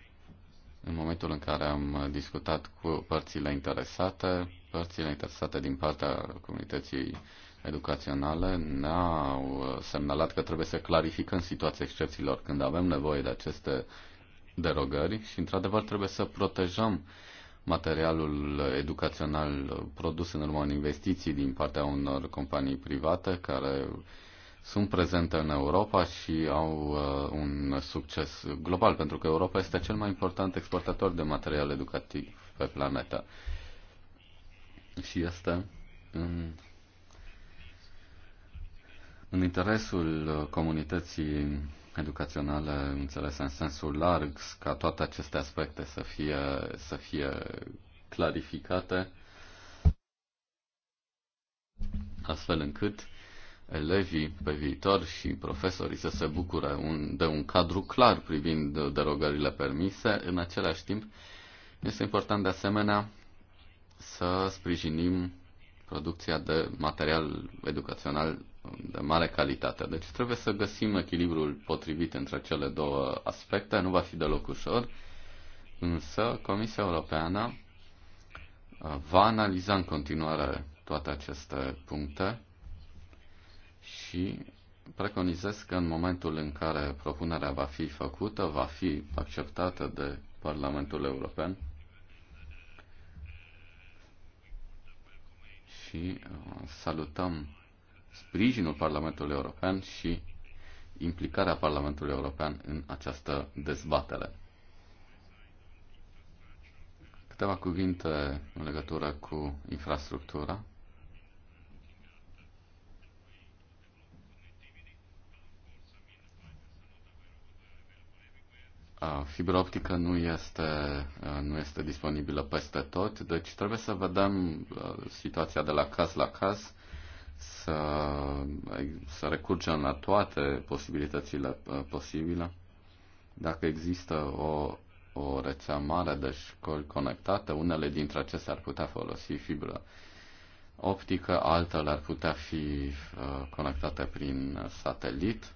în momentul în care am discutat cu părțile interesate. Părțile interesate din partea comunității educaționale ne-au semnalat că trebuie să clarificăm situația excepțiilor când avem nevoie de aceste derogări și, într-adevăr, trebuie să protejăm materialul educațional produs în urma investiții din partea unor companii private care sunt prezente în Europa și au uh, un succes global, pentru că Europa este cel mai important exportator de material educativ pe planetă. Și este în, în interesul comunității educaționale înțeles în sensul larg, ca toate aceste aspecte să fie, să fie clarificate, astfel încât elevii pe viitor și profesorii să se bucure un, de un cadru clar privind derogările permise. În același timp, este important de asemenea să sprijinim producția de material educațional de mare calitate. Deci trebuie să găsim echilibrul potrivit între cele două aspecte. Nu va fi deloc ușor, însă Comisia Europeană uh, va analiza în continuare toate aceste puncte și preconizez că în momentul în care propunerea va fi făcută, va fi acceptată de Parlamentul European și uh, salutăm sprijinul Parlamentului European și implicarea Parlamentului European în această dezbatere. Câteva cuvinte în legătură cu infrastructura. Fibra optică nu este, nu este disponibilă peste tot, deci trebuie să vedem situația de la caz la caz, să, să recurgem la toate posibilitățile posibile. Dacă există o, o rețea mare de școli conectate, unele dintre acestea ar putea folosi fibra optică, altele ar putea fi conectate prin satelit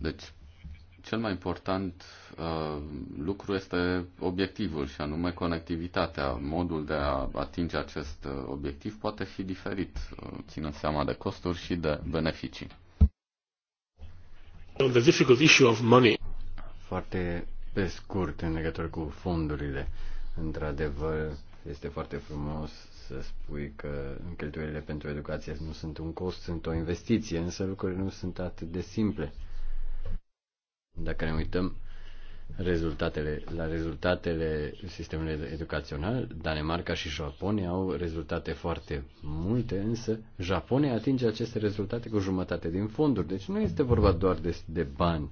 Deci, cel mai important uh, lucru este obiectivul și anume conectivitatea. Modul de a atinge acest uh, obiectiv poate fi diferit, uh, ținând seama de costuri și de beneficii. The difficult issue of money. Foarte pe scurt în legătură cu fondurile. Într-adevăr, este foarte frumos să spui că cheltuielile pentru educație nu sunt un cost, sunt o investiție, însă lucrurile nu sunt atât de simple. Dacă ne uităm rezultatele, la rezultatele sistemului educațional, Danemarca și Japonia au rezultate foarte multe, însă Japonia atinge aceste rezultate cu jumătate din fonduri. Deci nu este vorba doar de, de bani.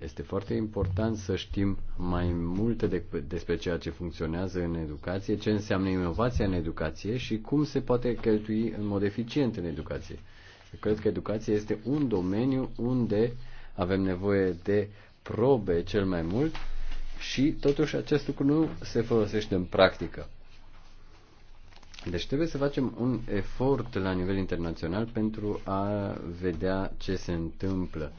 Este foarte important să știm mai multe de, despre ceea ce funcționează în educație, ce înseamnă inovația în educație și cum se poate cheltui în mod eficient în educație. Eu cred că educația este un domeniu unde uh, avem nevoie de probe cel mai mult și totuși acest lucru nu se folosește în practică. Deci trebuie să facem un efort la nivel internațional pentru a vedea ce se întâmplă.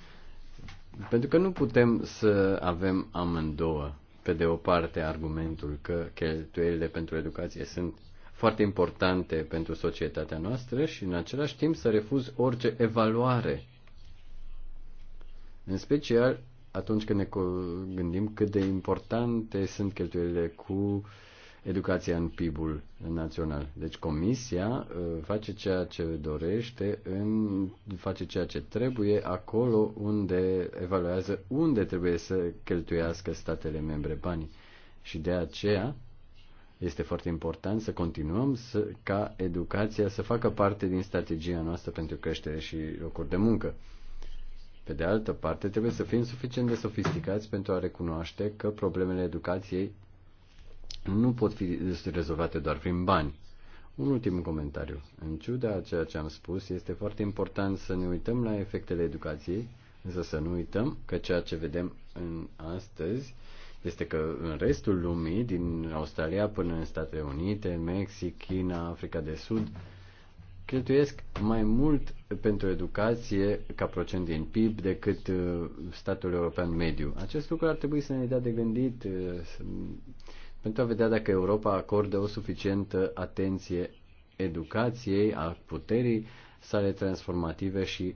Pentru că nu putem să avem amândouă. Pe de o parte, argumentul că cheltuielile pentru educație sunt foarte importante pentru societatea noastră și în același timp să refuz orice evaluare în special atunci când ne gândim cât de importante sunt cheltuielile cu educația în PIB-ul național. Deci comisia uh, face ceea ce dorește, în, face ceea ce trebuie acolo unde evaluează unde trebuie să cheltuiască statele membre banii. Și de aceea este foarte important să continuăm să, ca educația să facă parte din strategia noastră pentru creștere și locuri de muncă. Pe de altă parte, trebuie să fim suficient de sofisticați pentru a recunoaște că problemele educației nu pot fi rezolvate doar prin bani. Un ultim comentariu. În ciuda a ceea ce am spus, este foarte important să ne uităm la efectele educației, însă să nu uităm că ceea ce vedem în astăzi este că în restul lumii, din Australia până în Statele Unite, Mexic, China, Africa de Sud, cheltuiesc mai mult pentru educație ca procent din PIB decât uh, statul european mediu. Acest lucru ar trebui să ne dea de gândit uh, pentru a vedea dacă Europa acordă o suficientă atenție educației, a puterii sale transformative și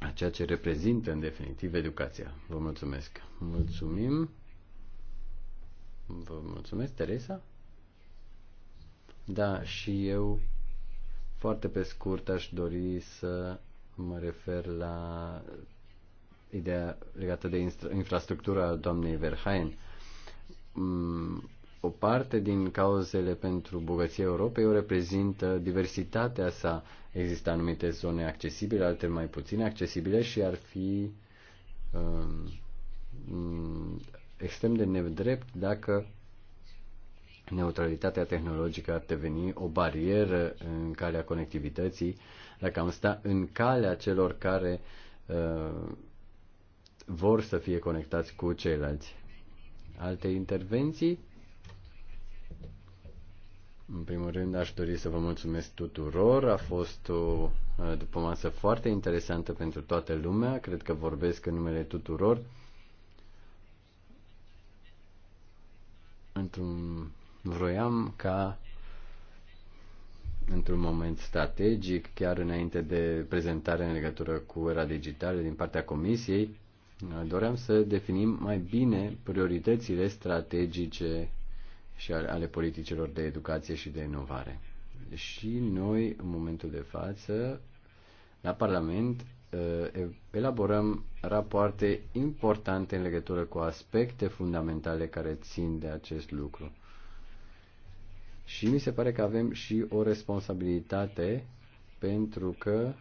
a ceea ce reprezintă în definitiv educația. Vă mulțumesc. Mulțumim. Vă mulțumesc, Teresa. Da, și eu foarte pe scurt aș dori să mă refer la ideea legată de infrastructura doamnei Verhaen. Mm, o parte din cauzele pentru bogăția Europei o reprezintă diversitatea sa. Există anumite zone accesibile, alte mai puțin accesibile și ar fi um, mm, extrem de nedrept dacă neutralitatea tehnologică ar deveni o barieră în calea conectivității, dacă am sta în calea celor care uh, vor să fie conectați cu ceilalți. Alte intervenții? În primul rând aș dori să vă mulțumesc tuturor. A fost o uh, după masă foarte interesantă pentru toată lumea. Cred că vorbesc în numele tuturor. Într-un Vroiam ca într-un moment strategic, chiar înainte de prezentare în legătură cu era digitală din partea Comisiei, doream să definim mai bine prioritățile strategice și ale politicilor de educație și de inovare. Și noi, în momentul de față, la Parlament, eh, elaborăm rapoarte importante în legătură cu aspecte fundamentale care țin de acest lucru. Și mi se pare că avem și o responsabilitate pentru că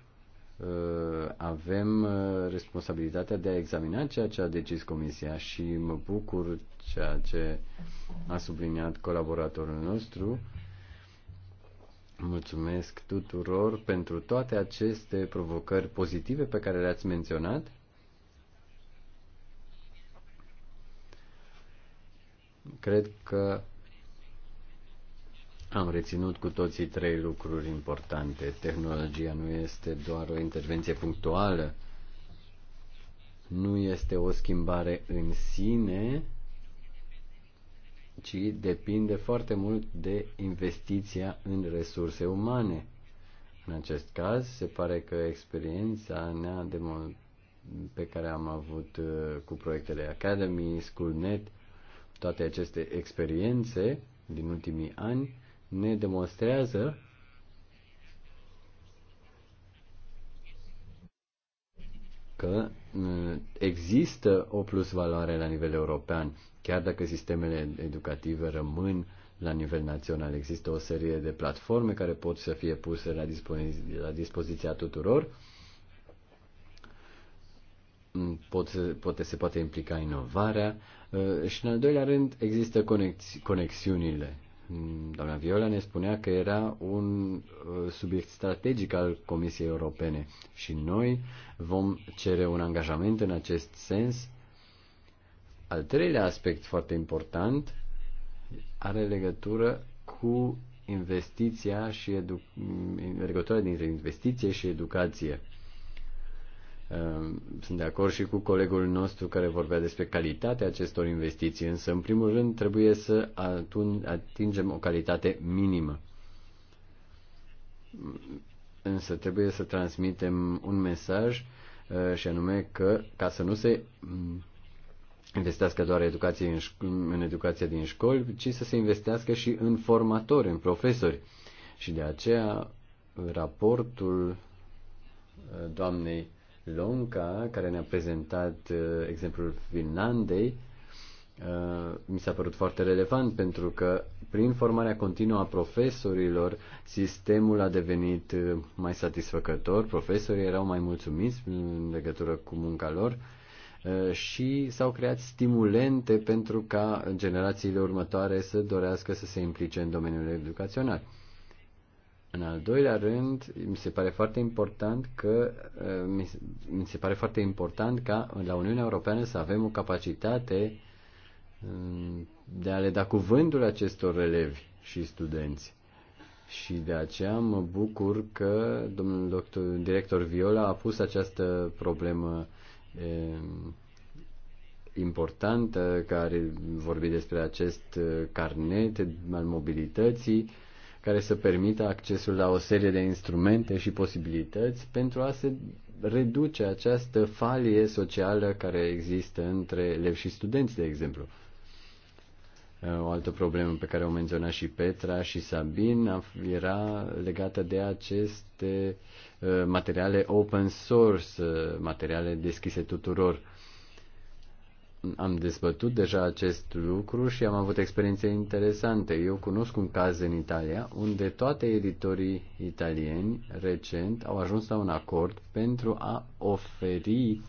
uh, avem uh, responsabilitatea de a examina ceea ce a decis Comisia și mă bucur ceea ce a subliniat colaboratorul nostru. Mulțumesc tuturor pentru toate aceste provocări pozitive pe care le-ați menționat. Cred că am reținut cu toții trei lucruri importante. Tehnologia nu este doar o intervenție punctuală, nu este o schimbare în sine, ci depinde foarte mult de investiția în resurse umane. În acest caz, se pare că experiența ne-a demon- pe care am avut uh, cu proiectele Academy, SchoolNet, toate aceste experiențe din ultimii ani ne demonstrează că uh, există o plusvaloare la nivel european, chiar dacă sistemele educative rămân la nivel național. Există o serie de platforme care pot să fie puse la, dispozi- la dispoziția tuturor. Pot, pot, se poate implica inovarea uh, și, în al doilea rând, există conexiunile Mm, doamna Viola ne spunea că era un uh, subiect strategic al Comisiei Europene și noi vom cere un angajament în acest sens. Al treilea aspect foarte important are legătură cu investiția și edu- mm, legătura dintre investiție și educație. Ehm, sunt de acord și cu colegul nostru care vorbea despre calitatea acestor investiții, însă, în primul rând, trebuie să atingem o calitate minimă. Însă trebuie să transmitem un mesaj eh, și anume că, ca să nu se mm, investească doar educație în, în educația din școli, ci să se investească și în formatori, în profesori. Și de aceea raportul eh, doamnei Lonca, care ne-a prezentat uh, exemplul Finlandei, uh, mi s-a părut foarte relevant pentru că prin formarea continuă a profesorilor sistemul a devenit uh, mai satisfăcător, profesorii erau mai mulțumiți în legătură cu munca lor și s-au creat stimulente pentru ca generațiile următoare să dorească să se implice în domeniul educațional. În al doilea rând, mi se pare foarte important că uh, mi se pare foarte important ca la Uniunea Europeană să avem o capacitate um, de a le da cuvântul acestor elevi și studenți. Și de aceea mă bucur că domnul doctor, director Viola a pus această problemă e, um, importantă, care vorbi despre acest uh, carnet al mobilității, care să permită accesul la o serie de instrumente și posibilități pentru a se reduce această falie socială care există între elevi și studenți, de exemplu. O altă problemă pe care o menționa și Petra și Sabin era legată de aceste uh, materiale open source, uh, materiale deschise tuturor am dezbătut deja acest lucru și am avut experiențe interesante. Eu cunosc un caz în Italia unde toate editorii italieni recent au ajuns la un acord pentru a oferi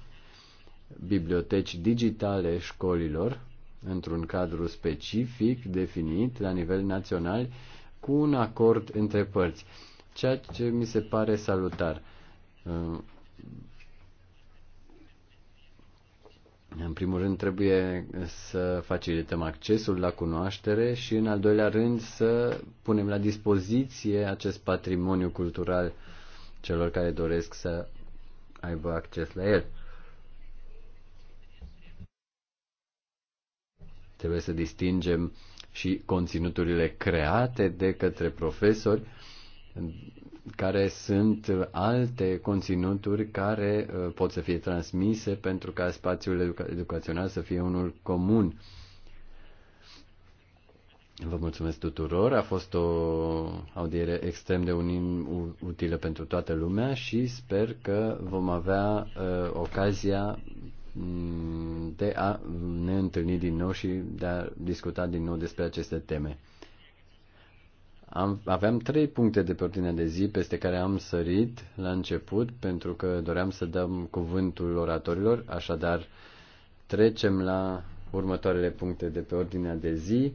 biblioteci digitale școlilor într-un cadru specific definit la nivel național cu un acord între părți, ceea ce mi se pare salutar. În primul rând trebuie să facilităm accesul la cunoaștere și în al doilea rând să punem la dispoziție acest patrimoniu cultural celor care doresc să aibă acces la el. Trebuie să distingem și conținuturile create de către profesori care sunt alte conținuturi care uh, pot să fie transmise pentru ca spațiul educațional să fie unul comun. Vă mulțumesc tuturor. A fost o audiere extrem de unim, utilă pentru toată lumea și sper că vom avea uh, ocazia mm, de a ne întâlni din nou și de a discuta din nou despre aceste teme. Am, aveam trei puncte de pe ordinea de zi peste care am sărit la început pentru că doream să dăm cuvântul oratorilor, așadar trecem la următoarele puncte de pe ordinea de zi,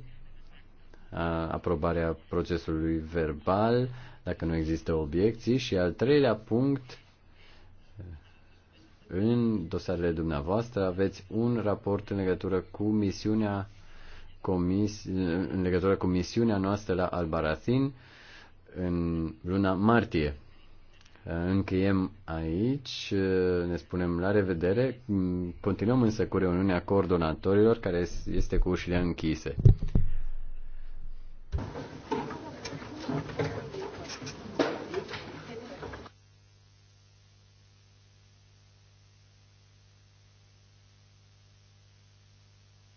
a, aprobarea procesului verbal, dacă nu există obiecții, și al treilea punct, în dosarele dumneavoastră aveți un raport în legătură cu misiunea comis, în legătură cu misiunea noastră la Albarazin în luna martie. Încheiem aici, ne spunem la revedere, continuăm însă cu reuniunea coordonatorilor care este cu ușile închise.